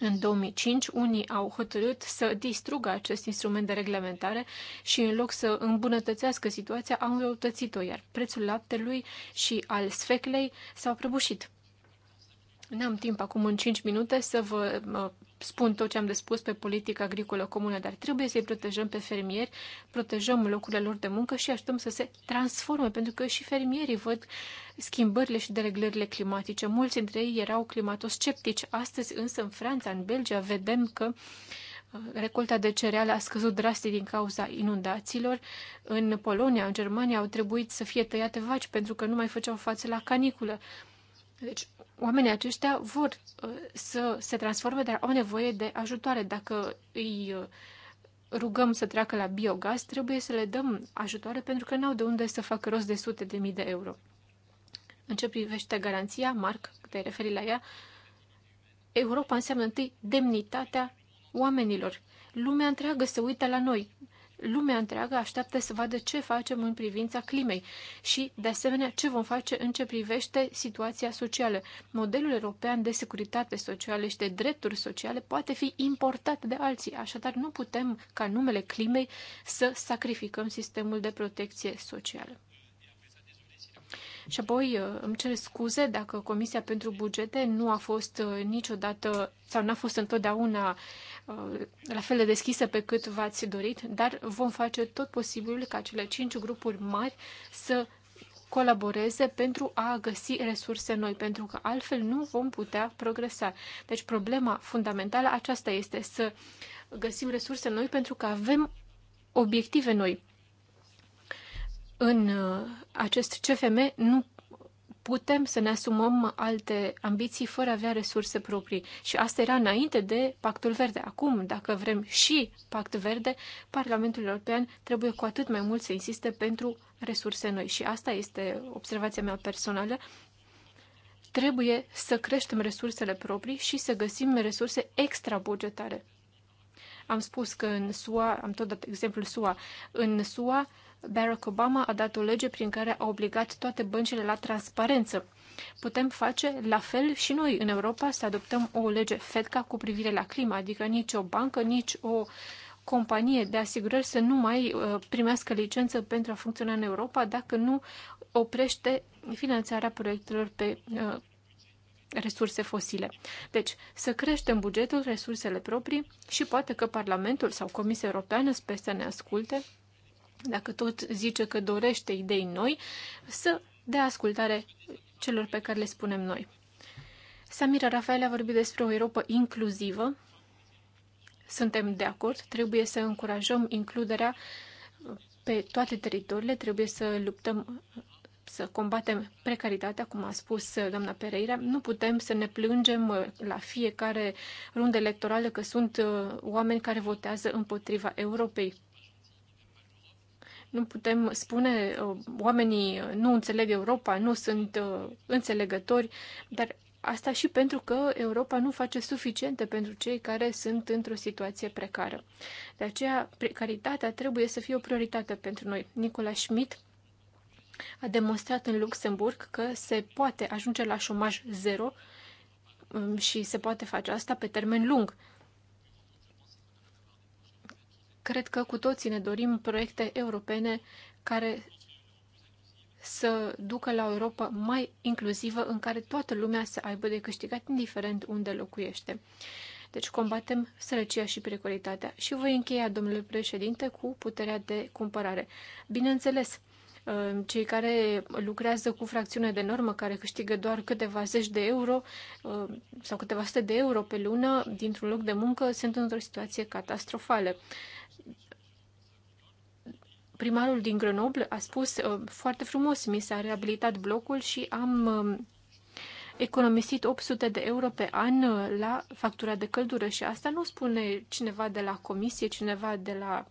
În 2005, unii au hotărât să distrugă acest instrument de reglementare și, în loc să îmbunătățească situația, au înrăutățit-o, iar prețul laptelui și al sfeclei s-au prăbușit. N-am timp acum în 5 minute să vă spun tot ce am de spus pe politica agricolă comună, dar trebuie să-i protejăm pe fermieri, protejăm locurile lor de muncă și așteptăm să se transforme, pentru că și fermierii văd schimbările și dereglările climatice. Mulți dintre ei erau climatosceptici. Astăzi, însă, în Franța, în Belgia, vedem că uh, recolta de cereale a scăzut drastic din cauza inundațiilor. În Polonia, în Germania, au trebuit să fie tăiate vaci pentru că nu mai făceau față la caniculă. Deci, oamenii aceștia vor uh, să se transforme, dar au nevoie de ajutoare. Dacă îi uh, rugăm să treacă la biogaz, trebuie să le dăm ajutoare pentru că n-au de unde să facă rost de sute de mii de euro. În ce privește garanția, Marc, te referi la ea, Europa înseamnă întâi demnitatea oamenilor. Lumea întreagă se uită la noi lumea întreagă așteaptă să vadă ce facem în privința climei și, de asemenea, ce vom face în ce privește situația socială. Modelul european de securitate socială și de drepturi sociale poate fi importat de alții, așadar nu putem, ca numele climei, să sacrificăm sistemul de protecție socială. Și apoi uh, îmi cer scuze dacă Comisia pentru Bugete nu a fost uh, niciodată sau n-a fost întotdeauna uh, la fel de deschisă pe cât v-ați dorit, dar vom face tot posibilul ca cele cinci grupuri mari să colaboreze pentru a găsi resurse noi, pentru că altfel nu vom putea progresa. Deci problema fundamentală aceasta este să găsim resurse noi pentru că avem obiective noi în uh, acest CFM nu putem să ne asumăm alte ambiții fără a avea resurse proprii. Și asta era înainte de Pactul Verde. Acum, dacă vrem și Pact Verde, Parlamentul European trebuie cu atât mai mult să insiste pentru resurse noi. Și asta este observația mea personală. Trebuie să creștem resursele proprii și să găsim resurse extrabugetare. Am spus că în SUA, am tot dat exemplul SUA, în SUA Barack Obama a dat o lege prin care a obligat toate băncile la transparență. Putem face la fel și noi în Europa să adoptăm o lege FEDCA cu privire la climă, adică nici o bancă, nici o companie de asigurări să nu mai uh, primească licență pentru a funcționa în Europa dacă nu oprește finanțarea proiectelor pe uh, resurse fosile. Deci, să creștem bugetul, resursele proprii și poate că Parlamentul sau Comisia Europeană, sper să ne asculte, dacă tot zice că dorește idei noi, să dea ascultare celor pe care le spunem noi. Samira Rafael a vorbit despre o Europa inclusivă. Suntem de acord, trebuie să încurajăm includerea pe toate teritoriile, trebuie să luptăm să combatem precaritatea, cum a spus doamna Pereira. Nu putem să ne plângem la fiecare rundă electorală că sunt uh, oameni care votează împotriva Europei. Nu putem spune uh, oamenii uh, nu înțeleg Europa, nu sunt uh, înțelegători, dar asta și pentru că Europa nu face suficiente pentru cei care sunt într-o situație precară. De aceea, precaritatea trebuie să fie o prioritate pentru noi. Nicola Schmidt, a demonstrat în Luxemburg că se poate ajunge la șomaj zero um, și se poate face asta pe termen lung. Cred că cu toții ne dorim proiecte europene care să ducă la Europa mai inclusivă, în care toată lumea să aibă de câștigat, indiferent unde locuiește. Deci combatem sărăcia și precaritatea. Și voi încheia, domnule președinte, cu puterea de cumpărare. Bineînțeles, uh, cei care lucrează cu fracțiune de normă, care câștigă doar câteva zeci de euro uh, sau câteva sute de euro pe lună dintr-un loc de muncă, sunt într-o situație catastrofală primarul din Grenoble a spus uh, foarte frumos, mi s-a reabilitat blocul și am um, economisit 800 de euro pe an uh, la factura de căldură și asta nu spune cineva de la comisie, cineva de la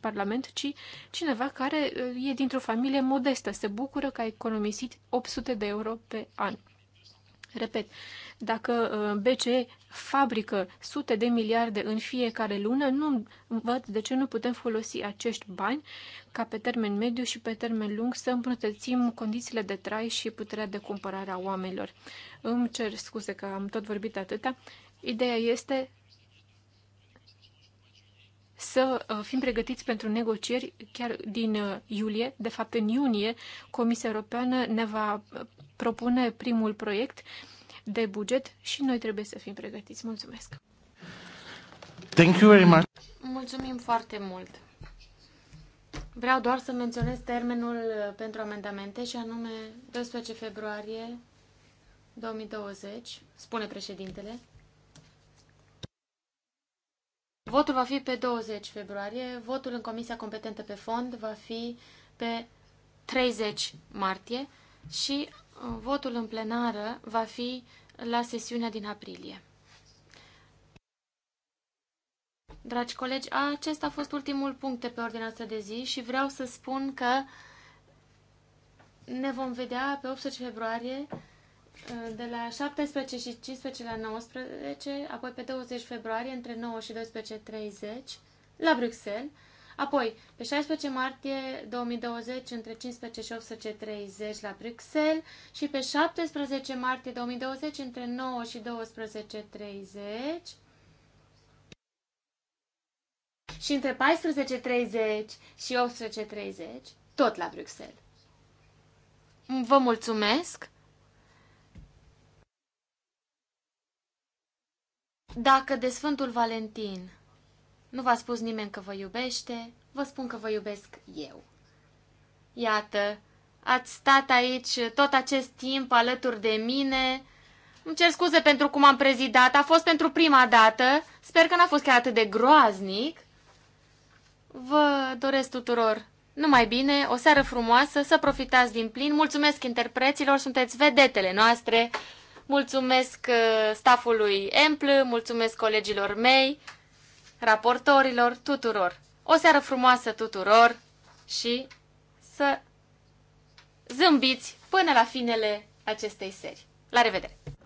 Parlament, ci cineva care uh, e dintr-o familie modestă, se bucură că a economisit 800 de euro pe an. Repet, dacă uh, BCE fabrică sute de miliarde în fiecare lună, nu văd de ce nu putem folosi acești bani ca pe termen mediu și pe termen lung să îmbunătățim condițiile de trai și puterea de cumpărare a oamenilor. Îmi cer scuze că am tot vorbit atâta. Ideea este să uh, fim pregătiți pentru negocieri chiar din uh, iulie. De fapt, în iunie, Comisia Europeană ne va uh, propune primul proiect de buget și noi trebuie să fim pregătiți. Mulțumesc! Thank you very much. Mulțumim foarte mult! Vreau doar să menționez termenul pentru amendamente și anume 12 februarie 2020, spune președintele. Votul va fi pe 20 februarie, votul în comisia competentă pe fond va fi pe 30 martie și uh, votul în plenară va fi la sesiunea din aprilie. Dragi colegi, acesta a fost ultimul punct pe ordinea asta de zi și vreau să spun că ne vom vedea pe 18 februarie Eh, de la 17 și 15 la 19, apoi pe 20 februarie între 9 și 12.30 la Bruxelles, apoi pe 16 martie 2020 între 15 și 18.30 la Bruxelles și pe 17 martie 2020 între 9 și 12.30 și între 14.30 și 18.30 tot la Bruxelles. Vă mulțumesc! Dacă de Sfântul Valentin nu v-a spus nimeni că vă iubește, vă spun că vă iubesc eu. Iată, ați stat aici tot acest timp alături de mine. Îmi cer scuze pentru cum am prezidat, a fost pentru prima dată. Sper că n-a fost chiar atât de groaznic. Vă doresc tuturor numai bine, o seară frumoasă, să profitați din plin. Mulțumesc interpreților, sunteți vedetele noastre. Mulțumesc uh, staffului Empl, mulțumesc colegilor mei, raportorilor, tuturor. O seară frumoasă tuturor și să zâmbiți până la finele acestei serii. La revedere!